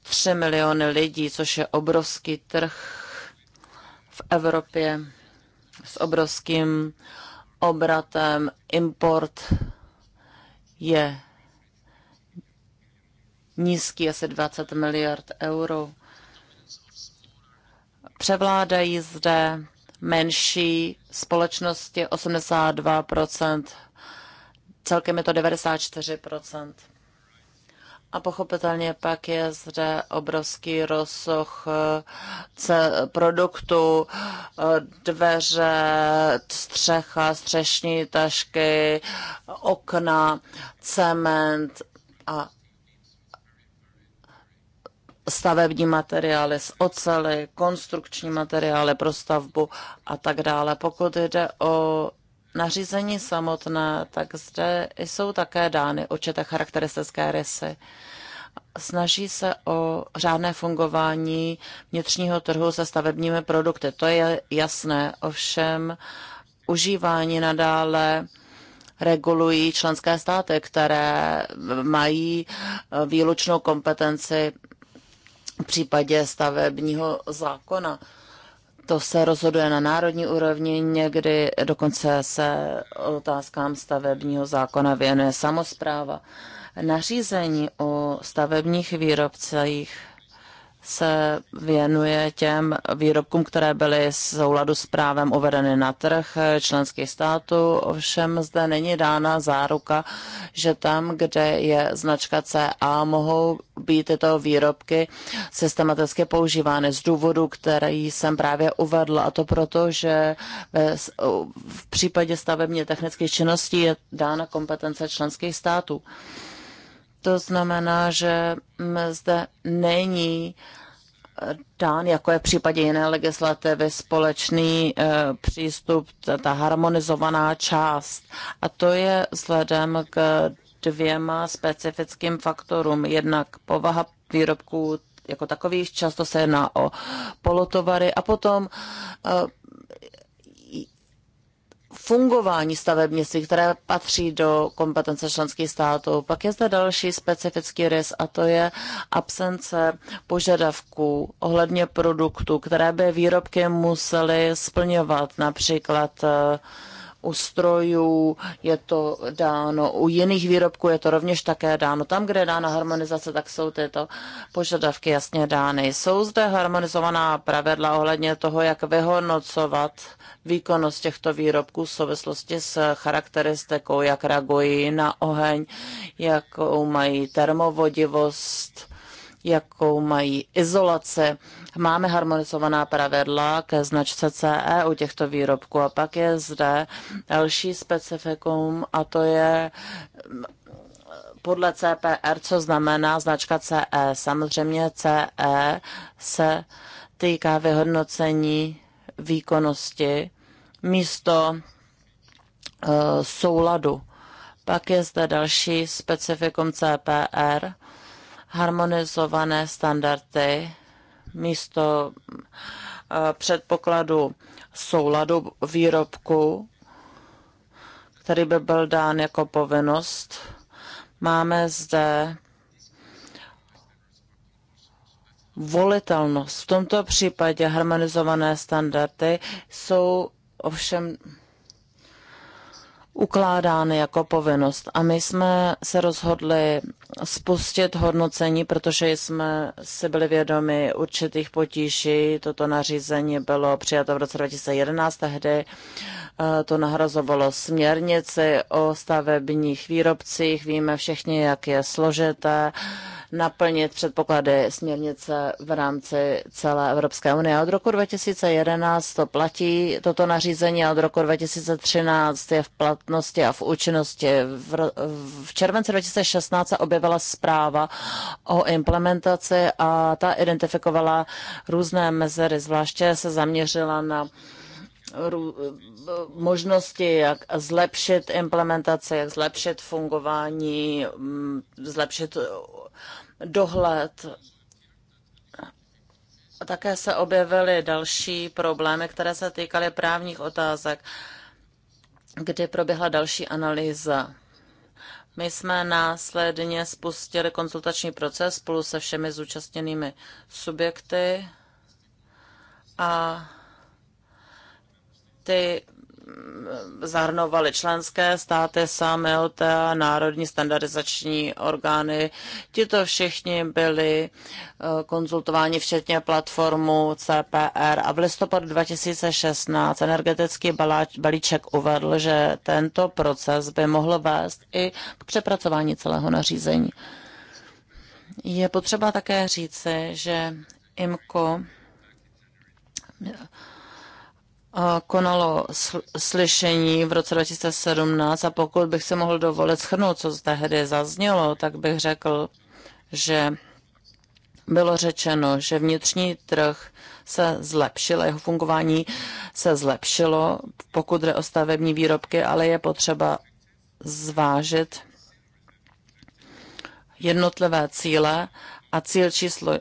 3 miliony lidí, což je obrovský trh v Evropě s obrovským obratem import je nízký, asi 20 miliard euro. Převládají zde menší společnosti 82%, celkem je to 94%. A pochopitelně pak je zde obrovský rozsoch eh, produktu, eh, dveře, střecha, střešní tašky, okna, cement a stavební materiály z ocely, konstrukční materiály pro stavbu a tak dále. Pokud jde o nařízení samotné, tak zde jsou také dány určité charakteristické rysy. Snaží se o řádné fungování vnitřního trhu se stavebními produkty. To je jasné. Ovšem užívání nadále regulují členské státy, které mají eh, výlučnou kompetenci v případě stavebního zákona. To se rozhoduje na národní úrovni, někdy dokonce se otázkám stavebního zákona věnuje samozpráva. Nařízení o stavebních výrobcích se věnuje těm výrobkům, které byly z souladu s právem uvedeny na trh členských států. Ovšem zde není dána záruka, že tam, kde je značka CA, mohou být tyto výrobky systematicky používány z důvodu, který jsem právě uvedl. A to proto, že v případě stavebně technických činností je dána kompetence členských států. To znamená, že zde není eh, dán, jako je v případě jiné legislativy, společný eh, přístup, ta, harmonizovaná část. A to je vzhledem k dvěma specifickým faktorům. Jednak povaha výrobků jako takových, často se jedná o polotovary a potom eh, fungování stavebnictví, které patří do kompetence členských států. Pak je zde další specifický rys a to je absence požadavků ohledně produktů, které by výrobky musely splňovat, například uh, u strojů, je to dáno u jiných výrobků, je to rovněž také dáno. Tam, kde je dána harmonizace, tak jsou tyto požadavky jasně dány. Jsou zde harmonizovaná pravidla ohledně toho, jak vyhodnocovat výkonnost těchto výrobků v souvislosti s charakteristikou, jak reagují na oheň, jakou mají termovodivost, jakou mají izolace. Máme harmonizovaná pravidla ke značce CE u těchto výrobků a pak je zde další specifikum a to je podle CPR, co znamená značka CE. Samozřejmě CE se týká vyhodnocení výkonnosti místo eh, souladu. Pak je zde další specifikum CPR harmonizované standardy místo eh, předpokladu souladu výrobku, který by byl dán jako povinnost. Máme zde volitelnost. V tomto případě harmonizované standardy jsou ovšem ukládány jako povinnost. A my jsme se rozhodli spustit hodnocení, protože jsme si byli vědomi určitých potíží. Toto nařízení bylo přijato v roce 2011, tehdy eh, to nahrazovalo směrnici o stavebních výrobcích. Víme všichni, jak je složité naplnit předpoklady směrnice v rámci celé Evropské unie. Od roku 2011 to platí, toto nařízení, a od roku 2013 je v platnosti a v účinnosti. V, v červenci 2016 se objevila zpráva o implementaci a ta identifikovala různé mezery, zvláště se zaměřila na možnosti, jak zlepšit implementaci, jak zlepšit fungování, mm, zlepšit dohled. A také se objevily další problémy, které se týkaly právních otázek, kdy proběhla další analýza my jsme následně spustili konzultační proces spolu se všemi zúčastněnými subjekty a ty zahrnovaly členské státy, samé OTA, národní standardizační orgány. Tito všichni byli eh, konzultováni, včetně platformu CPR. A v listopadu 2016 energetický balíček uvedl, že tento proces by mohl vést i k přepracování celého nařízení. Je potřeba také říci, že IMCO konalo slyšení v roce 2017 a pokud bych se mohl dovolit schrnout, co z tehdy zaznělo, tak bych řekl, že bylo řečeno, že vnitřní trh se zlepšil, jeho fungování se zlepšilo, pokud jde o stavební výrobky, ale je potřeba zvážit jednotlivé cíle a cíl číslo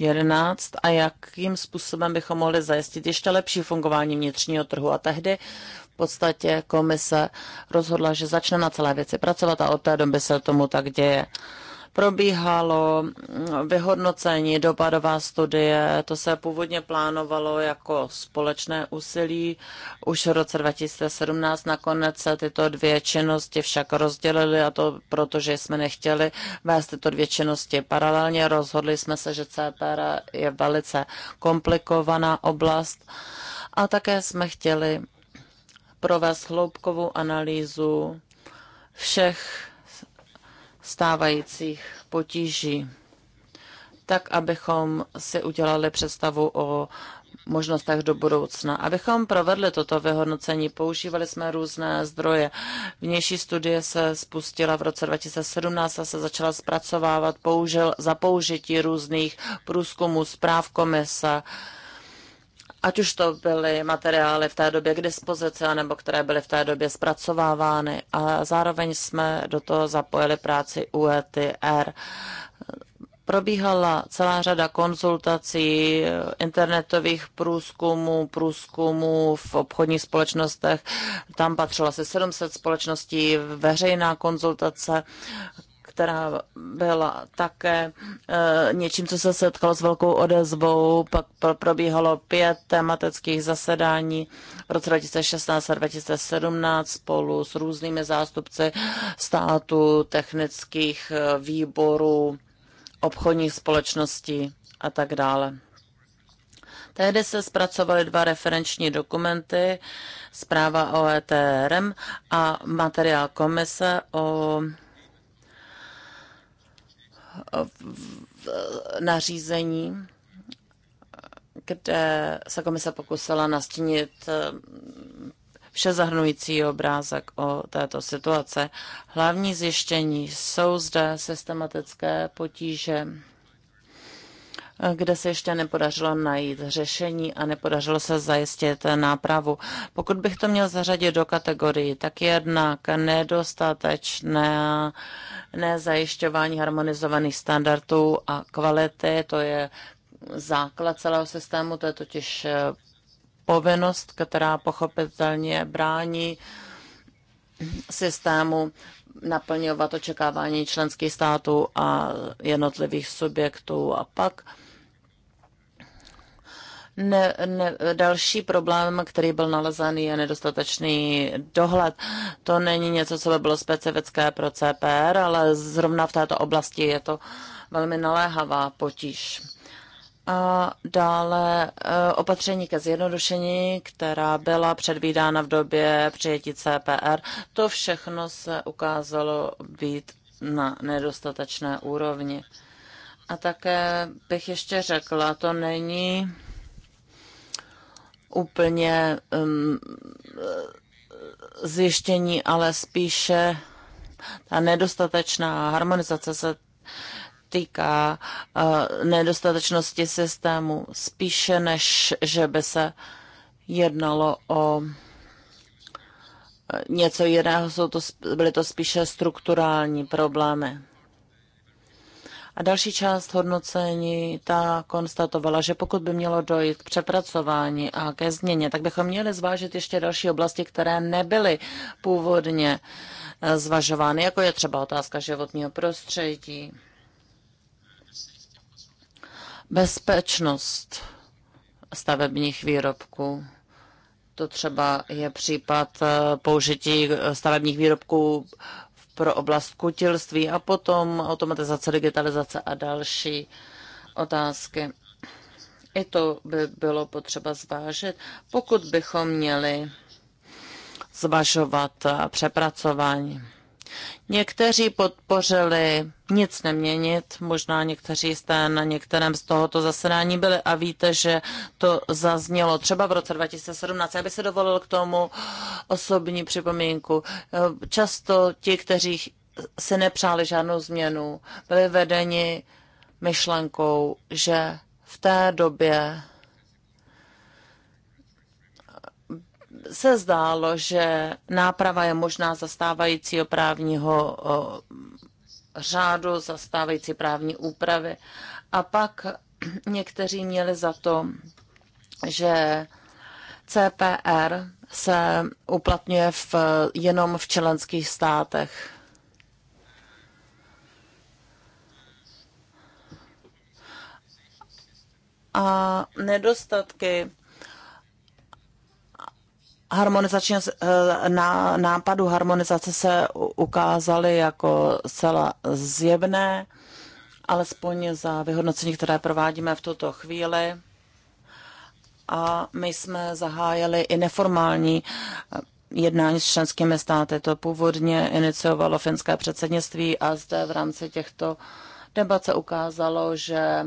11 a jakým způsobem bychom mohli zajistit ještě lepší fungování vnitřního trhu. A tehdy v podstatě komise rozhodla, že začne na celé věci pracovat a od té doby se tomu tak děje probíhalo mm, vyhodnocení, dopadová studie, to se původně plánovalo jako společné úsilí. Už v roce 2017 nakonec se tyto dvě činnosti však rozdělily a to proto, že jsme nechtěli vést tyto dvě činnosti paralelně. Rozhodli jsme se, že CPR je velice komplikovaná oblast a také jsme chtěli provést hloubkovou analýzu všech stávajících potíží, tak abychom si udělali představu o možnostech do budoucna. Abychom provedli toto vyhodnocení, používali jsme různé zdroje. Vnější studie se spustila v roce 2017 a se začala zpracovávat použil, za použití různých průzkumů zpráv komise, ať už to byly materiály v té době k dispozici, nebo které byly v té době zpracovávány. A zároveň jsme do toho zapojili práci UETR. Probíhala celá řada konzultací, internetových průzkumů, průzkumů v obchodních společnostech. Tam patřilo asi 700 společností, veřejná konzultace, která byla také e, něčím, co se setkalo s velkou odezvou. Pak probíhalo pět tematických zasedání v roce 2016 a 2017 spolu s různými zástupci státu, technických eh, výborů, obchodních společností a tak dále. Tehdy se zpracovaly dva referenční dokumenty, zpráva o ETRM a materiál komise o v nařízení, kde se komise pokusila nastínit eh, zahrnující obrázek o této situace. Hlavní zjištění jsou zde systematické potíže kde se ještě nepodařilo najít řešení a nepodařilo se zajistit nápravu. Pokud bych to měl zařadit do kategorii, tak jednak nedostatečné nezajišťování harmonizovaných standardů a kvality, to je základ celého systému, to je totiž eh, povinnost, která pochopitelně brání systému naplňovat očekávání členských států a jednotlivých subjektů. A pak ne, ne, další problém, který byl nalezen, je nedostatečný dohled. To není něco, co by bylo specifické pro CPR, ale zrovna v této oblasti je to velmi naléhavá potíž. A dále e, opatření ke zjednodušení, která byla předvídána v době přijetí CPR, to všechno se ukázalo být na nedostatečné úrovni. A také bych ještě řekla, to není úplně um, zjištění, ale spíše ta nedostatečná harmonizace se týká uh, nedostatečnosti systému, spíše než že by se jednalo o uh, něco jiného, jsou to, byly to spíše strukturální problémy. A další část hodnocení ta konstatovala, že pokud by mělo dojít k přepracování a ke změně, tak bychom měli zvážit ještě další oblasti, které nebyly původně eh, zvažovány, jako je třeba otázka životního prostředí, bezpečnost stavebních výrobků. To třeba je případ eh, použití stavebních výrobků pro oblast kutilství a potom automatizace, digitalizace a další otázky. I to by bylo potřeba zvážit, pokud bychom měli zvažovat přepracování. Někteří podpořili nic neměnit, možná někteří jste na některém z tohoto zasedání byli a víte, že to zaznělo třeba v roce 2017. Já bych se dovolil k tomu osobní připomínku. Často ti, kteří si nepřáli žádnou změnu, byli vedeni myšlenkou, že v té době se zdálo, že náprava je možná zastávajícího právního řádu, zastávající právní úpravy. A pak někteří měli za to, že CPR se uplatňuje v, jenom v členských státech. A nedostatky Harmonizace eh, ná, nápadu harmonizace se ukázaly jako zcela zjevné, alespoň za vyhodnocení, které provádíme v tuto chvíli. A my jsme zahájili i neformální eh, jednání s členskými státy. To původně iniciovalo finské předsednictví a zde v rámci těchto debat se ukázalo, že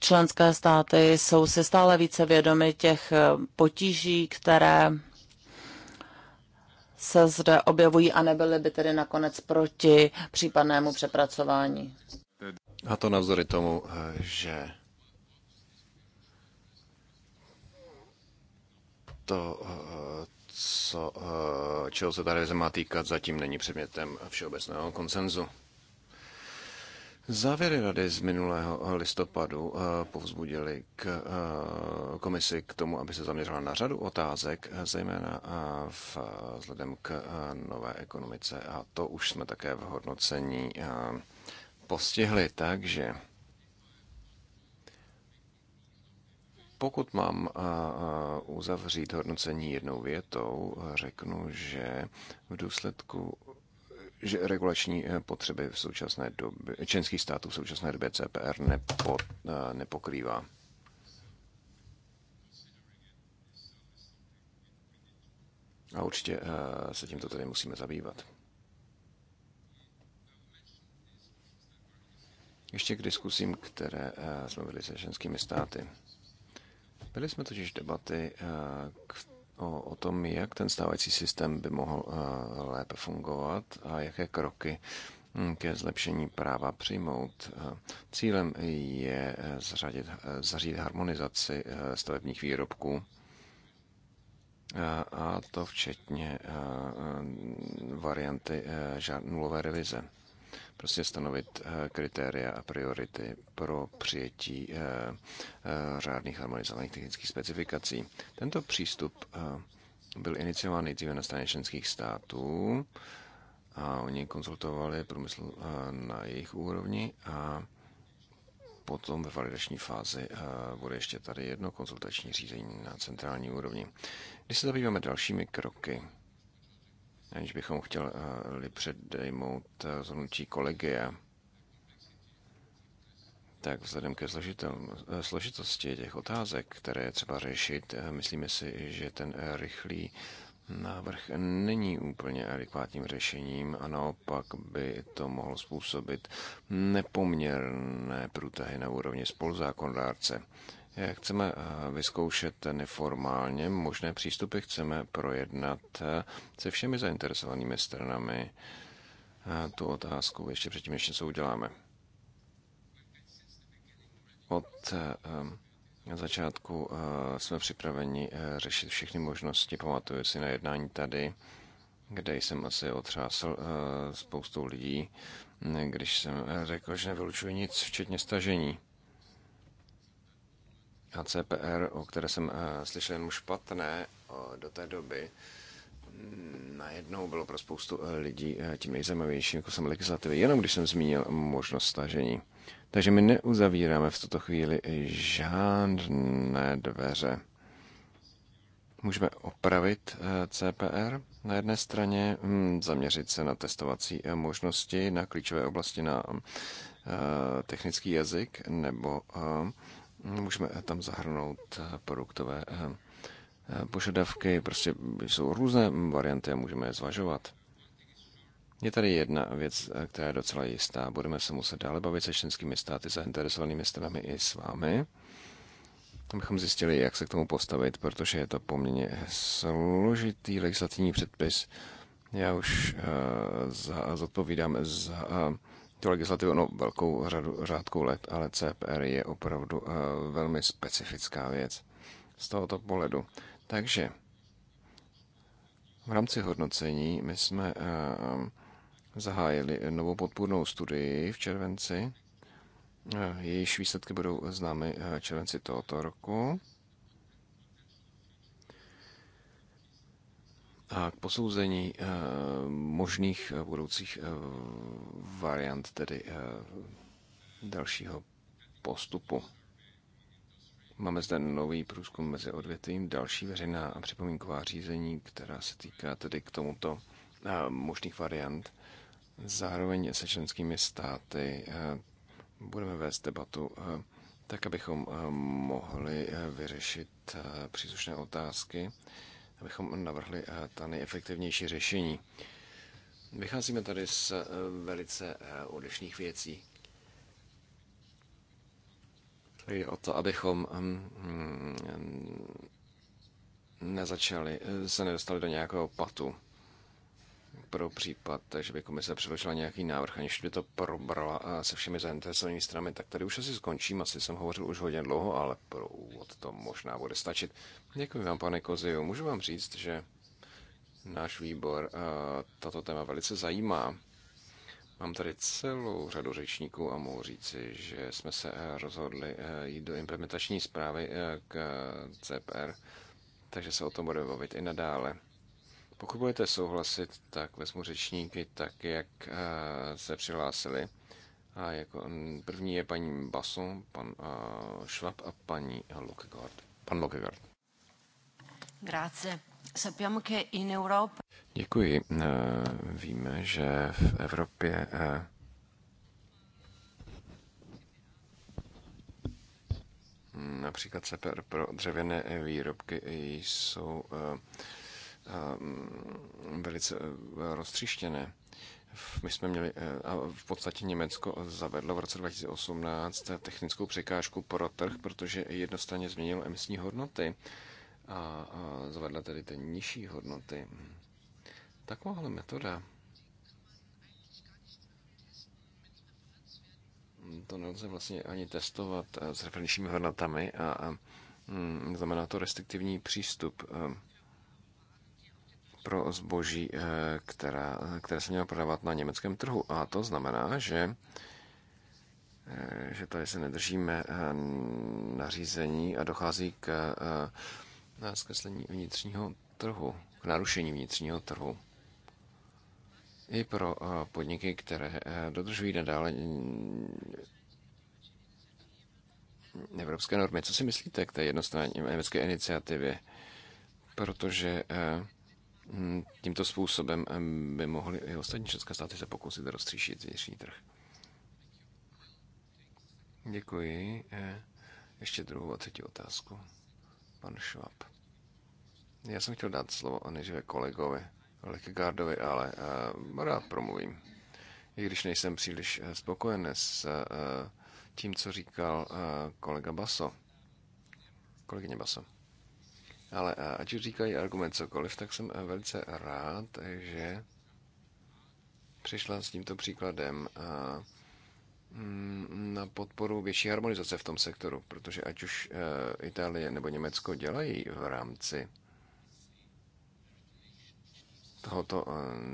členské státy jsou si stále více vědomy těch eh, potíží, které se zde objevují a nebyly by tedy nakonec proti případnému přepracování. A to navzory tomu, eh, že to, eh, co, eh, čeho se ta revize má týkat, zatím není předmětem všeobecného konsenzu. Závěry rady z minulého eh, listopadu eh, povzbudili k eh, komisi k tomu, aby se zaměřila na řadu otázek, zejména vzhledem k nové ekonomice a to už jsme také v hodnocení postihli, takže pokud mám uzavřít hodnocení jednou větou, řeknu, že v důsledku že regulační eh, potřeby v současné době, členských států v současné době CPR nepo, eh, nepokrývá. A určitě eh, se tímto tedy musíme zabývat. Ještě k diskusím, které jsme vedli se ženskými státy. Byli jsme totiž debaty, o, o tom, jak ten stávající systém by mohl eh, lépe fungovat a jaké kroky hm, ke zlepšení práva přijmout. Eh, cílem je eh, zřadit, zařídit harmonizaci stavebních výrobků a to včetně varianty nulové revize prostě stanovit eh, kritéria a priority pro přijetí eh, eh, řádných harmonizovaných technických specifikací. Tento přístup byl iniciován nejdříve na straně členských států a oni konzultovali průmysl na jejich úrovni a potom ve validační fázi bude ještě tady jedno konzultační řízení na centrální úrovni. Když se zabýváme dalšími kroky, aniž bychom chtěli eh, předejmout eh, zhrnutí kolegia, tak vzhledem ke eh, složitosti těch otázek, které je třeba řešit, myslíme si, že ten rychlý návrh není úplně adekvátním řešením a naopak by to mohlo způsobit nepoměrné průtahy na úrovni spoluzákonodárce. Eh, chceme eh, vyzkoušet neformálně možné přístupy, chceme projednat eh, se všemi zainteresovanými stranami tu otázku ještě předtím, ještě něco uděláme. Od na začátku jsme připraveni řešit všechny možnosti. Pamatuju si na jednání tady, kde jsem asi otřásl spoustou lidí, když jsem řekl, že nevylučuji nic, včetně stažení. HCPR, o které jsem eh, slyšel jenom špatné eh, do té doby, mm, najednou bylo pro spoustu eh, lidí tím nejzajímavějším jako jsem legislativy, jenom když jsem zmínil možnost stažení. Takže my neuzavíráme v tuto chvíli žádné dveře. Můžeme opravit CPR na jedné straně, hm, zaměřit se na testovací možnosti, na klíčové oblasti, na technický jazyk nebo Můžeme tam zahrnout eh, produktové eh, eh, požadavky, prostě jsou různé varianty a můžeme je zvažovat. Je tady jedna věc, která je docela jistá. Budeme se muset dále bavit se členskými státy, zainteresovanými stranami i s vámi, abychom zjistili, jak se k tomu postavit, protože je to poměrně složitý legislativní předpis. Já už uh, za, zodpovídám za uh, tu legislativu no, velkou řadu, řádku let, ale CPR je opravdu uh, velmi specifická věc z tohoto pohledu. Takže v rámci hodnocení my jsme uh, zahájili novou podpůrnou studii v červenci. Eh, jejíž výsledky budou známy uh, červenci tohoto roku. A k posouzení eh, možných eh, budoucích eh, variant, tedy dalšího postupu. Máme zde nový průzkum mezi odvětvím, další veřejná připomínková řízení, která se týká tedy k tomuto možných variant. Zároveň se členskými státy budeme vést debatu tak, abychom mohli vyřešit příslušné otázky abychom navrhli eh, ta nejefektivnější řešení. Vycházíme tady z eh, velice eh, odlišných věcí. Je o to, abychom hm, hm, nezačali, se nedostali do nějakého patu pro případ, že by komise předložila nějaký návrh, aniž by to probrala se všemi zainteresovanými stranami, tak tady už asi skončím. Asi jsem hovořil už hodně dlouho, ale pro úvod to možná bude stačit. Děkuji vám, pane Koziu. Můžu vám říct, že náš výbor tato téma velice zajímá. Mám tady celou řadu řečníků a mohu říci, že jsme se rozhodli jít do implementační zprávy k CPR, takže se o tom budeme bavit i nadále. Pokud budete souhlasit, tak vezmu řečníky tak, jak eh, se přihlásili. A jako mm, první je paní Basu, pan uh, a paní Lokegaard. Pan Lokegaard. Grazie. Sappiamo che in Europa... Děkuji. Eh, víme, že v Evropě například se pro dřevěné výrobky jsou Ehm, velice eh, roztřištěné. My jsme měli, eh, a v podstatě Německo zavedlo v roce 2018 technickou překážku pro trh, protože jednostranně změnilo emisní hodnoty a zavedla tedy ty nižší hodnoty. Takováhle metoda to nelze vlastně ani testovat eh, s referenčními hodnotami a, a hm, znamená to restriktivní přístup. A, ehm, pro zboží, eh, která, které se mělo prodávat na německém trhu. A to znamená, že eh, že tady se nedržíme eh, nařízení a dochází k zkreslení vnitřního trhu, k narušení vnitřního trhu. I pro podniky, které dodržují nadále mm, evropské normy. Co si myslíte k té jednostranné německé iniciativě? Protože eh, Hm, tímto způsobem by mohly i ostatní české státy se pokusit rozstříšit vnitřní trh. Děkuji. E, ještě druhou a třetí otázku. Pan Švab. Já jsem chtěl dát slovo nejdříve kolegovi Lekegardovi, ale uh, rád promluvím. I když nejsem příliš e, spokojen s uh, tím, co říkal uh, kolega Baso. Kolegyně Baso. Ale ať už říkají argument cokoliv, tak jsem eh, velice rád, že přišla s tímto příkladem eh, mm, na podporu větší harmonizace v tom sektoru, protože ať už eh, Itálie nebo Německo dělají v rámci tohoto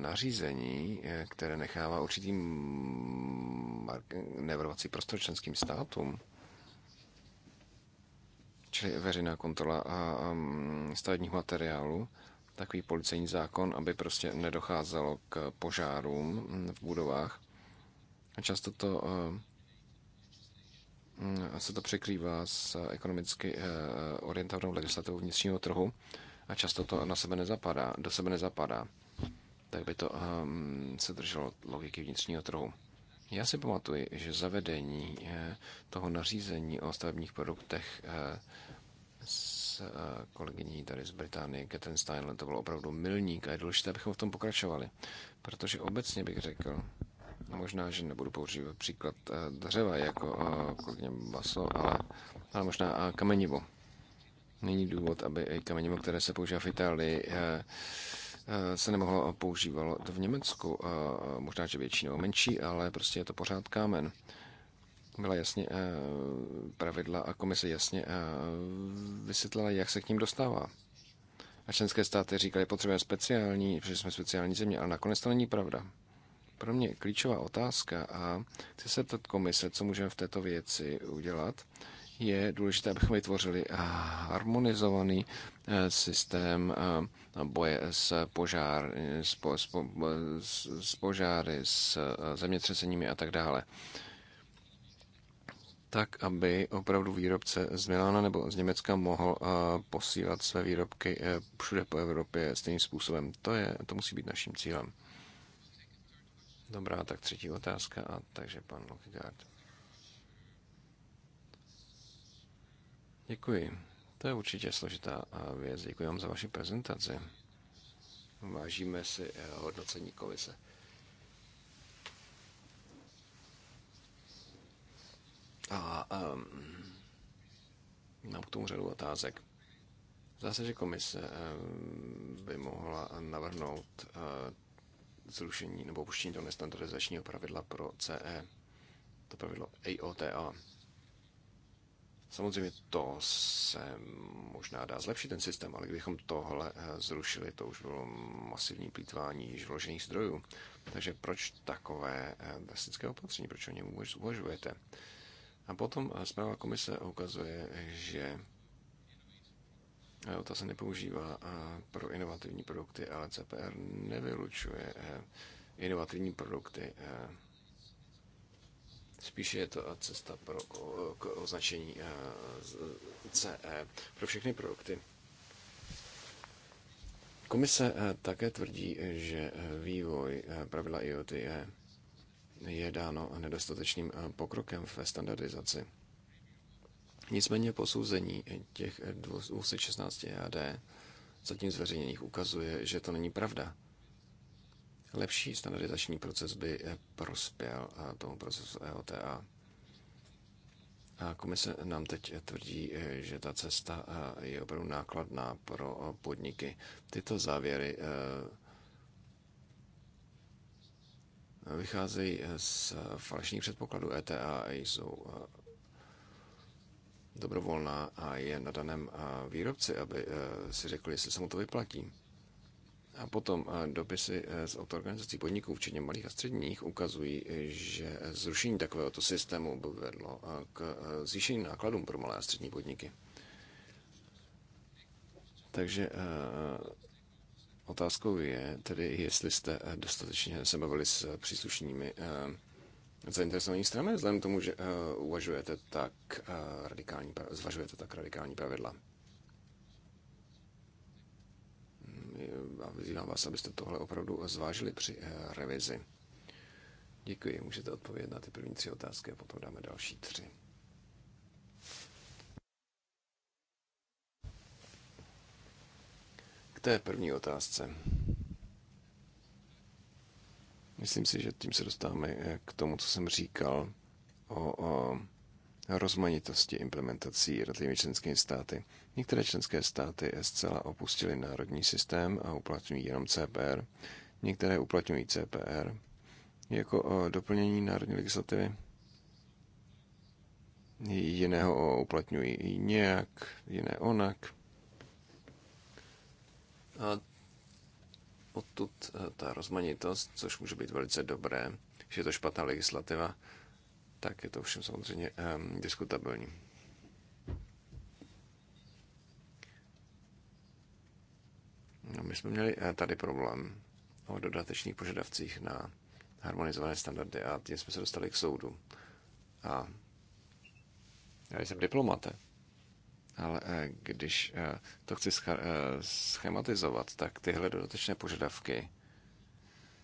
nařízení, které nechává určitým nevrovací prostor členským státům, čili veřejná kontrola a mm, stavebních materiálů, takový policejní zákon, aby prostě nedocházelo k požárům mm, v budovách. A často to e, mm, se to překrývá s ekonomicky e, orientovanou legislativou vnitřního trhu a často to na sebe nezapadá, do sebe nezapadá. Tak by to e, se drželo logiky vnitřního trhu. Já si pamatuji, že zavedení eh, toho nařízení o stavebních produktech eh, s eh, kolegyní tady z Británie, Catherine Steinle, to bylo opravdu milník a je důležité, abychom v tom pokračovali. Protože obecně bych řekl, možná, že nebudu používat příklad dřeva jako kolegyně Baso, ale, ale možná kamenivo. Není důvod, aby kamenivo, které se používá v Itálii, Eh, se nemohlo používalo to v Německu, eh, možná, že větší nebo menší, ale prostě je to pořád kámen. Byla jasně eh, pravidla a komise jasně vysvětlila, jak se k ním dostává. A členské státy říkali, potřebujeme speciální, protože jsme speciální země, ale nakonec to není pravda. Pro mě klíčová otázka a chci se ptat komise, co můžeme v této věci udělat, je důležité, abychom vytvořili eh, harmonizovaný eh, systém eh, boje s, požár, s, po, s, po, s požáry, s zemětřeseními a tak dále. Tak, aby opravdu výrobce z Milána nebo z Německa mohl posílat své výrobky všude po Evropě stejným způsobem. To, je, to musí být naším cílem. Dobrá, tak třetí otázka, a takže pan Lockhart. Děkuji. To je určitě složitá eh, věc. Děkuji vám za vaši prezentaci. Vážíme si eh, hodnocení komise. A um, mám k tomu řadu otázek. Zase, se, že komise ehm, by mohla navrhnout eh, zrušení nebo opuštění toho nestandardizačního pravidla pro CE, to pravidlo AOTA. Samozřejmě to se možná dá zlepšit ten systém, ale kdybychom tohle eh, zrušili, to už bylo masivní plítvání již vložených zdrojů. Takže proč takové eh, drastické opatření, proč o něm vůbec uvažujete? A potom eh, zpráva komise ukazuje, že ta se nepoužívá pro inovativní produkty, ale CPR nevylučuje inovativní produkty Spíše je to cesta pro, k označení eh, CE pro všechny produkty. Komise eh, také tvrdí, že eh, vývoj pravidla IoT je, je dáno nedostatečným pokrokem ve standardizaci. Nicméně posouzení těch 216 AD zatím zveřejněných ukazuje, že to není pravda. Lepší standardizační proces by eh, prospěl eh, tomu procesu EOTA. A komise nám teď eh, tvrdí, že ta cesta je opravdu nákladná pro podniky. Tyto závěry vycházejí z falešných předpokladů ETA a jsou dobrovolná a je na daném výrobci, aby si řekli, jestli se mu to vyplatí. A potom eh, dopisy eh, z organizací podniků, včetně malých a středních, ukazují, že zrušení takovéhoto systému by vedlo eh, k zvýšení nákladům pro malé a střední podniky. Takže otázkou je tedy, jestli jste dostatečně se bavili s příslušnými zainteresovanými stranami, vzhledem k tomu, že uvažujete tak radikální, zvažujete tak radikální pravidla. a vyzývám vás, abyste tohle opravdu zvážili při eh, revizi. Děkuji, můžete odpovědět na ty první tři otázky a potom dáme další tři. K té první otázce. Myslím si, že tím se dostáváme eh, k tomu, co jsem říkal o, o rozmanitosti implementací jednotlivými členskými státy. Některé členské státy zcela opustily národní systém a uplatňují jenom CPR, některé uplatňují CPR jako eh, doplnění národní legislativy, jiného uplatňují nějak, jiné onak. A odtud eh, ta rozmanitost, což může být velice dobré, že je to špatná legislativa, tak je to všem samozřejmě um, diskutabilní. No, my jsme měli eh, tady problém o dodatečných požadavcích na harmonizované standardy a tím jsme se dostali k soudu. A já jsem diplomate, ale eh, když eh, to chci schematizovat, tak tyhle dodatečné požadavky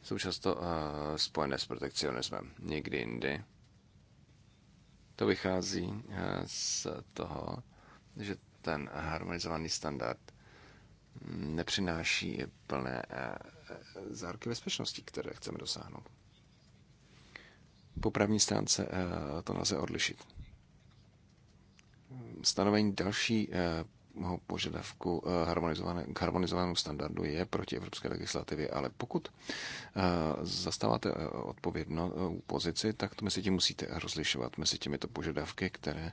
jsou často spojené s protekcionismem. Někdy jindy to vychází eh, z toho, že ten harmonizovaný standard nepřináší plné eh, eh, záruky bezpečnosti, které chceme dosáhnout. Po právní stránce to lze odlišit. Stanovení další požadavku eh, harmonizované, k harmonizovanému standardu je proti evropské legislativě, ale pokud eh, zastáváte eh, odpovědnou pozici, tak to mezi tím musíte rozlišovat mezi těmito požadavky, které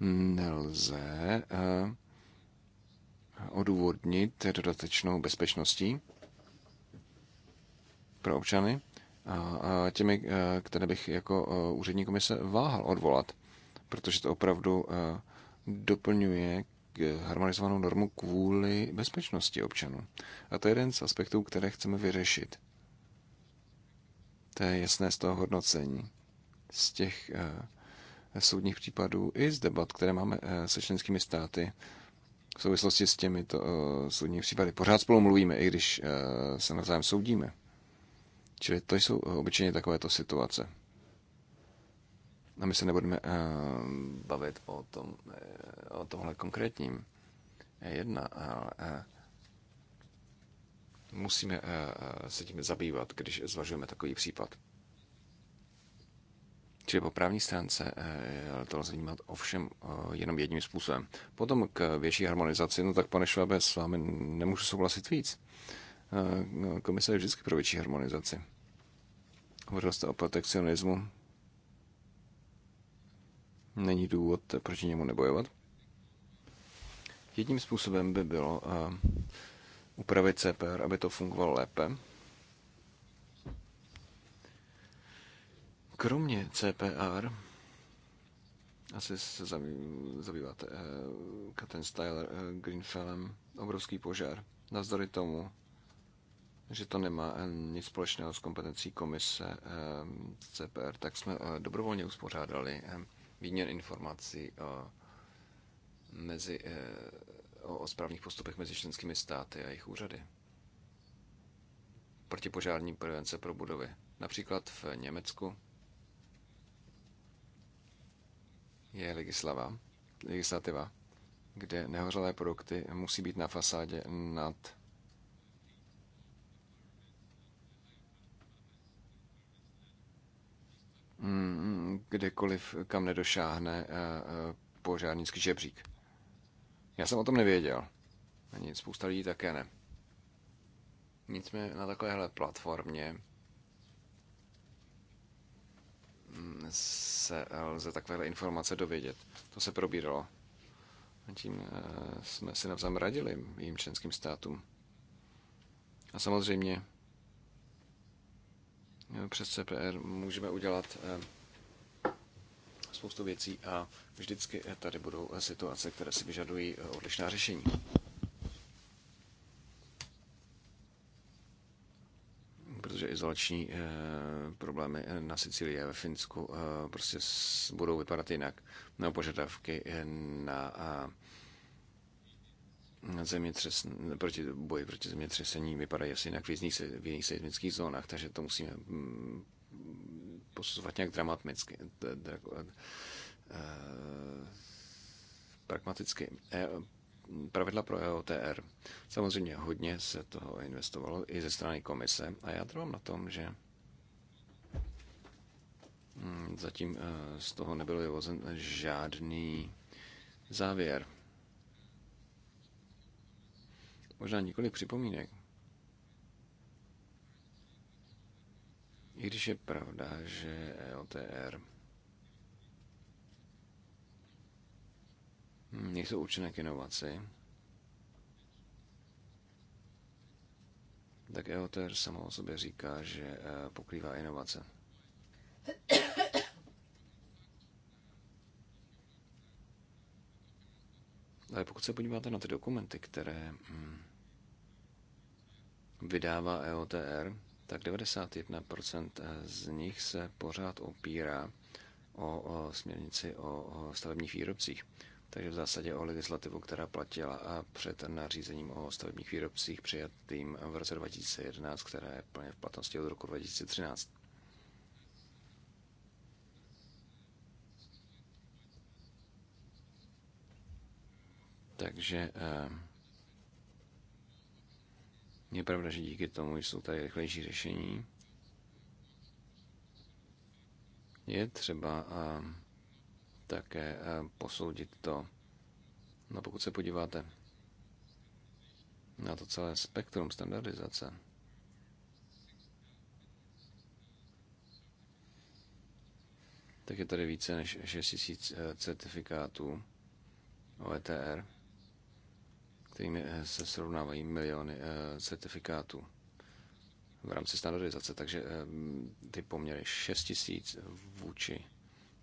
nelze odůvodnit dodatečnou bezpečností pro občany a těmi, které bych jako úřední komise váhal odvolat, protože to opravdu doplňuje harmonizovanou normu kvůli bezpečnosti občanů. A to je jeden z aspektů, které chceme vyřešit. To je jasné z toho hodnocení, z těch eh, soudních případů i z debat, které máme eh, se členskými státy v souvislosti s těmito eh, soudními případy. Pořád spolu mluvíme, i když se navzájem soudíme. Čili to jsou obyčejně takovéto situace. A my se nebudeme uh, bavit o, tom, uh, o tomhle konkrétním Je eh, jedna, ale uh, musíme uh, se tím zabývat, když zvažujeme takový případ. Čili po právní stránce to lze vnímat ovšem jenom jedním způsobem. Potom k větší harmonizaci, no tak pane Švabe, s vámi nemůžu souhlasit víc. Komise je vždycky pro větší harmonizaci. Hovořil jste o protekcionismu, není důvod proti němu nebojovat. Jedním způsobem by bylo eh, upravit CPR, aby to fungovalo lépe. Kromě CPR asi se zabýváte uh, eh, Katen Styler uh, eh, Greenfellem, obrovský požár. Navzdory tomu, že to nemá nic společného s kompetencí komise CPR, tak jsme dobrovolně uspořádali výměn informací o, eh, mezi, eh, o, o správných postupech mezi členskými státy a jejich úřady. Protipožární prevence pro budovy. Například v Německu je legislava, legislativa, kde nehořelé produkty musí být na fasádě nad Mm, mm, kdekoliv, kam nedošáhne eh, eh, pořádnický žebřík. Já jsem o tom nevěděl. Ani spousta lidí také ne. Nicméně na takovéhle platformě mm, se eh, lze takovéhle informace dovědět. To se probíralo. A tím jsme si navzájem radili jejím členským státům. A samozřejmě přes CPR můžeme udělat eh, spoustu věcí a vždycky eh, tady budou eh, situace, které si vyžadují odlišná řešení. Protože izolační problémy na Sicílii a ve Finsku prostě budou vypadat jinak. Nebo požadavky na zemětřesen, proti, boji proti zemětřesení vypadají asi jinak v jiných, v jiných seismických zónách, takže to musíme mm, posuzovat nějak dramaticky, eh, pragmaticky. E, pravidla pro EOTR. Samozřejmě hodně se toho investovalo i ze strany komise a já trvám na tom, že mm, zatím eh, z toho nebyl vyvozen žádný závěr. Možná několik připomínek. I když je pravda, že EOTR nejsou určené k inovaci, tak EOTR samo o sobě říká, že e, pokrývá inovace. Ale pokud se podíváte na ty dokumenty, které mm, vydává EOTR, tak 91% z nich se pořád opírá o, o směrnici o, o stavebních výrobcích. Takže v zásadě o legislativu, která platila a před nařízením o stavebních výrobcích přijatým v roce 2011, které je plně v platnosti od roku 2013. Takže eh, je pravda, že díky tomu jsou tady rychlejší řešení. Je třeba a, eh, také a, eh, posoudit to. No pokud se podíváte na to celé spektrum standardizace, tak je tady více než 6000 eh, certifikátů OETR. ETR kterými eh, se srovnávají miliony eh, certifikátů v rámci standardizace, takže eh, ty poměry 6 tisíc vůči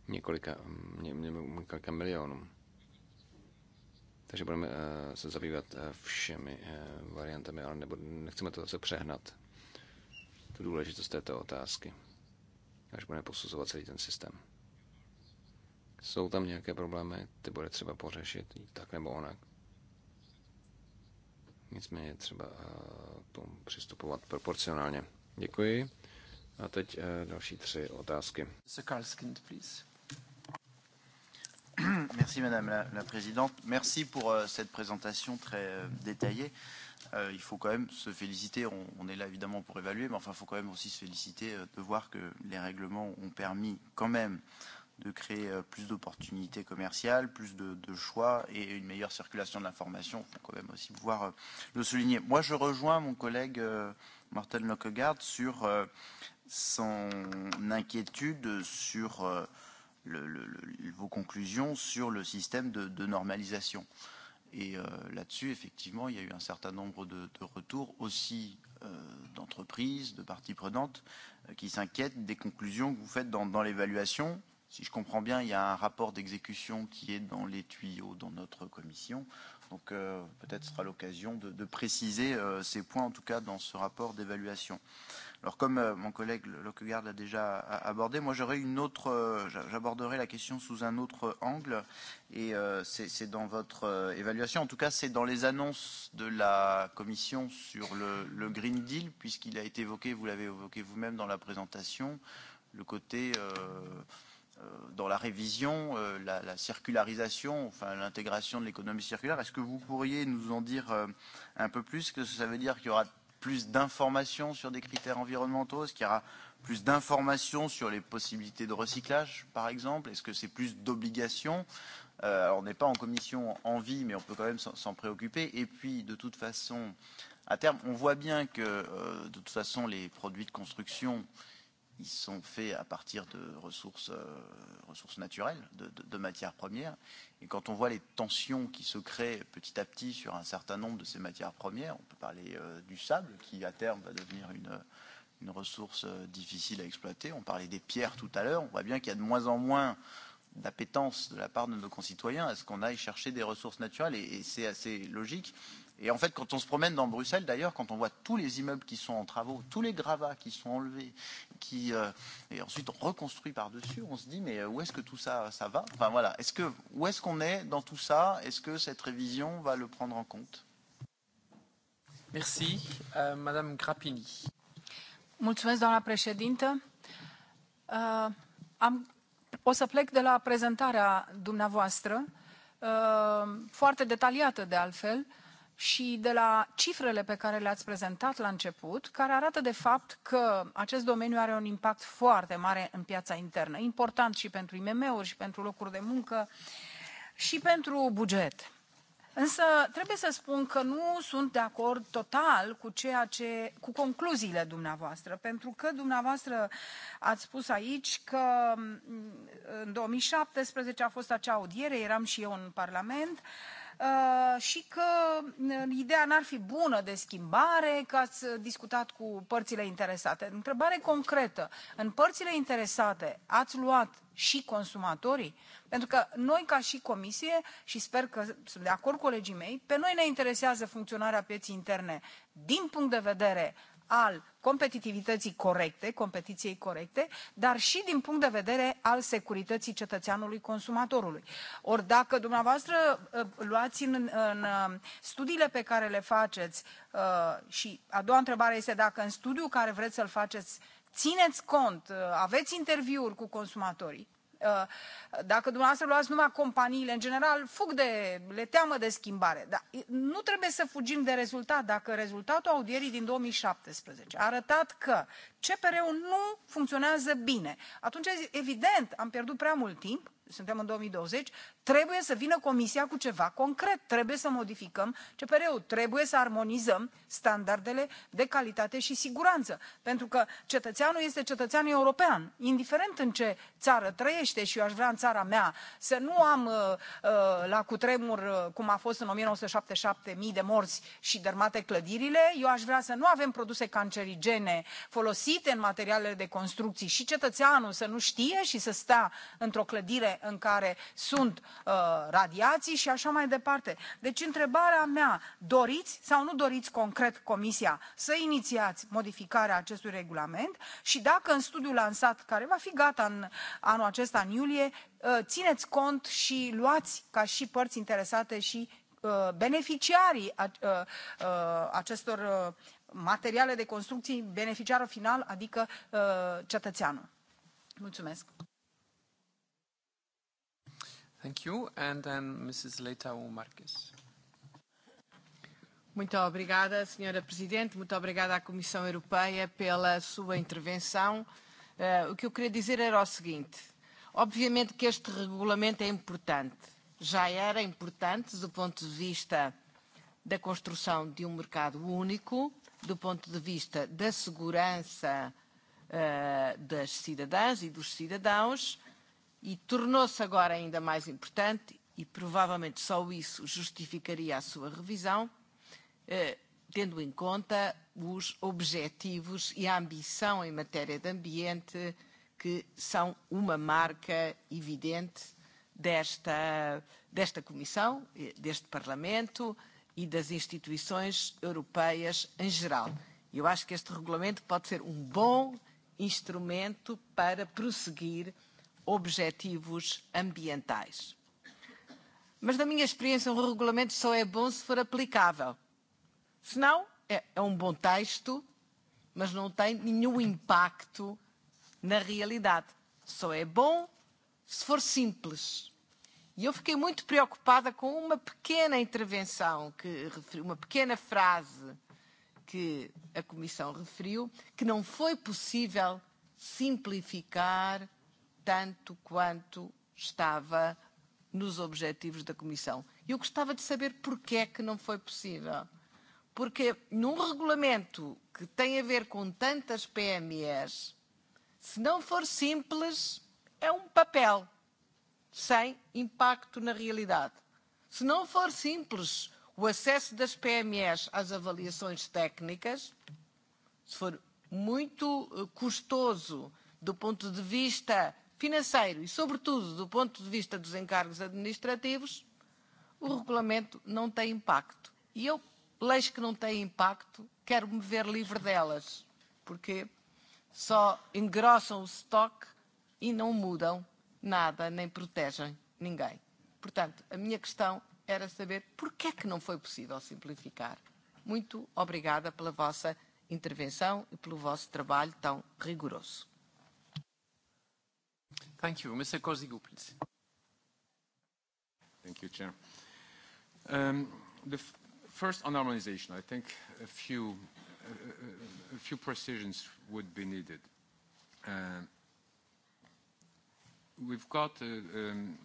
několika, několika milionům. Takže budeme se zabývat všemi variantami, ale nebo, nechceme to zase přehnat, tu důležitost této otázky, až budeme posuzovat celý ten systém. Jsou tam nějaké problémy, ty bude třeba pořešit, tak nebo onak. Nicméně třeba k eh, tomu přistupovat proporcionálně. Děkuji. A teď eh, další tři otázky. Merci Madame la, la Présidente. Merci pour euh, cette présentation très euh, détaillée. Euh, il faut quand même se féliciter, on, on est là évidemment pour évaluer, mais enfin il faut quand même aussi se féliciter euh, de voir que les règlements ont permis quand même euh, de créer euh, plus d'opportunités commerciales, plus de, de choix et une meilleure circulation de l'information. Il faut quand même aussi pouvoir euh, le souligner. Moi, je rejoins mon collègue euh, Martin Lockegaard sur son inquiétude sur le, le, le, vos conclusions sur le système de, de normalisation. Et euh, là-dessus, effectivement, il y a eu un certain nombre de, de retours aussi euh, d'entreprises, de parties prenantes, euh, qui s'inquiètent des conclusions que vous faites dans, dans l'évaluation si je comprends bien, il y a un rapport d'exécution qui est dans les tuyaux dans notre commission. Donc euh, peut-être sera l'occasion de, de préciser euh, ces points, en tout cas dans ce rapport d'évaluation. Alors comme euh, mon collègue Lockegaard l'a déjà abordé, moi j'aurais une autre, euh, j'aborderai la question sous un autre angle, et euh, c'est dans votre euh, évaluation, en tout cas c'est dans les annonces de la Commission sur le, le Green Deal, puisqu'il a été évoqué, vous l'avez évoqué vous-même dans la présentation, le côté euh, Euh, dans la révision, euh, la, la circularisation, enfin l'intégration de l'économie circulaire. Est-ce que vous pourriez nous en dire euh, un peu plus que ça veut dire qu'il y aura plus d'informations sur des critères environnementaux Est-ce qu'il y aura plus d'informations sur les possibilités de recyclage, par exemple Est-ce que c'est plus d'obligations euh, on n'est pas en commission en vie, mais on peut quand même s'en préoccuper. Et puis, de toute façon, à terme, on voit bien que, euh, de toute façon, les produits de construction euh, ils sont faits à partir de ressources, euh, ressources naturelles, de, de, de matières premières. Et quand on voit les tensions qui se créent petit à petit sur un certain nombre de ces matières premières, on peut parler euh, du sable qui à terme va devenir une, une ressource euh, difficile à exploiter. On parlait des pierres tout à l'heure. On voit bien qu'il y a de moins en moins d'appétence de la part de nos concitoyens à ce qu'on aille chercher des ressources naturelles. Et, et c'est assez logique. Et en fait, quand on se promène dans Bruxelles, d'ailleurs, quand on voit tous les immeubles qui sont en travaux, tous les gravats qui sont enlevés, qui euh, et ensuite reconstruits par-dessus, on se dit mais euh, où est-ce que tout ça ça va Enfin voilà, est-ce que où est-ce qu'on est dans tout ça Est-ce que cette révision va le prendre en compte Merci, euh, Madame Grappini. Mulțumesc, doamna președintă. Uh, am, o să plec de la prezentarea dumneavoastră, uh, foarte detaliată de altfel. Uh, și de la cifrele pe care le-ați prezentat la început, care arată de fapt că acest domeniu are un impact foarte mare în piața internă, important și pentru IMM-uri și pentru locuri de muncă și pentru buget. Însă trebuie să spun că nu sunt de acord total cu ceea ce cu concluziile dumneavoastră, pentru că dumneavoastră ați spus aici că mm, în 2017 a fost acea audiere, eram și eu în Parlament, uh, Uh, și că mm, ideea n-ar fi bună de schimbare, că ați uh, discutat cu părțile interesate. Întrebare concretă. În părțile interesate ați luat și consumatorii? Pentru că noi, ca și comisie, și sper că sunt de acord colegii mei, pe noi ne interesează funcționarea pieții interne din punct de vedere al competitivității corecte, competiției corecte, dar și din punct de vedere al securității cetățeanului consumatorului. Ori dacă dumneavoastră uh, luați în, în uh, studiile pe care le faceți uh, și a doua întrebare este dacă în studiul care vreți să-l faceți țineți cont, aveți interviuri cu consumatorii, Uh, dacă dumneavoastră luați numai companiile, în general, fug de, le teamă de schimbare. Dar e, nu trebuie să fugim de rezultat. Dacă rezultatul audierii din 2017 a arătat că CPR-ul nu funcționează bine, atunci, evident, am pierdut prea mult timp suntem în 2020, trebuie să vină Comisia cu ceva concret. Trebuie să modificăm CPR-ul, trebuie să armonizăm standardele de calitate și siguranță. Pentru că cetățeanul este cetățean european, indiferent în ce țară trăiește și eu aș vrea în țara mea să nu am uh, uh, la cutremur, uh, cum a fost în 1977, mii de morți și dermate clădirile. Eu aș vrea să nu avem produse cancerigene folosite în materialele de construcții și cetățeanul să nu știe și să stea într-o clădire în care sunt uh, radiații și așa mai departe. Deci întrebarea mea, doriți sau nu doriți concret Comisia să inițiați modificarea acestui regulament și dacă în studiul lansat, care va fi gata în anul acesta, în iulie, uh, țineți cont și luați ca și părți interesate și uh, beneficiarii uh, uh, acestor uh, materiale de construcții beneficiarul final, adică cetățeanul. Mulțumesc. Thank you. And then Mrs. Leitão Marques. Muito obrigada, Sra. Presidente. Muito obrigada à Comissão Europeia pela sua intervenção. Uh, o que eu queria dizer era o seguinte. Obviamente que este regulamento é importante. Já era importante do ponto de vista da construção de um mercado único, do ponto de vista da segurança uh, das cidadãs e dos cidadãos, e tornou-se agora ainda mais importante, e provavelmente só isso justificaria a sua revisão, eh, tendo em conta os objetivos e a ambição em matéria de ambiente, que são uma marca evidente desta, desta Comissão, eh, deste Parlamento e das instituições europeias em geral. Eu acho que este regulamento pode ser um bom instrumento para prosseguir objetivos ambientais. Mas, na minha experiência, um regulamento só é bom se for aplicável. Se não, é um bom texto, mas não tem nenhum impacto na realidade. Só é bom se for simples. E eu fiquei muito preocupada com uma pequena intervenção, que, uma pequena frase que a Comissão referiu, que não foi possível simplificar tanto quanto estava nos objetivos da Comissão. Eu gostava de saber porquê é que não foi possível. Porque num regulamento que tem a ver com tantas PMEs, se não for simples, é um papel sem impacto na realidade. Se não for simples o acesso das PMEs às avaliações técnicas, se for muito eh, custoso do ponto de vista financeiro e, sobretudo, do ponto de vista dos encargos administrativos, o regulamento não tem impacto. E eu, leis que não têm impacto, quero me ver livre delas, porque só engrossam o estoque e não mudam nada, nem protegem ninguém. Portanto, a minha questão era saber porquê é que não foi possível simplificar. Muito obrigada pela vossa intervenção e pelo vosso trabalho tão rigoroso. Thank you. Mr. Cozigu, please. Thank you, Chair. Um, the first on harmonization, I think a few, a few precisions would be needed. Um, we've got a, um,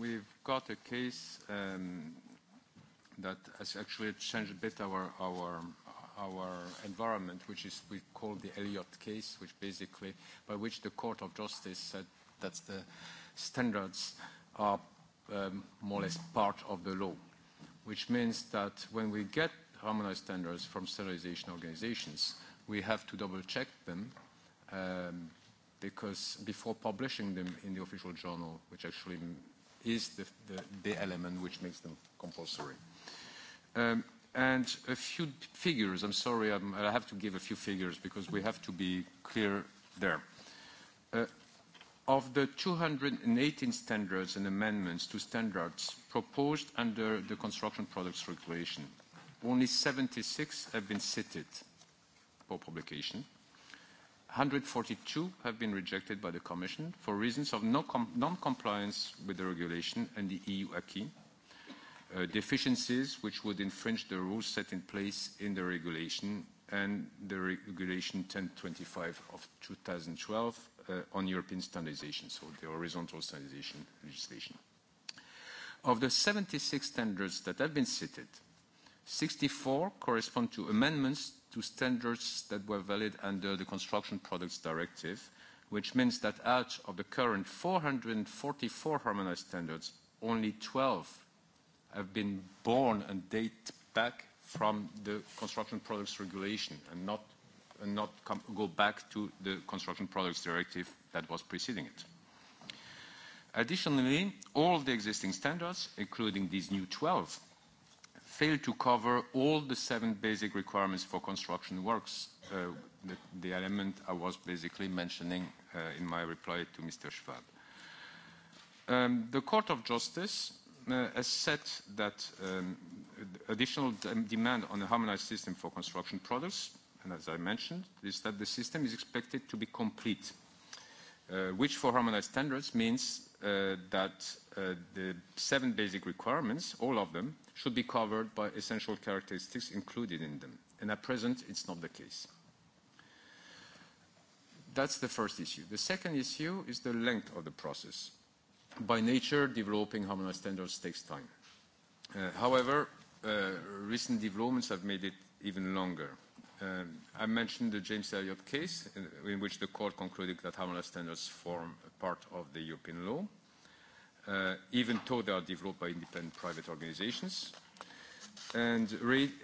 we've got a case that has actually changed a bit our our our environment, which is we call the Elliott case, which basically by which the Court of Justice said that the standards are um, more or less part of the law, which means that when we get harmonized standards from standardization organizations, we have to double-check them um, because before publishing them in the official journal, which actually is the, the, the element which makes them compulsory. Um, and a few figures. I'm sorry, I'm, I have to give a few figures because we have to be clear there. Uh, Of the 218 standards and amendments to standards proposed under the Construction Products Regulation, only 76 have been cited for publication. 142 have been rejected by the Commission for reasons of no non-compliance with the regulation and the EU acquis, uh, deficiencies which would infringe the rules set in place in the regulation and the Regulation 1025 of 2012 uh, on European standardization, so the horizontal standardization legislation. Of the 76 standards that have been cited, 64 correspond to amendments to standards that were valid under the Construction Products Directive, which means that out of the current 444 harmonized standards, only 12 have been born and date back from the Construction Products Regulation and not and not come, go back to the Construction Products Directive that was preceding it. Additionally, all the existing standards, including these new 12, fail to cover all the seven basic requirements for construction works, uh, the, the element I was basically mentioning uh, in my reply to Mr. Schwab. Um, the Court of Justice uh, has said that um, additional demand on a harmonized system for construction products and as I mentioned, is that the system is expected to be complete, uh, which for harmonized standards means uh, that uh, the seven basic requirements, all of them, should be covered by essential characteristics included in them. And at present, it's not the case. That's the first issue. The second issue is the length of the process. By nature, developing harmonized standards takes time. Uh, however, uh, recent developments have made it even longer. Um, I mentioned the James Elliott case, in, which the court concluded that harmless standards form part of the European law, uh, even though they are developed by independent private organizations. And,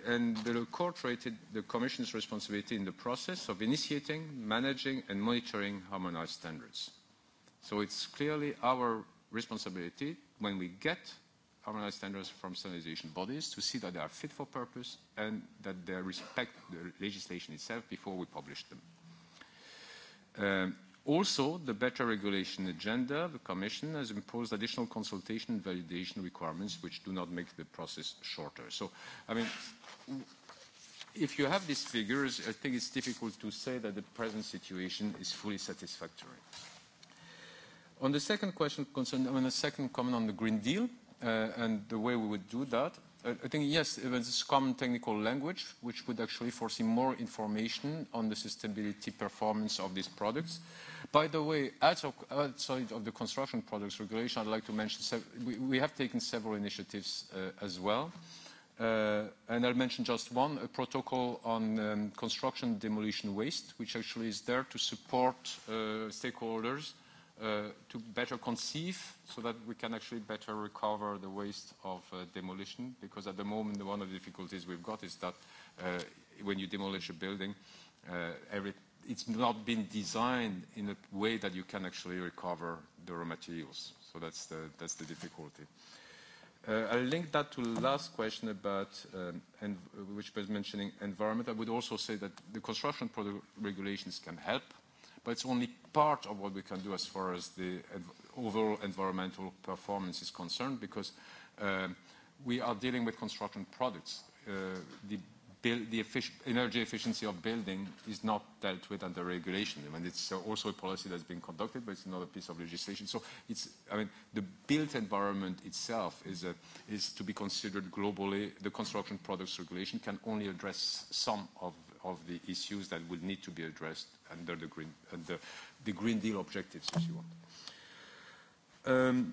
and the court rated the Commission's responsibility in the process of initiating, managing, and monitoring harmonized standards. So it's clearly our responsibility when we get harmonized standards from standardization bodies to see that they are fit for purpose and that they respect the legislation itself before we publish them. Um, also, the better regulation agenda, the Commission has imposed additional consultation and validation requirements which do not make the process shorter. So, I mean, if you have these figures, I think it's difficult to say that the present situation is fully satisfactory. On the second question, concern, on the second comment on the Green Deal, Uh, and the way we would do that. Uh, I think, yes, it was common technical language, which would actually foresee more information on the sustainability performance of these products. By the way, outside of the construction products regulation, I'd like to mention we have taken several initiatives uh, as well. and I'll mention just one, a protocol on um, construction demolition waste, which actually is there to support stakeholders Uh, to better conceive so that we can actually better recover the waste of uh, demolition because at the moment one of the difficulties we've got is that uh, when you demolish a building uh, every, it's not been designed in a way that you can actually recover the raw materials so that's the, that's the difficulty uh, I'll link that to the last question about, um, and which was mentioning environment. I would also say that the construction product regulations can help but it's only part of what we can do as far as the overall environmental performance is concerned, because um, we are dealing with construction products. Uh, the energy efficiency of building is not dealt with under regulation. I mean, it's also a policy that's being conducted, but it's not a piece of legislation. So it's, I mean, the built environment itself is to be considered globally. The construction products regulation can only address some of of the issues that will need to be addressed under the Green, under the green Deal objectives, if you want. Um,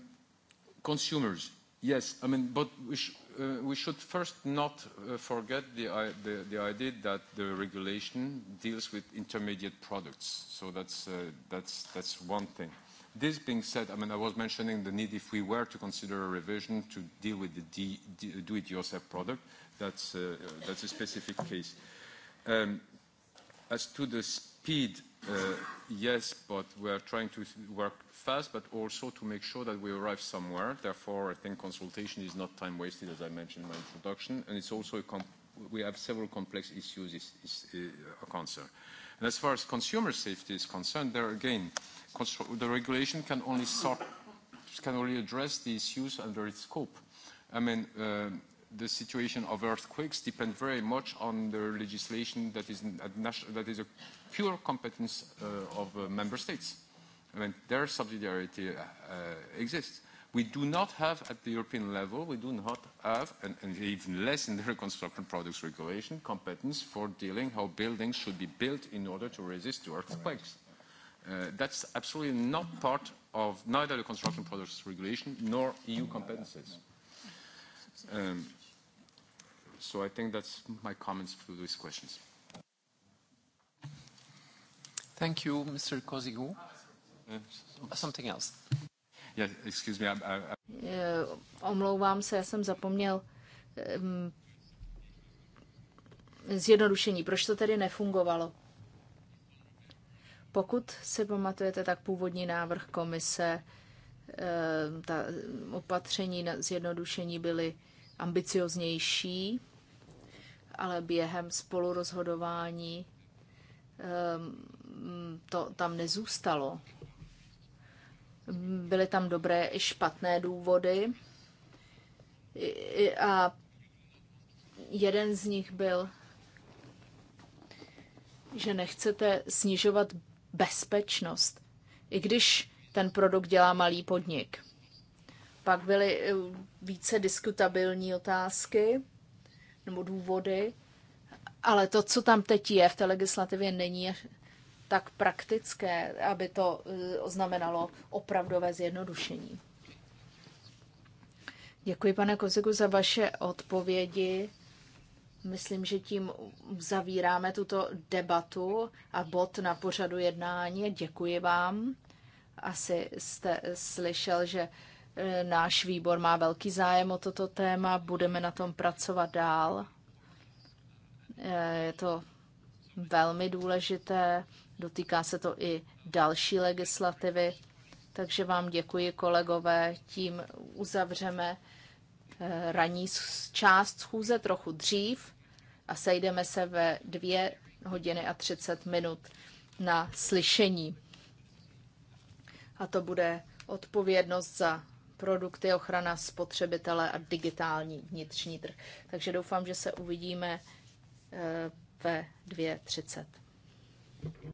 consumers. Yes, I mean, but we, sh uh, we should first not uh, forget the, the, the idea that the regulation deals with intermediate products. So that's, uh, that's, that's one thing. This being said, I mean, I was mentioning the need if we were to consider a revision to deal with the do-it-yourself product. That's, uh, that's a specific case. Um, as to the speed, uh, yes, but we are trying to work fast, but also to make sure that we arrive somewhere. Therefore, I think consultation is not time wasted, as I mentioned in my introduction, and it's also a comp we have several complex issues is, is uh, a concern. And as far as consumer safety is concerned, there again, the regulation can only sort, can only address the issues under its scope. I mean, uh, the situation of earthquakes depends very much on the legislation that is, that is a pure competence uh, of uh, member states. I mean, their subsidiarity uh, uh exists. We do not have, at the European level, we do not have, and, and even less in the reconstruction products regulation, competence for dealing how buildings should be built in order to resist to earthquakes. Uh, that's absolutely not part of neither the construction products regulation nor EU competences. Um, So I think that's my comments to these questions. Thank you, Mr. Uh, Something else. Yeah, excuse me. I, I, I... Eh, omlouvám se, já jsem zapomněl um, zjednodušení. Proč to tedy nefungovalo? Pokud si pamatujete, tak původní návrh komise, eh, ta opatření na zjednodušení byly ambicioznější, ale během spolurozhodování ehm, to tam nezůstalo. Byly tam dobré i špatné důvody a jeden z nich byl, že nechcete snižovat bezpečnost, i když ten produkt dělá malý podnik. Pak byly eh, více diskutabilní otázky nebo důvody, ale to, co tam teď je v té legislativě, není tak praktické, aby to eh, znamenalo opravdové zjednodušení. Děkuji, pane Koziku, za vaše odpovědi. Myslím, že tím zavíráme tuto debatu a bod na pořadu jednání. Děkuji vám. Asi jste slyšel, že Náš výbor má velký zájem o toto téma, budeme na tom pracovat dál. Je to velmi důležité, dotýká se to i další legislativy, takže vám děkuji, kolegové, tím uzavřeme eh, ranní část schůze trochu dřív a sejdeme se ve dvě hodiny a 30 minut na slyšení. A to bude odpovědnost za produkty, ochrana spotřebitele a digitální vnitřní trh. Takže doufám, že se uvidíme eh, ve 2.30.